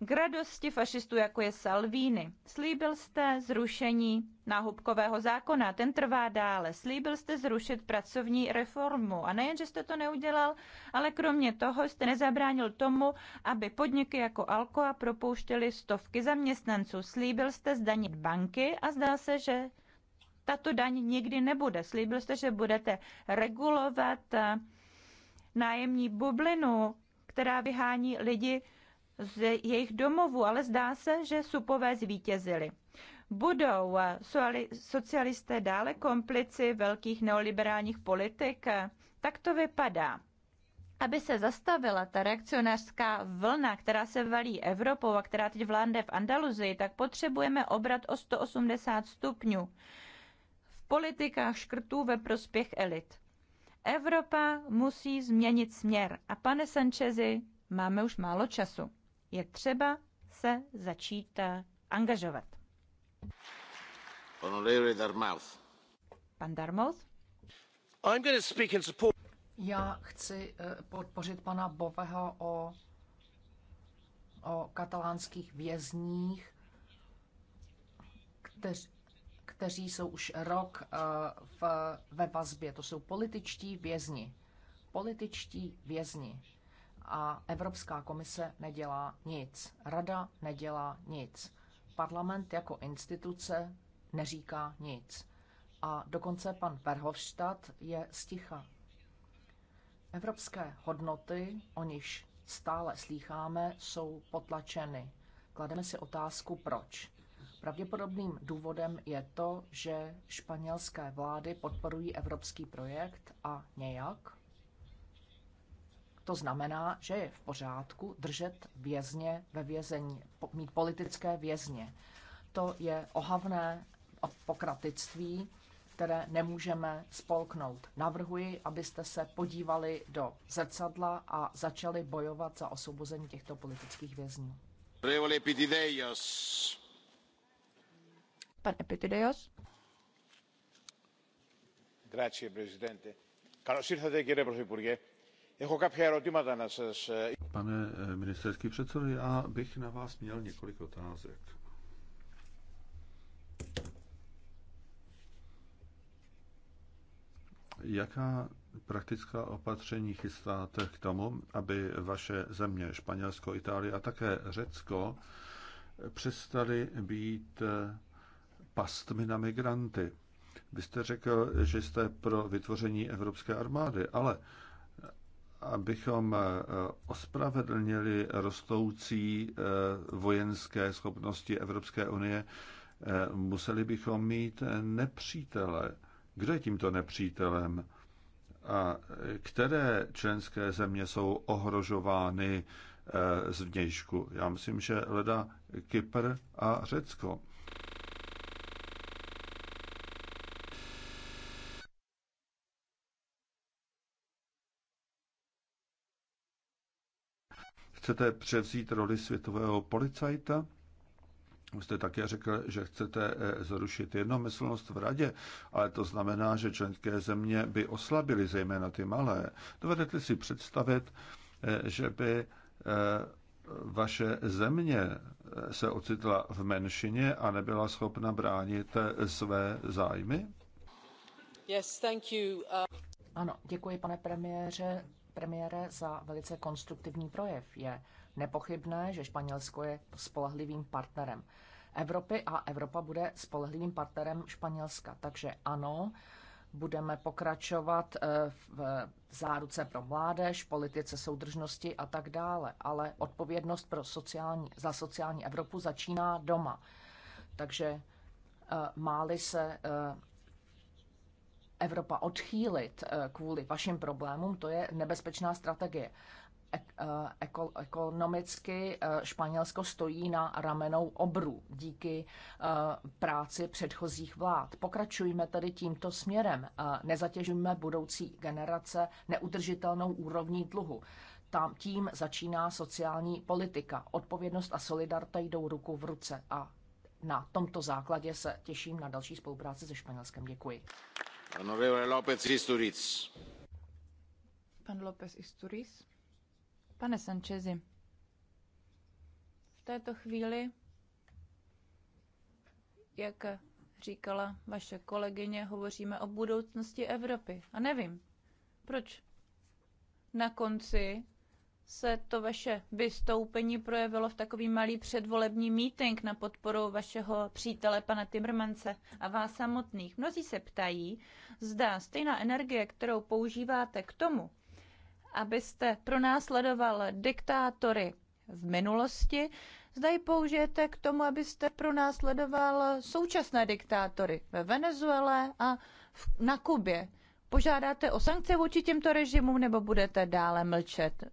K radosti fašistů, jako je Salvini, slíbil jste zrušení náhubkového zákona, ten trvá dále. Slíbil jste zrušit pracovní reformu a nejen, že jste to neudělal, ale kromě toho jste nezabránil tomu, aby podniky jako Alcoa propouštěly stovky zaměstnanců. Slíbil jste zdanit banky a zdá se, že tato daň nikdy nebude. Slíbil jste, že budete regulovat eh, nájemní bublinu, která vyhání lidi z jejich domovů, ale zdá se, že supové zvítězili. Budou eh, socialisté dále komplici velkých neoliberálních politik? Eh, tak to vypadá. Aby se zastavila ta reakcionářská vlna, která se valí Evropou a která teď vládne v Andaluzii, tak potřebujeme obrat o 180 stupňů politikách škrtů ve prospěch elit. Evropa musí změnit směr a pane Sanchezi, máme už málo času. Je třeba se začít eh, angažovat. Darmouth. Pan Darmouth? I'm going to speak in support. Já chci eh, podpořit pana Boveho o, o katalánských vězních, kteří kteří jsou už rok eh, v, ve vazbě. To jsou političtí vězni. Političtí vězni. A Evropská komise nedělá nic. Rada nedělá nic. Parlament jako instituce neříká nic. A dokonce pan Verhofstadt je sticha. Evropské hodnoty, o nichž stále slýcháme, jsou potlačeny. Klademe si otázku, proč. Pravděpodobným důvodem je to, že španělské vlády podporují evropský projekt a nějak. To znamená, že je v pořádku držet vězně ve vězení, mít politické vězně. To je ohavné pokratictví, které nemůžeme spolknout. Navrhuji, abyste se podívali do zrcadla a začali bojovat za osvobození těchto politických vězňů. Pitideos. Pan Epitideos. prezidente. Eh, Pane eh, ministerský předsedo, já bych na vás měl několik otázek. Jaká praktická opatření chystáte k tomu, aby vaše země, Španělsko, Itálie a také Řecko, přestaly být eh, pastmi na migranty. Vy jste řekl, že jste pro vytvoření evropské armády, ale abychom eh, ospravedlnili rostoucí eh, vojenské schopnosti Evropské unie, eh, museli bychom mít nepřítele. Kdo je tímto nepřítelem? A které členské země jsou ohrožovány z vnějšku? Já myslím, že leda Kypr a Řecko. Chcete převzít roli světového policajta? Vy jste také řekl, že chcete eh, zrušit jednomyslnost v radě, ale to znamená, že členské země by oslabily zejména ty malé. Dovedete si představit, eh, že by eh, vaše země se ocitla v menšině a nebyla schopna bránit své zájmy? Yes, thank you. Uh... Ano, děkuji, pane premiére premiére, za velice konstruktivní projev. Je nepochybné, že Španělsko je spolehlivým partnerem Evropy a Evropa bude spolehlivým partnerem Španělska. Takže ano, budeme pokračovat eh, v záruce pro mládež, politice soudržnosti a tak dále. Ale odpovědnost pro sociální, za sociální Evropu začíná doma. Takže eh, máli se eh, Evropa odchýlit eh, kvůli vašim problémům, to je nebezpečná strategie. Eh, eko, ekonomicky eh, Španělsko stojí na ramenou obrů díky práci předchozích vlád. Pokračujme tedy tímto směrem. Nezatěžujme budoucí generace neudržitelnou úrovní dluhu. Tam, tím začíná sociální politika. Odpovědnost a solidarita jdou ruku v ruce a na tomto základě se těším na další spolupráci se Španělskem. Děkuji. López Pane Sanchezi, v této chvíli, jak říkala vaše kolegyně, hovoříme o budoucnosti Evropy. A nevím, proč na konci se to vaše vystoupení projevilo v takový malý předvolební meeting na podporu vašeho přítele pana Timrmance a vás samotných. Mnozí se ptají, zda stejná energie, kterou používáte k tomu, abyste pronásledoval diktátory v minulosti, zda ji použijete k tomu, abyste pronásledoval současné diktátory ve Venezuele a na Kubě. Požádáte o sankce vůči těmto režimům nebo budete dále mlčet?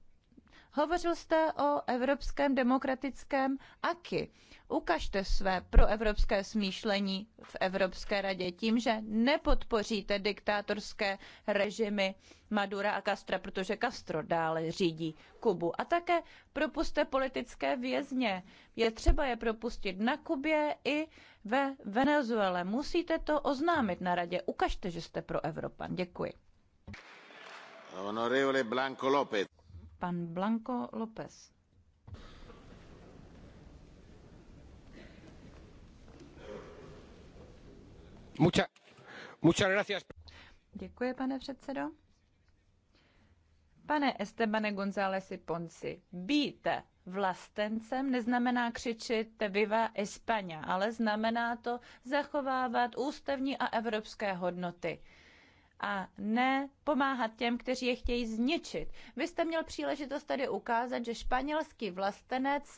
Hovořil jste o evropském demokratickém aky. Ukažte své proevropské smýšlení v Evropské radě tím, že nepodpoříte diktátorské režimy Madura a Castra, protože Castro dále řídí Kubu. A také propuste politické vězně. Je třeba je propustit na Kubě i ve Venezuele. Musíte to oznámit na radě. Ukažte, že jste pro Evropan. Děkuji. Honorevole Blanco López pan Blanco López. Mucha, muchas gracias. Děkuji, pane předsedo. Pane Estebane Gonzálesi Ponci, být vlastencem neznamená křičit Viva España, ale znamená to zachovávat ústavní a evropské hodnoty a ne pomáhat těm, kteří je chtějí zničit. Vy jste měl příležitost tady ukázat, že španělský vlastenec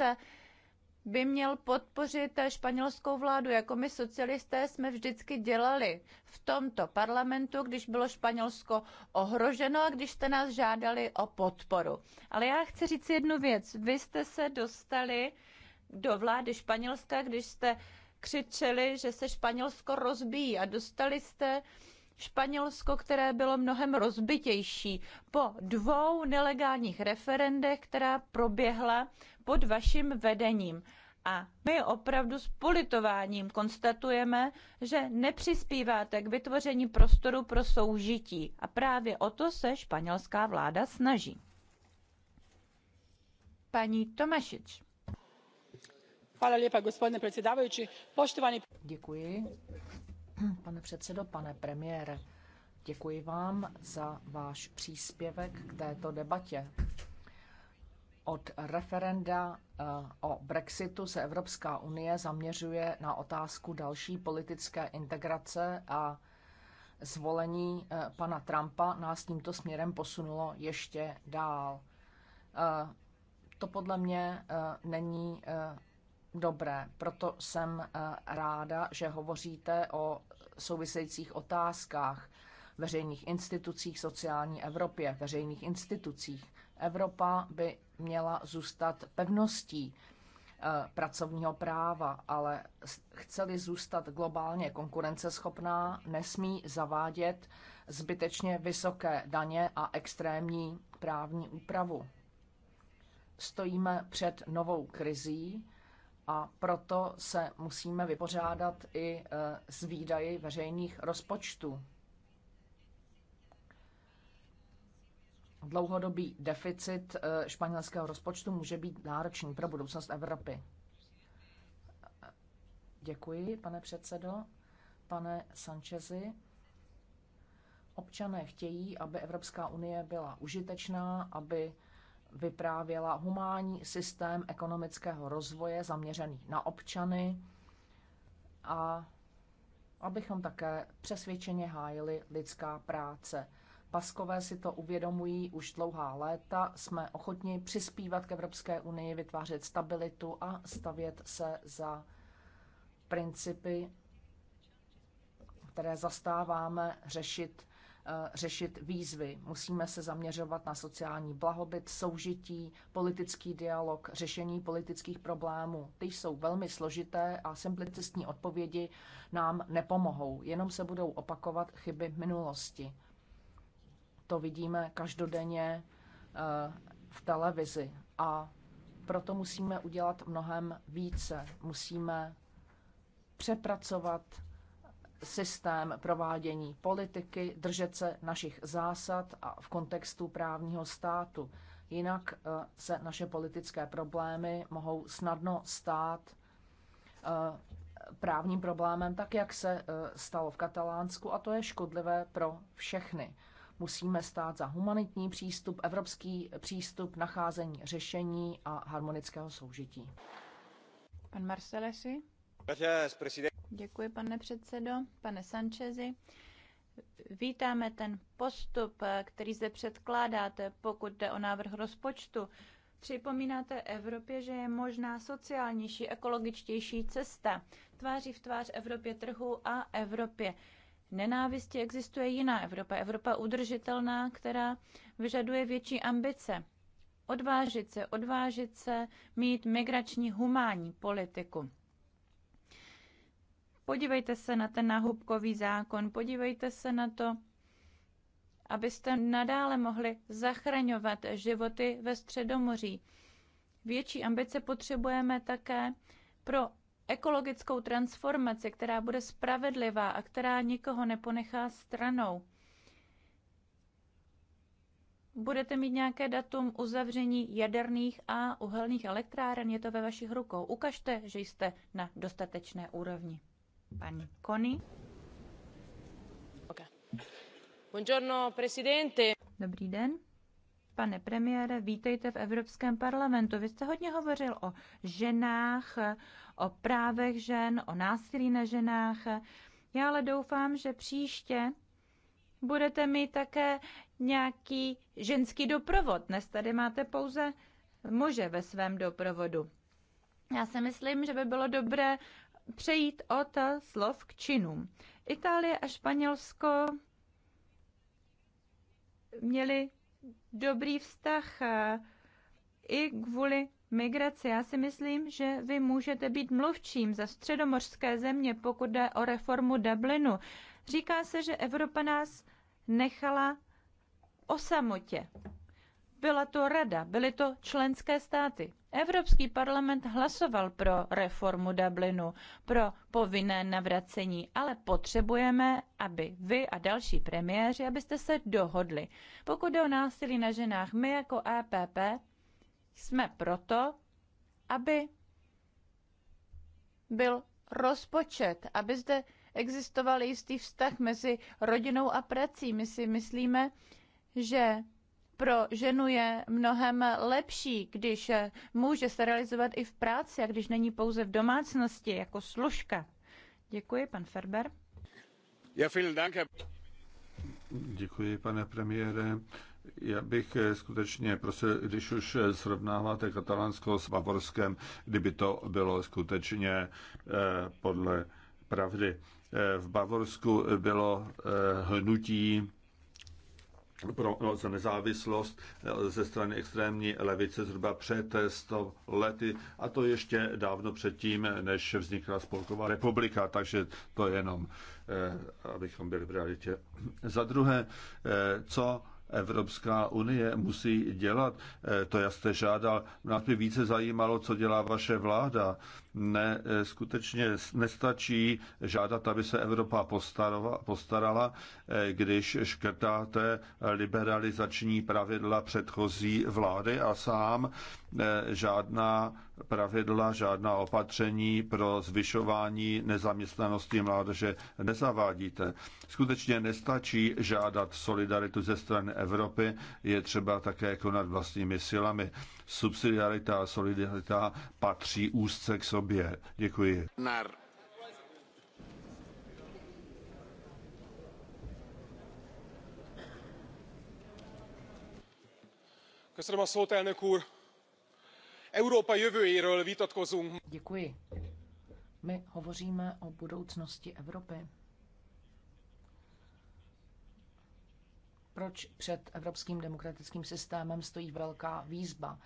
by měl podpořit španělskou vládu, jako my socialisté jsme vždycky dělali v tomto parlamentu, když bylo Španělsko ohroženo a když jste nás žádali o podporu. Ale já chci říct jednu věc. Vy jste se dostali do vlády Španělska, když jste křičeli, že se Španělsko rozbíjí a dostali jste uh, Španělsko, které bylo mnohem rozbitější po dvou nelegálních referendech, která proběhla pod vaším vedením. A my opravdu s politováním konstatujeme, že nepřispíváte k vytvoření prostoru pro soužití. A právě o to se španělská vláda snaží. Paní Tomašič. Děkuji, Pane předsedo, pane premiére, děkuji vám za váš příspěvek k této debatě. Od referenda eh, o Brexitu se Evropská unie zaměřuje na otázku další politické integrace a zvolení eh, pana Trumpa nás tímto směrem posunulo ještě dál. Eh, to podle mě není dobré. Proto jsem eh, ráda, že hovoříte o souvisejících otázkách veřejných institucích, sociální Evropě, veřejných institucích. Evropa by měla zůstat pevností eh, pracovního práva, ale chceli zůstat globálně konkurenceschopná, nesmí zavádět zbytečně vysoké daně a extrémní právní úpravu. Stojíme před novou krizí, a proto se musíme vypořádat i e, s výdaji veřejných rozpočtů. Dlouhodobý deficit e, španělského rozpočtu může být náročný pro budoucnost Evropy. Děkuji, pane předsedo. Pane Sanchezi, občané chtějí, aby Evropská unie byla užitečná, aby vyprávěla humánní systém ekonomického rozvoje zaměřený na občany a abychom také přesvědčeně hájili lidská práce. Paskové si to uvědomují už dlouhá léta, jsme ochotni přispívat k Evropské unii, vytvářet stabilitu a stavět se za principy, které zastáváme, řešit Eh, řešit výzvy. Musíme se zaměřovat na sociální blahobyt, soužití, politický dialog, řešení politických problémů. Ty jsou velmi složité a simplicistní odpovědi nám nepomohou, jenom se budou opakovat chyby minulosti. To vidíme každodenně eh, v televizi a proto musíme udělat mnohem více. Musíme přepracovat systém provádění politiky, držet se našich zásad a v kontextu právního státu. Jinak eh, se naše politické problémy mohou snadno stát eh, právním problémem, tak jak se eh, stalo v Katalánsku, a to je škodlivé pro všechny. Musíme stát za humanitní přístup, evropský přístup, nacházení řešení a harmonického soužití. Pan Marcelesi. Děkuji, pane předsedo, pane Sančezi. Vítáme ten postup, který zde předkládáte, pokud jde o návrh rozpočtu. Připomínáte Evropě, že je možná sociálnější, ekologičtější cesta. Tváří v tvář Evropě trhu a Evropě nenávisti existuje jiná Evropa. Evropa udržitelná, která vyžaduje větší ambice. Odvážit se, odvážit se mít migrační humánní politiku. Podívejte se na ten nahubkový zákon, podívejte se na to, abyste nadále mohli zachraňovat životy ve Středomoří. Větší ambice potřebujeme také pro ekologickou transformaci, která bude spravedlivá a která nikoho neponechá stranou. Budete mít nějaké datum uzavření jaderných a uhelných elektráren, je to ve vašich rukou. Ukažte, že jste na dostatečné úrovni. Paní Kony. Dobrý den. Pane premiére, vítejte v Evropském parlamentu. Vy jste hodně hovořil o ženách, o právech žen, o násilí na ženách. Já ale doufám, že příště budete mít také nějaký ženský doprovod. Dnes tady máte pouze muže ve svém doprovodu. Já si myslím, že by bylo dobré přejít od slov k činům. Itálie a Španělsko měli dobrý vztah eh, i kvůli migraci. Já si myslím, že vy můžete být mluvčím za středomořské země, pokud jde o reformu Dublinu. Říká se, že Evropa nás nechala o samotě. Byla to rada, byly to členské státy. Evropský parlament hlasoval pro reformu Dublinu, pro povinné navracení, ale potřebujeme, aby vy a další premiéři, abyste se dohodli. Pokud jde o násilí na ženách, my jako EPP jsme proto, aby byl rozpočet, aby zde existoval jistý vztah mezi rodinou a prací. My si myslíme, že pro ženu je mnohem lepší, když může se realizovat i v práci a když není pouze v domácnosti jako služka. Děkuji, pan Ferber. Ja, vielen Dank, Herr... Děkuji, pane premiére. Já bych eh, skutečně prosil, když už eh, srovnáváte Katalánsko s Bavorskem, kdyby to bylo skutečně eh, podle pravdy. V Bavorsku bylo hnutí pro no, za nezávislost eh, ze strany extrémní levice zhruba před 100 lety a to ještě dávno předtím, než vznikla Spolková republika, takže to jenom, eh, abychom byli v realitě. Za druhé, eh, co Evropská unie musí dělat. To já jste žádal. Nás by více zajímalo, co dělá vaše vláda ne, eh, skutečně nestačí žádat, aby se Evropa postarala, postarala, eh, když škrtáte liberalizační pravidla předchozí vlády a sám eh, žádná pravidla, žádná opatření pro zvyšování nezaměstnanosti mládeže nezavádíte. Skutečně nestačí žádat solidaritu ze strany Evropy, je třeba také konat vlastními silami. Subsidiarita a solidarita patří úzce k sobě sobě. Děkuji. Nar. Köszönöm a szót, elnök úr. Európa jövőjéről vitatkozunk. Děkuji. My hovoříme o budoucnosti Evropy. Proč před evropským demokratickým systémem stojí velká výzba?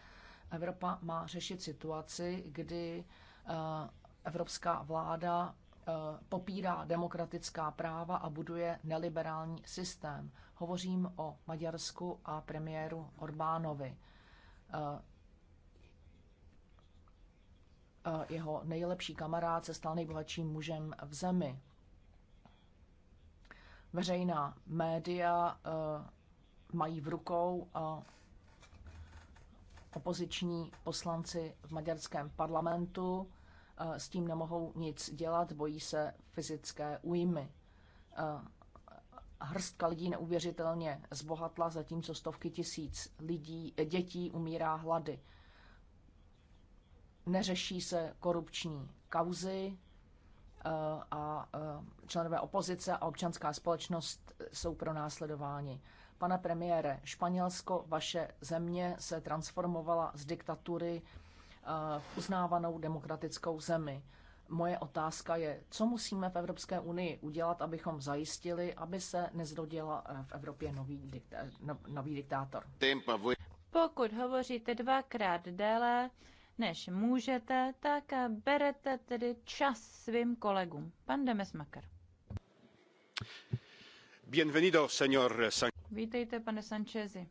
Evropa má řešit situaci, kdy Eh, evropská vláda eh, popírá demokratická práva a buduje neliberální systém. Hovořím o Maďarsku a premiéru Orbánovi. Eh, jeho nejlepší kamarád se stal nejbohatším mužem v zemi. Veřejná média mají v rukou opoziční poslanci v maďarském parlamentu s tím nemohou nic dělat, bojí se fyzické újmy. Hrstka lidí neuvěřitelně zbohatla, zatímco stovky tisíc lidí, dětí umírá hlady. Neřeší se korupční kauzy e, a e, členové opozice a občanská společnost jsou pro následování. Pane premiére, Španělsko, vaše země se transformovala z diktatury Eh, uznávanou demokratickou zemi. Moje otázka je, co musíme v Evropské unii udělat, abychom zajistili, aby se nezrodila eh, v Evropě nový, dikta, no, nový diktátor. Pokud hovoříte dvakrát déle, než můžete, tak berete tedy čas svým kolegům. Pan Demesmaker. Bienvenido, señor San... Vítejte, pane Sanchezi.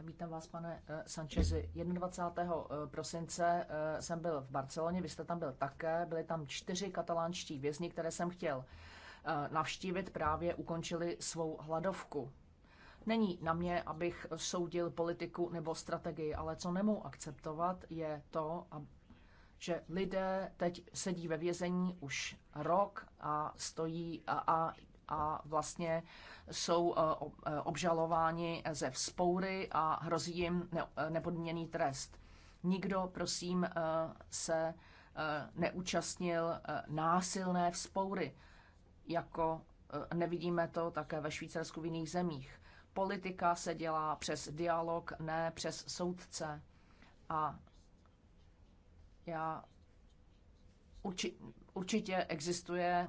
Vítám vás, pane eh, Sančezi. 21. Eh, prosince eh, jsem byl v Barceloně, vy jste tam byl také. Byli tam čtyři katalánští vězni, které jsem chtěl navštívit, právě ukončili svou hladovku. Není na mě, abych soudil politiku nebo strategii, ale co nemohu akceptovat, je to, že lidé teď sedí ve vězení už rok a stojí a, a a vlastně jsou eh, eh, obžalováni ze vzpoury a hrozí jim eh, nepodmíněný trest. Nikdo, prosím, se neúčastnil násilné vzpoury, jako nevidíme to také ve Švýcarsku v jiných zemích. Politika se dělá přes dialog, ne přes soudce. A já urči, určitě existuje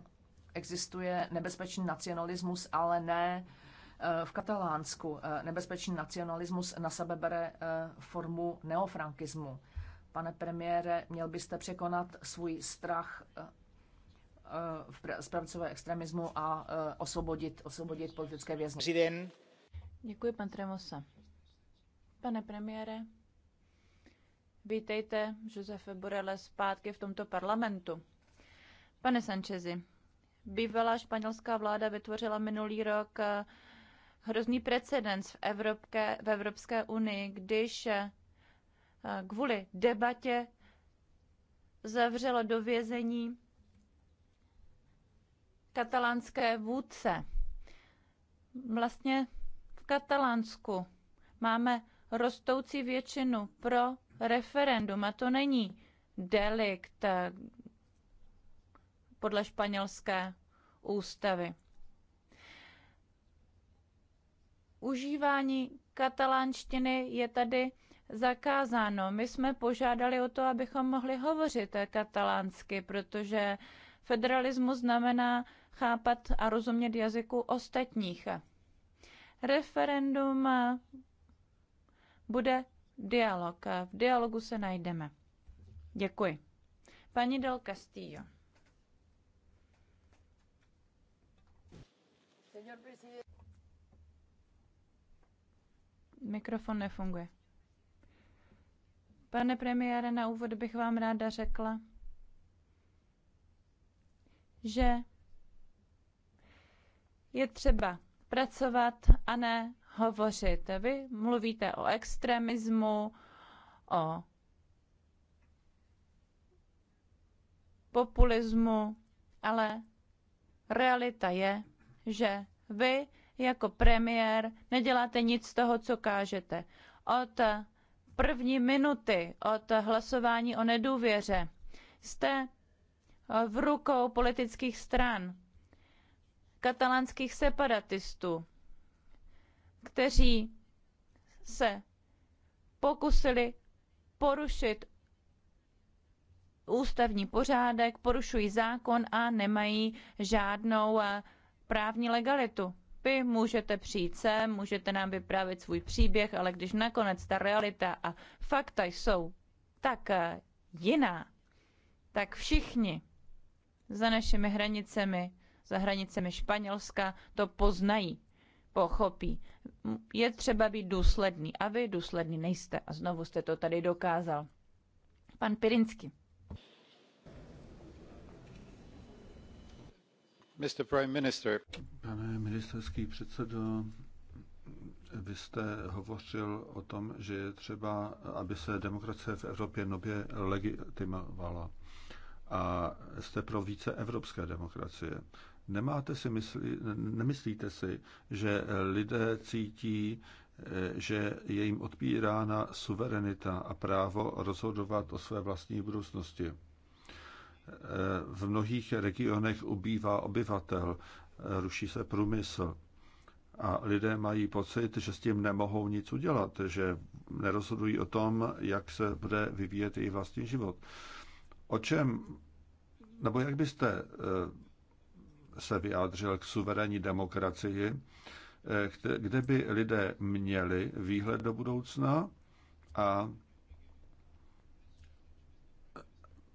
existuje nebezpečný nacionalismus, ale ne eh, v Katalánsku. Eh, nebezpečný nacionalismus na sebe bere eh, formu neofrankismu. Pane premiére, měl byste překonat svůj strach z pravicové extremismu a osvobodit, osvobodit politické vězně. Děkuji, pan Tremosa. Pane premiére, vítejte Josefe Borele zpátky v tomto parlamentu. Pane Sanchezi, bývalá španělská vláda vytvořila minulý rok eh, hrozný precedens v Evropské, v Evropské unii, když eh, kvůli debatě zavřelo do vězení katalánské vůdce. Vlastně v Katalánsku máme rostoucí většinu pro referendum a to není delikt, eh, podle španělské ústavy. Užívání katalánštiny je tady zakázáno. My jsme požádali o to, abychom mohli hovořit katalánsky, protože federalismus znamená chápat a rozumět jazyku ostatních. Referendum bude dialog. V dialogu se najdeme. Děkuji. Paní Del Castillo. Mikrofon nefunguje. Pane premiére, na úvod bych vám ráda řekla, že je třeba pracovat a ne hovořit. Vy mluvíte o extremismu, o populismu, ale realita je, že vy jako premiér neděláte nic z toho, co kážete. Od první minuty, od hlasování o nedůvěře, jste v rukou politických stran, katalánských separatistů, kteří se pokusili porušit ústavní pořádek, porušují zákon a nemají žádnou eh, právní legalitu. Vy můžete přijít sem, můžete nám vyprávět svůj příběh, ale když nakonec ta realita a fakta jsou tak eh, jiná, tak všichni za našimi hranicemi, za hranicemi Španělska, to poznají, pochopí. Je třeba být důsledný a vy důsledný nejste. A znovu jste to tady dokázal. Pan Pirinsky. Mr. Prime Minister. Pane ministerský předsedo, vy jste hovořil o tom, že je třeba, aby se demokracie v Evropě nově legitimovala. A jste pro více evropské demokracie. Nemáte si mysli, nemyslíte si, že lidé cítí, že je jim odpírána suverenita a právo rozhodovat o své vlastní budoucnosti? v mnohých regionech ubývá obyvatel, ruší se průmysl a lidé mají pocit, že s tím nemohou nic udělat, že nerozhodují o tom, jak se bude vyvíjet jejich vlastní život. O čem, nebo jak byste eh, se vyjádřil k suverénní demokracii, eh, kde by lidé měli výhled do budoucna a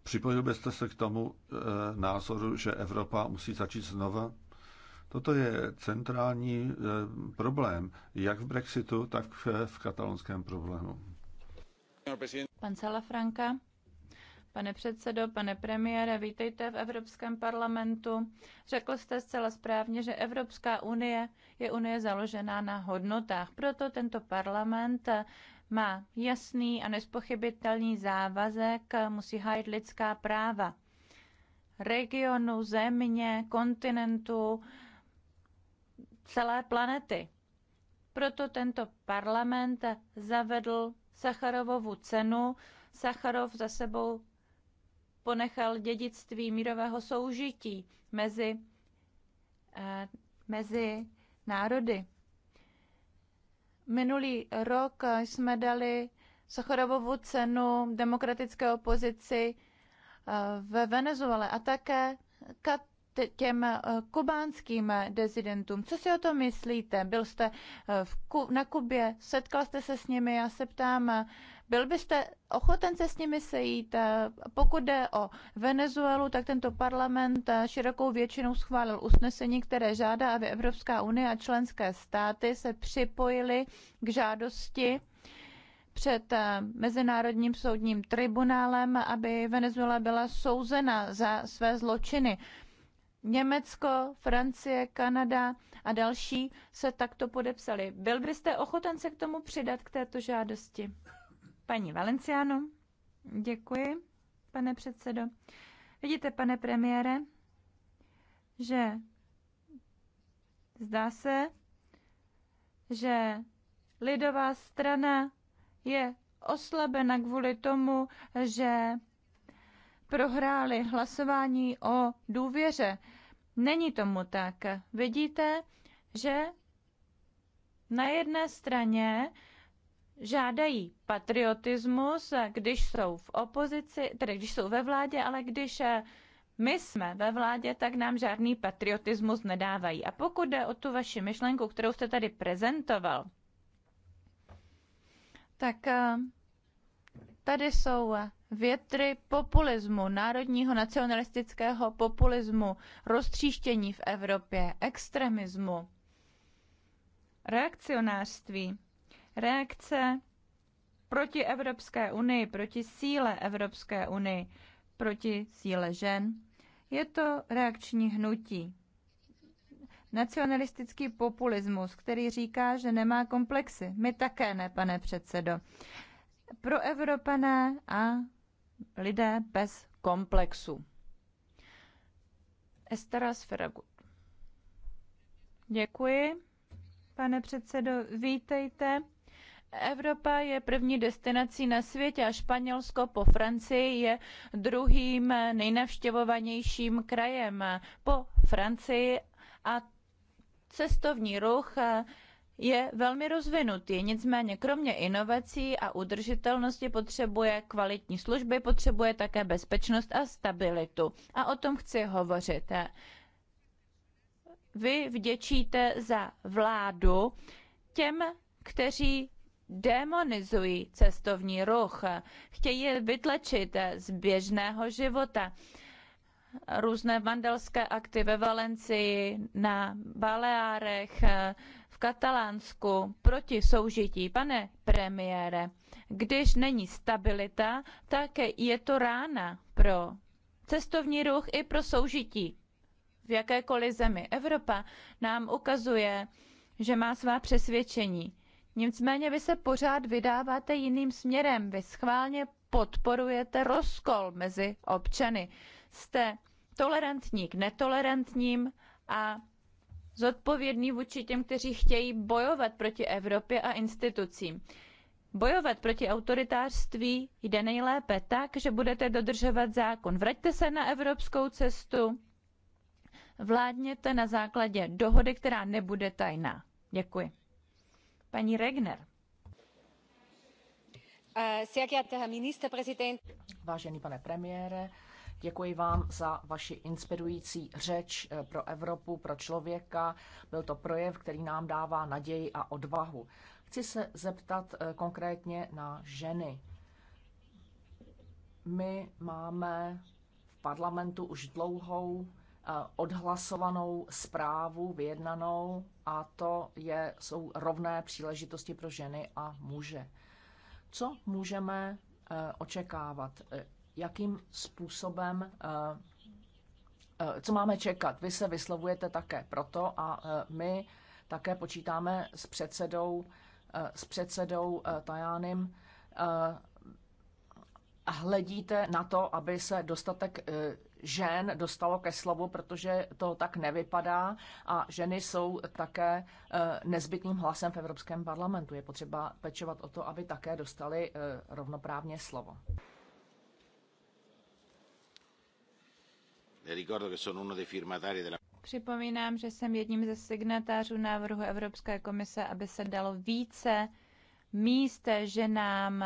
Připojil byste se k tomu e, názoru, že Evropa musí začít znova? Toto je centrální e, problém, jak v Brexitu, tak v katalonském problému. Pan Salafranka, pane předsedo, pane premiére, vítejte v Evropském parlamentu. Řekl jste zcela správně, že Evropská unie je unie založená na hodnotách. Proto tento parlament má jasný a nespochybitelný závazek, musí hájit lidská práva regionu, země, kontinentu, celé planety. Proto tento parlament zavedl Sacharovovu cenu. Sacharov za sebou ponechal dědictví mírového soužití mezi, eh, mezi národy. Minulý rok jsme dali Sacharovovu cenu demokratické opozici eh, ve Venezuele a také těm eh, kubánským dezidentům. Co si o to myslíte? Byl jste eh, v Ku- na Kubě, setkal jste se s nimi, já se ptám, byl byste ochoten se s nimi sejít? Pokud jde o Venezuelu, tak tento parlament širokou většinou schválil usnesení, které žádá, aby Evropská unie a členské státy se připojily k žádosti před Mezinárodním soudním tribunálem, aby Venezuela byla souzena za své zločiny. Německo, Francie, Kanada a další se takto podepsali. Byl byste ochoten se k tomu přidat, k této žádosti? Paní Valenciano, děkuji, pane předsedo. Vidíte, pane premiére, že zdá se, že lidová strana je oslabena kvůli tomu, že prohráli hlasování o důvěře. Není tomu tak. Vidíte, že na jedné straně žádají patriotismus, když jsou v opozici, tedy když jsou ve vládě, ale když eh, my jsme ve vládě, tak nám žádný patriotismus nedávají. A pokud jde o tu vaši myšlenku, kterou jste tady prezentoval, tak eh, tady jsou větry populismu, národního nacionalistického populismu, roztříštění v Evropě, extremismu, reakcionářství reakce proti Evropské unii, proti síle Evropské unii, proti síle žen. Je to reakční hnutí. Nacionalistický populismus, který říká, že nemá komplexy. My také ne, pane předsedo. Pro Evropané a lidé bez komplexu. Estera Sferagut. Děkuji, pane předsedo. Vítejte Evropa je první destinací na světě a Španělsko po Francii je druhým nejnavštěvovanějším krajem po Francii a cestovní ruch je velmi rozvinutý. Nicméně kromě inovací a udržitelnosti potřebuje kvalitní služby, potřebuje také bezpečnost a stabilitu. A o tom chci hovořit. Vy vděčíte za vládu těm, kteří demonizují cestovní ruch, chtějí vytlačit z běžného života. Různé vandalské akty ve Valencii, na Baleárech, v Katalánsku proti soužití. Pane premiére, když není stabilita, tak je to rána pro cestovní ruch i pro soužití. V jakékoliv zemi Evropa nám ukazuje, že má svá přesvědčení Nicméně vy se pořád vydáváte jiným směrem. Vy schválně podporujete rozkol mezi občany. Jste tolerantní k netolerantním a zodpovědný vůči těm, kteří chtějí bojovat proti Evropě a institucím. Bojovat proti autoritářství jde nejlépe tak, že budete dodržovat zákon. Vraťte se na evropskou cestu, vládněte na základě dohody, která nebude tajná. Děkuji. Paní Regner. Eh, Vážený pane premiére, Děkuji vám za vaši inspirující řeč eh, pro Evropu, pro člověka. Byl to projev, který nám dává naději a odvahu. Chci se zeptat eh, konkrétně na ženy. My máme v parlamentu už dlouhou Eh, odhlasovanou zprávu vyjednanou a to je, jsou rovné příležitosti pro ženy a muže. Co můžeme eh, očekávat? Eh, jakým způsobem co máme čekat? Vy se vyslovujete také proto a my také počítáme s předsedou, s předsedou Tajánem hledíte na to, aby se dostatek žen dostalo ke slovu, protože to tak nevypadá a ženy jsou také eh, nezbytným hlasem v Evropském parlamentu. Je potřeba pečovat o to, aby také dostali eh, rovnoprávně slovo. Připomínám, že jsem jedním ze signatářů návrhu Evropské komise, aby se dalo více míst ženám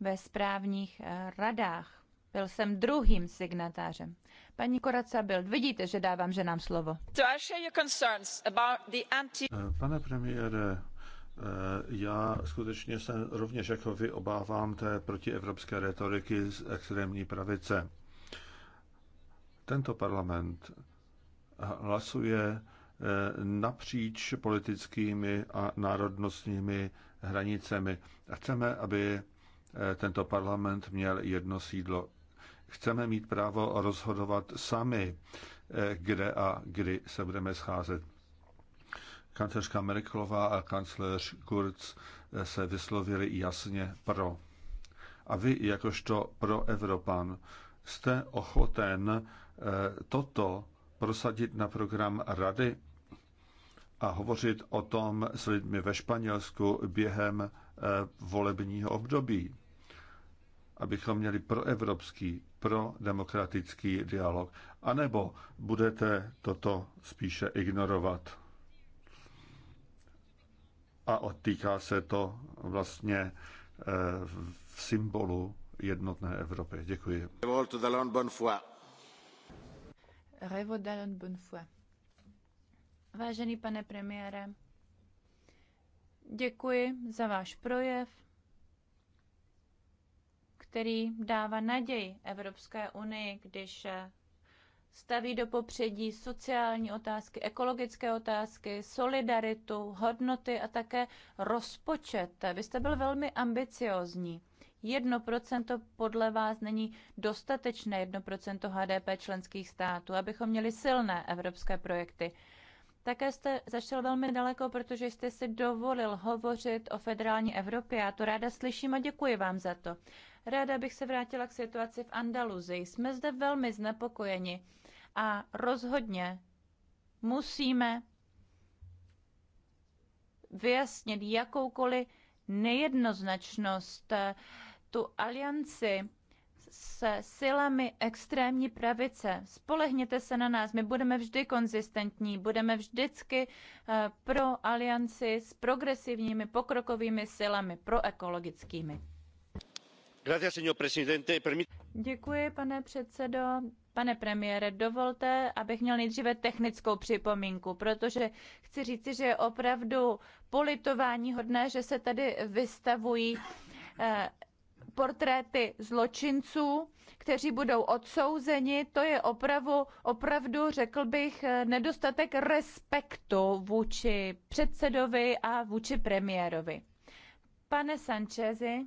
ve správních eh, radách. Byl jsem druhým signatářem. Paní Koraca byl, vidíte, že dávám ženám slovo. Eh, pane premiére, eh, já skutečně se rovněž jako vy obávám té protievropské retoriky z extrémní pravice. Tento parlament hlasuje eh, napříč politickými a národnostními hranicemi. A chceme, aby tento parlament měl jedno sídlo Chceme mít právo rozhodovat sami, eh, kde a kdy se budeme scházet. Kancelářka Merkelová a kancléř Kurz eh, se vyslovili jasně pro. A vy, jakožto pro Evropan, jste ochoten eh, toto prosadit na program Rady a hovořit o tom s lidmi ve Španělsku během volebního období abychom měli proevropský, prodemokratický dialog? A nebo budete toto spíše ignorovat? A odtýká se to vlastně eh, v symbolu jednotné Evropy. Děkuji. Revo Dallon Bonfoy. Vážený pane premiére, děkuji za váš projev který dává naději Evropské unii, když eh, staví do popředí sociální otázky, ekologické otázky, solidaritu, hodnoty a také rozpočet. Vy jste byl velmi ambiciozní. 1% podle vás není dostatečné 1% HDP členských států, abychom měli silné evropské projekty. Také jste zašel velmi daleko, protože jste si dovolil hovořit o federální Evropě. Já to ráda slyším a děkuji vám za to. Ráda bych se vrátila k situaci v Andaluzii. Jsme zde velmi znepokojeni a rozhodně musíme vyjasnit jakoukoliv nejednoznačnost, tu alianci se silami extrémní pravice. Spolehněte se na nás, my budeme vždy konzistentní, budeme vždycky eh, pro alianci s progresivními pokrokovými silami, pro ekologickými. Děkuji, pane předsedající Pane premiére, dovolte, abych měl nejdříve technickou připomínku, protože chci říci, že je opravdu politování že se tady vystavují eh, portréty zločinců, kteří budou odsouzeni. To je opravdu, opravdu, řekl bych, eh, nedostatek respektu vůči předsedovi a vůči premiérovi. Pane Sanchezi,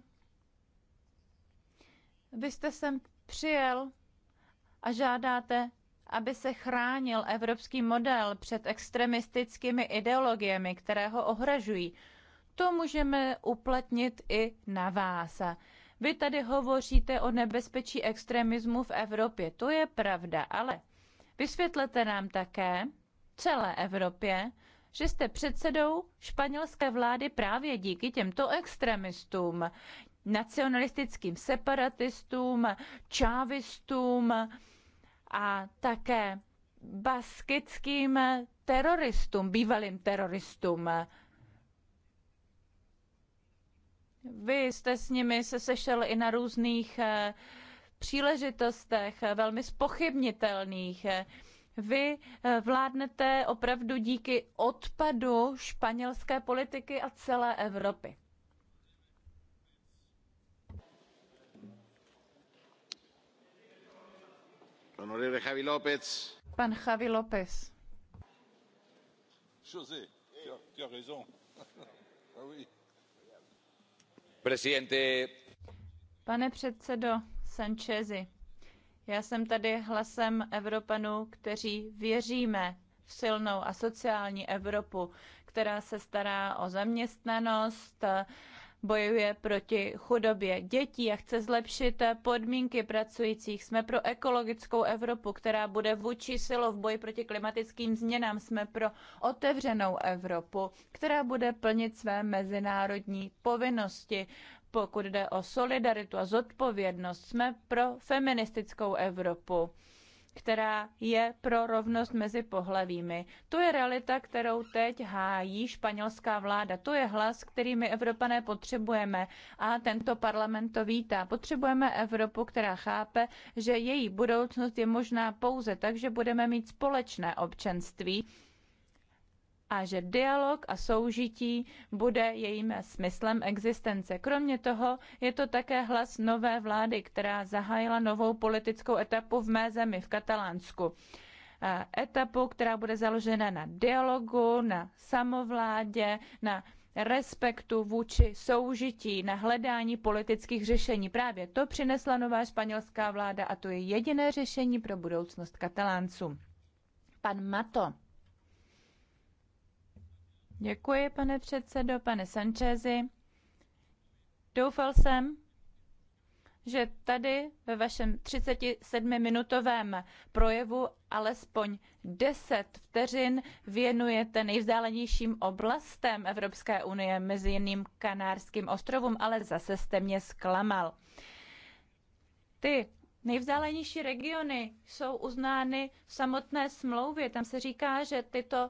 vy jste sem přijel a žádáte, aby se chránil evropský model před extremistickými ideologiemi, které ho ohražují. To můžeme uplatnit i na vás. Vy tady hovoříte o nebezpečí extremismu v Evropě. To je pravda, ale vysvětlete nám také celé Evropě, že jste předsedou španělské vlády právě díky těmto extremistům nacionalistickým separatistům, čávistům a také baskickým teroristům, bývalým teroristům. Vy jste s nimi se sešel i na různých eh, příležitostech, velmi spochybnitelných. Vy eh, vládnete opravdu díky odpadu španělské politiky a celé Evropy. Pan Javi López. Ah Pane předsedo Sanchezi, já jsem tady hlasem Evropanů, kteří věříme v silnou a sociální Evropu, která se stará o zaměstnanost, bojuje proti chudobě dětí a chce zlepšit podmínky pracujících. Jsme pro ekologickou Evropu, která bude vůči silou v boji proti klimatickým změnám. Jsme pro otevřenou Evropu, která bude plnit své mezinárodní povinnosti pokud jde o solidaritu a zodpovědnost, jsme pro feministickou Evropu, která je pro rovnost mezi pohlavími. To je realita, kterou teď hájí španělská vláda. To je hlas, který my Evropané potřebujeme a tento parlament to vítá. Potřebujeme Evropu, která chápe, že její budoucnost je možná pouze tak, že budeme mít společné občanství a že dialog a soužití bude jejím smyslem existence. Kromě toho je to také hlas nové vlády, která zahájila novou politickou etapu v mé zemi, v Katalánsku. E, etapu, která bude založena na dialogu, na samovládě, na respektu vůči soužití, na hledání politických řešení. Právě to přinesla nová španělská vláda a to je jediné řešení pro budoucnost katalánců. Pan Mato Děkuji, pane předsedo, pane Sanchezi. Doufal jsem, že tady ve vašem 37-minutovém projevu alespoň 10 vteřin věnujete nejvzdálenějším oblastem Evropské unie, mezi jiným Kanárským ostrovům, ale zase jste mě zklamal. Ty nejvzdálenější regiony jsou uznány v samotné smlouvě. Tam se říká, že tyto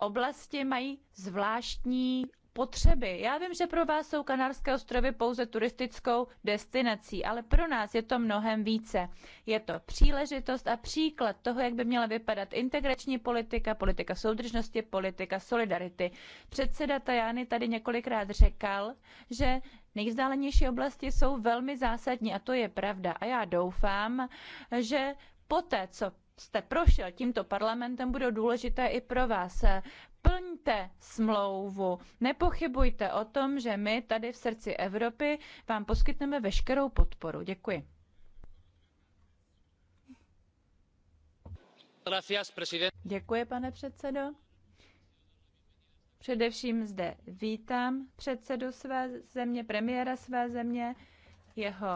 oblasti mají zvláštní potřeby. Já vím, že pro vás jsou Kanárské ostrovy pouze turistickou destinací, ale pro nás je to mnohem více. Je to příležitost a příklad toho, jak by měla vypadat integrační politika, politika soudržnosti, politika solidarity. Předseda Tajány tady několikrát řekl, že nejvzdálenější oblasti jsou velmi zásadní a to je pravda. A já doufám, že poté, co jste prošel tímto parlamentem, budou důležité i pro vás. Plňte smlouvu. Nepochybujte o tom, že my tady v srdci Evropy vám poskytneme veškerou podporu. Děkuji. Děkuji, pane předsedo. Především zde vítám předsedu své země, premiéra své země, jeho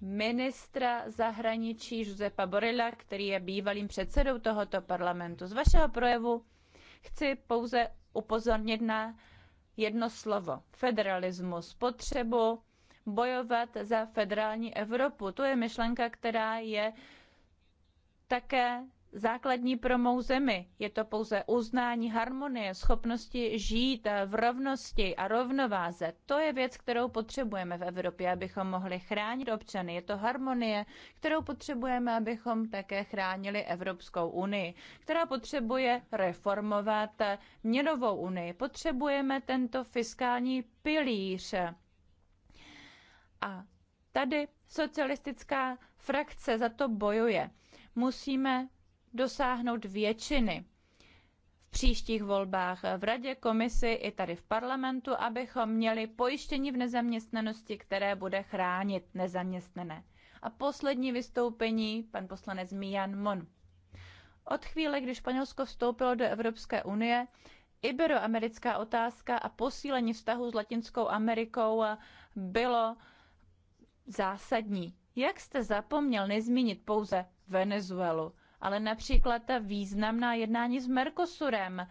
ministra zahraničí Josepa Borela, který je bývalým předsedou tohoto parlamentu. Z vašeho projevu chci pouze upozornit na jedno slovo. Federalismus, potřebu bojovat za federální Evropu. To je myšlenka, která je také základní pro mou zemi. Je to pouze uznání harmonie, schopnosti žít v rovnosti a rovnováze. To je věc, kterou potřebujeme v Evropě, abychom mohli chránit občany. Je to harmonie, kterou potřebujeme, abychom také chránili Evropskou unii, která potřebuje reformovat měnovou unii. Potřebujeme tento fiskální pilíř. A tady socialistická frakce za to bojuje. Musíme dosáhnout většiny v příštích volbách v radě, komisi i tady v parlamentu, abychom měli pojištění v nezaměstnanosti, které bude chránit nezaměstnané. A poslední vystoupení, pan poslanec Mian Mon. Od chvíle, kdy Španělsko vstoupilo do Evropské unie, Iberoamerická otázka a posílení vztahu s Latinskou Amerikou bylo zásadní. Jak jste zapomněl nezmínit pouze Venezuelu? ale například ta významná jednání s Mercosurem,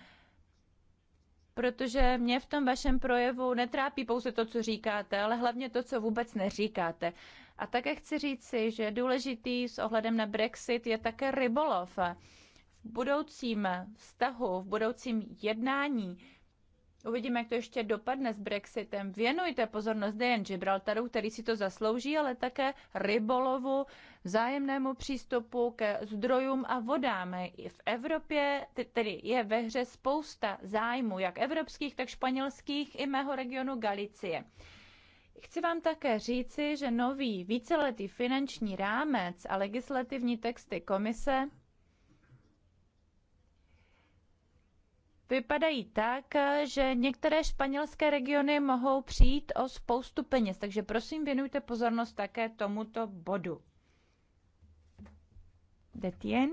protože mě v tom vašem projevu netrápí pouze to, co říkáte, ale hlavně to, co vůbec neříkáte. A také chci říci, že důležitý s ohledem na Brexit je také rybolov. V budoucím vztahu, v budoucím jednání Uvidíme, jak to ještě dopadne s Brexitem. Věnujte pozornost nejen Gibraltaru, který si to zaslouží, ale také rybolovu, vzájemnému přístupu ke zdrojům a vodám. V Evropě tedy je ve hře spousta zájmů, jak evropských, tak španělských i mého regionu Galicie. Chci vám také říci, že nový víceletý finanční rámec a legislativní texty komise vypadají tak, že některé španělské regiony mohou přijít o spoustu peněz. Takže prosím, věnujte pozornost také tomuto bodu. Detien.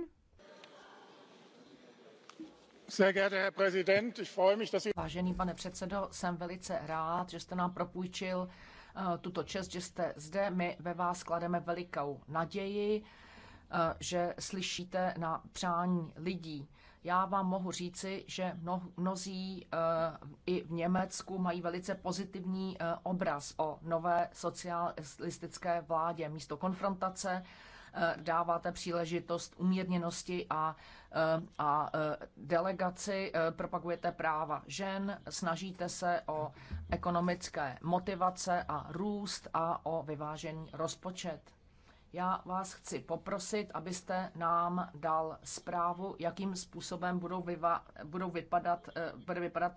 Vážený pane předsedo, jsem velice rád, že jste nám propůjčil eh, tuto čest, že jste zde. My ve vás klademe velikou naději, eh, že slyšíte na přání lidí. Já vám mohu říci, že mno, mnozí eh, i v Německu mají velice pozitivní eh, obraz o nové socialistické vládě. Místo konfrontace eh, dáváte příležitost umírněnosti a, a delegaci, propagujete práva žen, snažíte se o ekonomické motivace a růst a o vyvážený rozpočet. Já vás chci poprosit, abyste nám dal zprávu, jakým způsobem budou, vyva, budou vypadat, eh, bude vypadat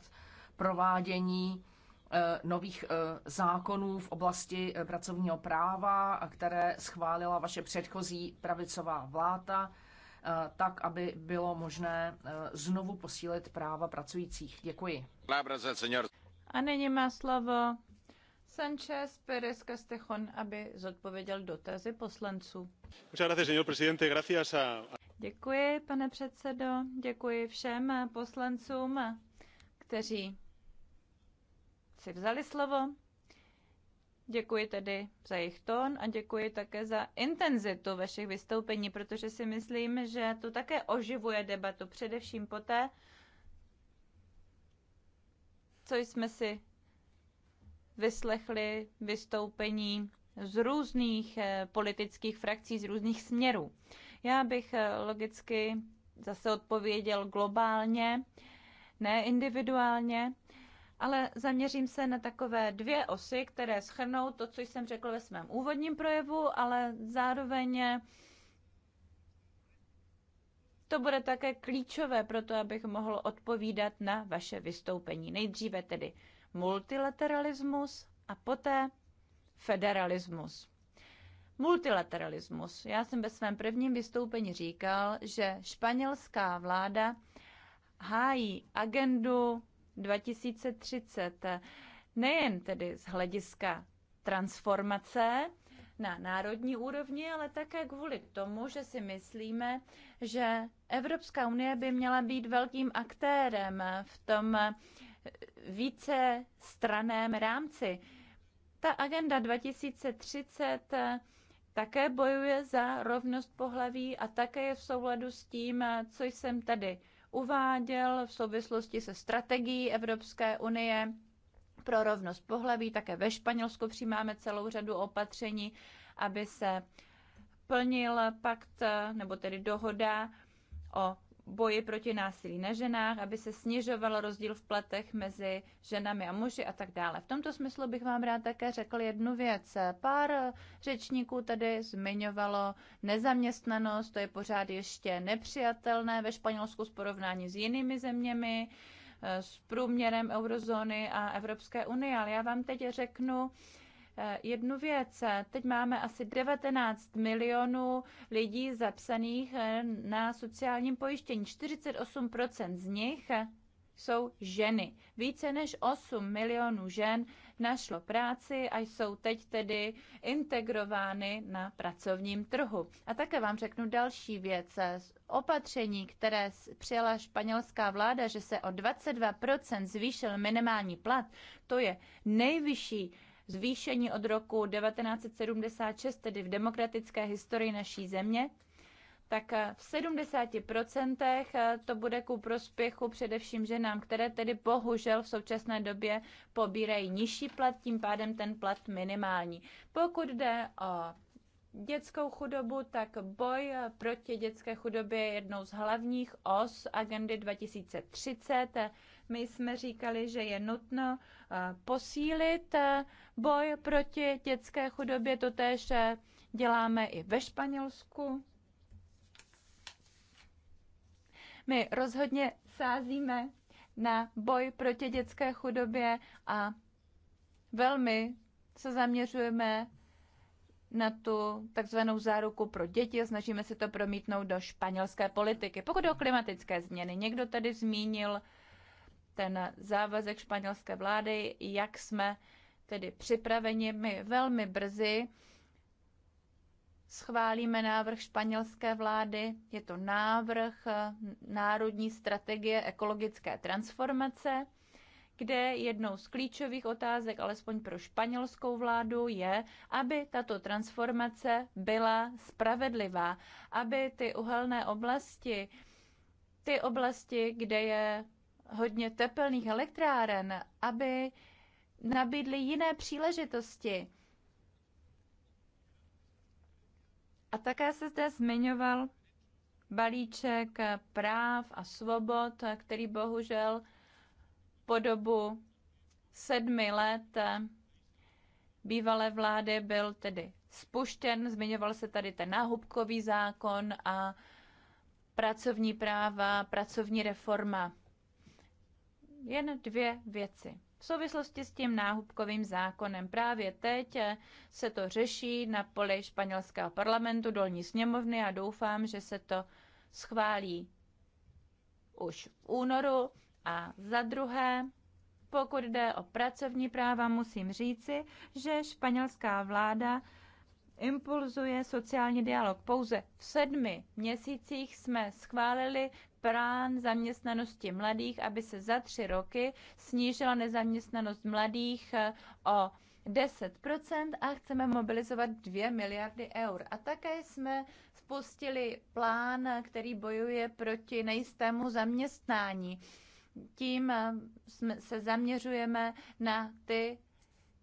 provádění eh, nových eh, zákonů v oblasti pracovního práva, které schválila vaše předchozí pravicová vláda, tak, aby bylo možné znovu posílit práva pracujících. Děkuji. A nyní má slovo Sanchez Pérez Castejón, aby zodpověděl dotazy poslanců. Děkuji, pane předsedo, děkuji všem poslancům, kteří si vzali slovo. Děkuji tedy za jejich tón a děkuji také za intenzitu vašich vystoupení, protože si myslím, že to také oživuje debatu, především poté, co jsme si vyslechli vystoupení z různých eh, politických frakcí, z různých směrů. Já bych eh, logicky zase odpověděl globálně, ne individuálně, ale zaměřím se na takové dvě osy, které schrnou to, co jsem řekl ve svém úvodním projevu, ale zároveň eh, to bude také klíčové pro to, abych mohl odpovídat na vaše vystoupení. Nejdříve tedy multilateralismus a poté federalismus. Multilateralismus. Já jsem ve svém prvním vystoupení říkal, že španělská vláda hájí agendu 2030 nejen tedy z hlediska transformace na národní úrovni, ale také kvůli tomu, že si myslíme, že Evropská unie by měla být velkým aktérem v tom více straném rámci. Ta agenda 2030 také bojuje za rovnost pohlaví a také je v souladu s tím, co jsem tady uváděl v souvislosti se strategií Evropské unie pro rovnost pohlaví. Také ve Španělsku přijímáme celou řadu opatření, aby se plnil pakt nebo tedy dohoda o boji proti násilí na ženách, aby se snižoval rozdíl v platech mezi ženami a muži a tak dále. V tomto smyslu bych vám rád také řekl jednu věc. Pár řečníků tady zmiňovalo nezaměstnanost, to je pořád ještě nepřijatelné ve Španělsku s porovnání s jinými zeměmi, eh, s průměrem eurozóny a Evropské unie, ale já vám teď řeknu, Eh, jednu věc. Teď máme asi 19 milionů lidí zapsaných eh, na sociálním pojištění. 48% z nich eh, jsou ženy. Více než 8 milionů žen našlo práci a jsou teď tedy integrovány na pracovním trhu. A také vám řeknu další věc. Opatření, které přijala španělská vláda, že se o 22% zvýšil minimální plat, to je nejvyšší zvýšení od roku 1976, tedy v demokratické historii naší země, tak v 70% to bude ku prospěchu především ženám, které tedy bohužel v současné době pobírají nižší plat, tím pádem ten plat minimální. Pokud jde o dětskou chudobu, tak boj proti dětské chudobě je jednou z hlavních os agendy 2030 my jsme říkali, že je nutno eh, posílit eh, boj proti dětské chudobě, to též eh, děláme i ve Španělsku. My rozhodně sázíme na boj proti dětské chudobě a velmi se zaměřujeme na tu takzvanou záruku pro děti a snažíme se to promítnout do španělské politiky. Pokud o klimatické změny, někdo tady zmínil ten závazek španělské vlády, jak jsme tedy připraveni. My velmi brzy schválíme návrh španělské vlády. Je to návrh Národní strategie ekologické transformace, kde jednou z klíčových otázek, alespoň pro španělskou vládu, je, aby tato transformace byla spravedlivá, aby ty uhelné oblasti, ty oblasti, kde je hodně tepelných elektráren, aby nabídly jiné příležitosti. A také se zde zmiňoval balíček práv a svobod, který bohužel po dobu sedmi let bývalé vlády byl tedy spuštěn. Zmiňoval se tady ten náhubkový zákon a pracovní práva, pracovní reforma jen dvě věci. V souvislosti s tím náhubkovým zákonem právě teď se to řeší na poli španělského parlamentu dolní sněmovny a doufám, že se to schválí už v únoru. A za druhé, pokud jde o pracovní práva, musím říci, že španělská vláda impulzuje sociální dialog. Pouze v sedmi měsících jsme schválili plán zaměstnanosti mladých, aby se za tři roky snížila nezaměstnanost mladých eh, o 10% a chceme mobilizovat 2 miliardy eur. A také jsme spustili plán, který bojuje proti nejistému zaměstnání. Tím eh, se zaměřujeme na ty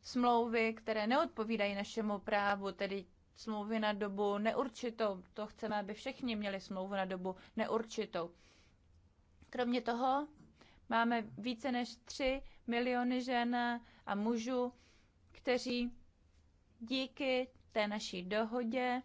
smlouvy, které neodpovídají našemu právu, tedy smlouvy na dobu neurčitou. To chceme, aby všichni měli smlouvu na dobu neurčitou. Kromě toho máme více než 3 miliony žen a mužů, kteří díky té naší dohodě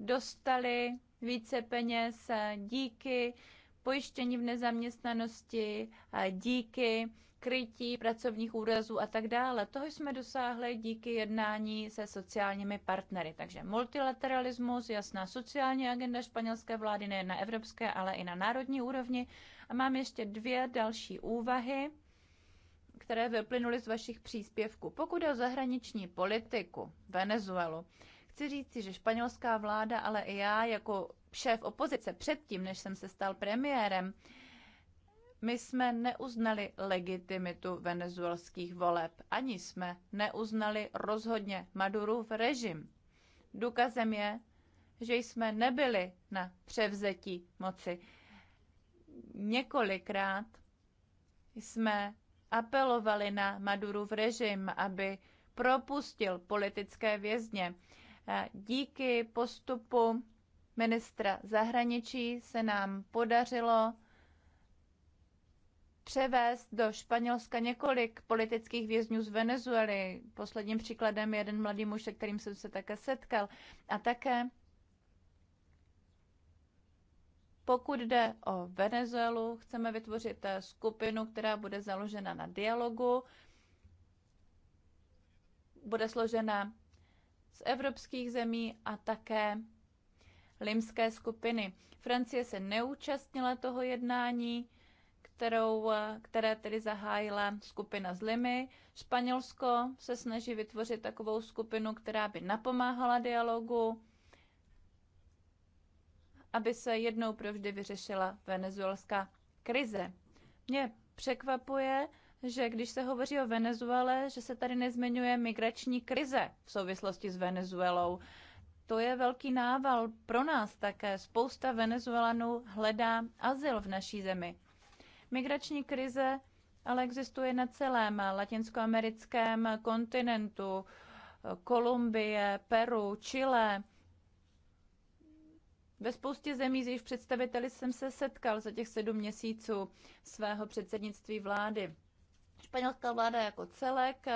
dostali více peněz díky pojištění v nezaměstnanosti, a díky krytí pracovních úrazů a tak dále. Toho jsme dosáhli díky jednání se sociálními partnery. Takže multilateralismus, jasná sociální agenda španělské vlády, nejen na evropské, ale i na národní úrovni. A mám ještě dvě další úvahy, které vyplynuly z vašich příspěvků. Pokud o zahraniční politiku, Venezuelu, chci říci, že španělská vláda, ale i já jako šéf opozice předtím, než jsem se stal premiérem, my jsme neuznali legitimitu venezuelských voleb, ani jsme neuznali rozhodně Madurův režim. Důkazem je, že jsme nebyli na převzetí moci. Několikrát jsme apelovali na Madurův režim, aby propustil politické vězně. Díky postupu ministra zahraničí se nám podařilo převést do Španělska několik politických vězňů z Venezuely. Posledním příkladem je jeden mladý muž, se kterým jsem se také setkal. A také pokud jde o Venezuelu, chceme vytvořit eh, skupinu, která bude založena na dialogu, bude složena z evropských zemí a také limské skupiny. Francie se neúčastnila toho jednání, kterou, eh, které tedy zahájila skupina z Limy. Španělsko se snaží vytvořit takovou skupinu, která by napomáhala dialogu, aby se jednou provždy vyřešila venezuelská krize. Mě překvapuje, že když se hovoří o Venezuele, že se tady nezmiňuje migrační krize v souvislosti s Venezuelou. To je velký nával pro nás také. Spousta Venezuelanů hledá azyl v naší zemi. Migrační krize ale existuje na celém latinskoamerickém kontinentu. Kolumbie, Peru, Chile. Ve spoustě zemí, z jejich představiteli jsem se setkal za těch sedm měsíců svého předsednictví vlády. Španělská vláda jako celek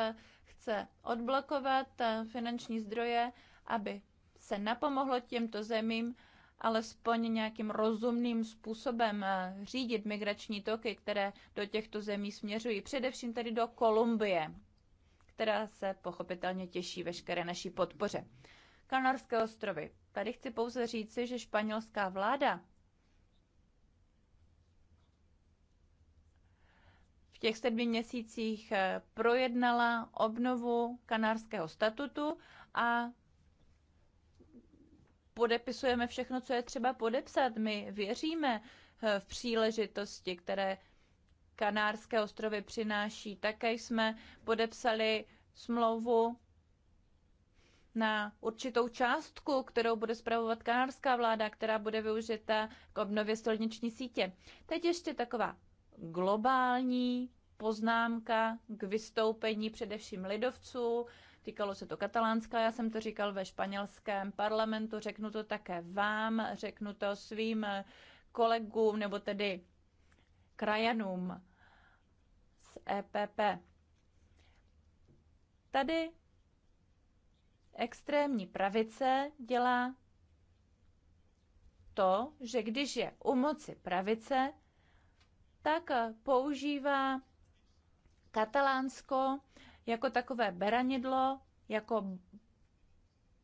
chce odblokovat finanční zdroje, aby se napomohlo těmto zemím alespoň nějakým rozumným způsobem eh, řídit migrační toky, které do těchto zemí směřují, především tedy do Kolumbie, která se pochopitelně těší veškeré naší podpoře. Kanarské ostrovy. Tady chci pouze říci, že španělská vláda v těch sedmi měsících eh, projednala obnovu kanárského statutu a podepisujeme všechno, co je třeba podepsat. My věříme eh, v příležitosti, které Kanárské ostrovy přináší. Také jsme podepsali smlouvu na určitou částku, kterou bude zpravovat kanárská vláda, která bude využita k obnově stolniční sítě. Teď ještě taková globální poznámka k vystoupení především lidovců Týkalo se to Katalánska, já jsem to říkal ve španělském parlamentu, řeknu to také vám, řeknu to svým kolegům nebo tedy krajanům z EPP. Tady extrémní pravice dělá to, že když je u moci pravice, tak používá Katalánsko jako takové beranidlo, jako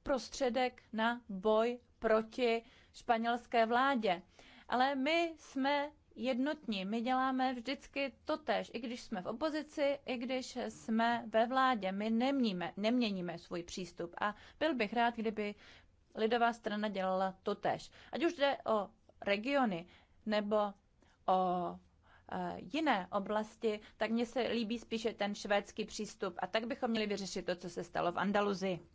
prostředek na boj proti španělské vládě. Ale my jsme jednotní. My děláme vždycky to tež, i když jsme v opozici, i když jsme ve vládě. My nemníme, neměníme svůj přístup a byl bych rád, kdyby lidová strana dělala to tež. Ať už jde o regiony nebo o Eh, jiné oblasti, tak mně se líbí spíše ten švédský přístup a tak bychom měli vyřešit to, co se stalo v Andaluzii.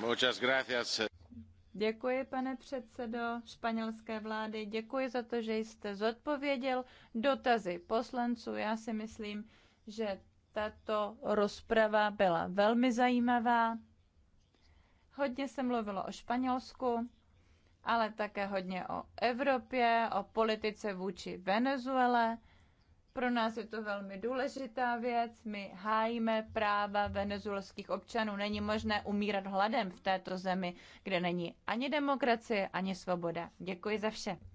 Muchas gracias. Děkuji, pane předsedo španělské vlády. Děkuji za to, že jste zodpověděl dotazy poslanců. Já si myslím, že tato rozprava byla velmi zajímavá. Hodně se mluvilo o Španělsku ale také hodně o Evropě, o politice vůči Venezuele. Pro nás je to velmi důležitá věc. My hájíme práva venezuelských občanů. Není možné umírat hladem v této zemi, kde není ani demokracie, ani svoboda. Děkuji za vše.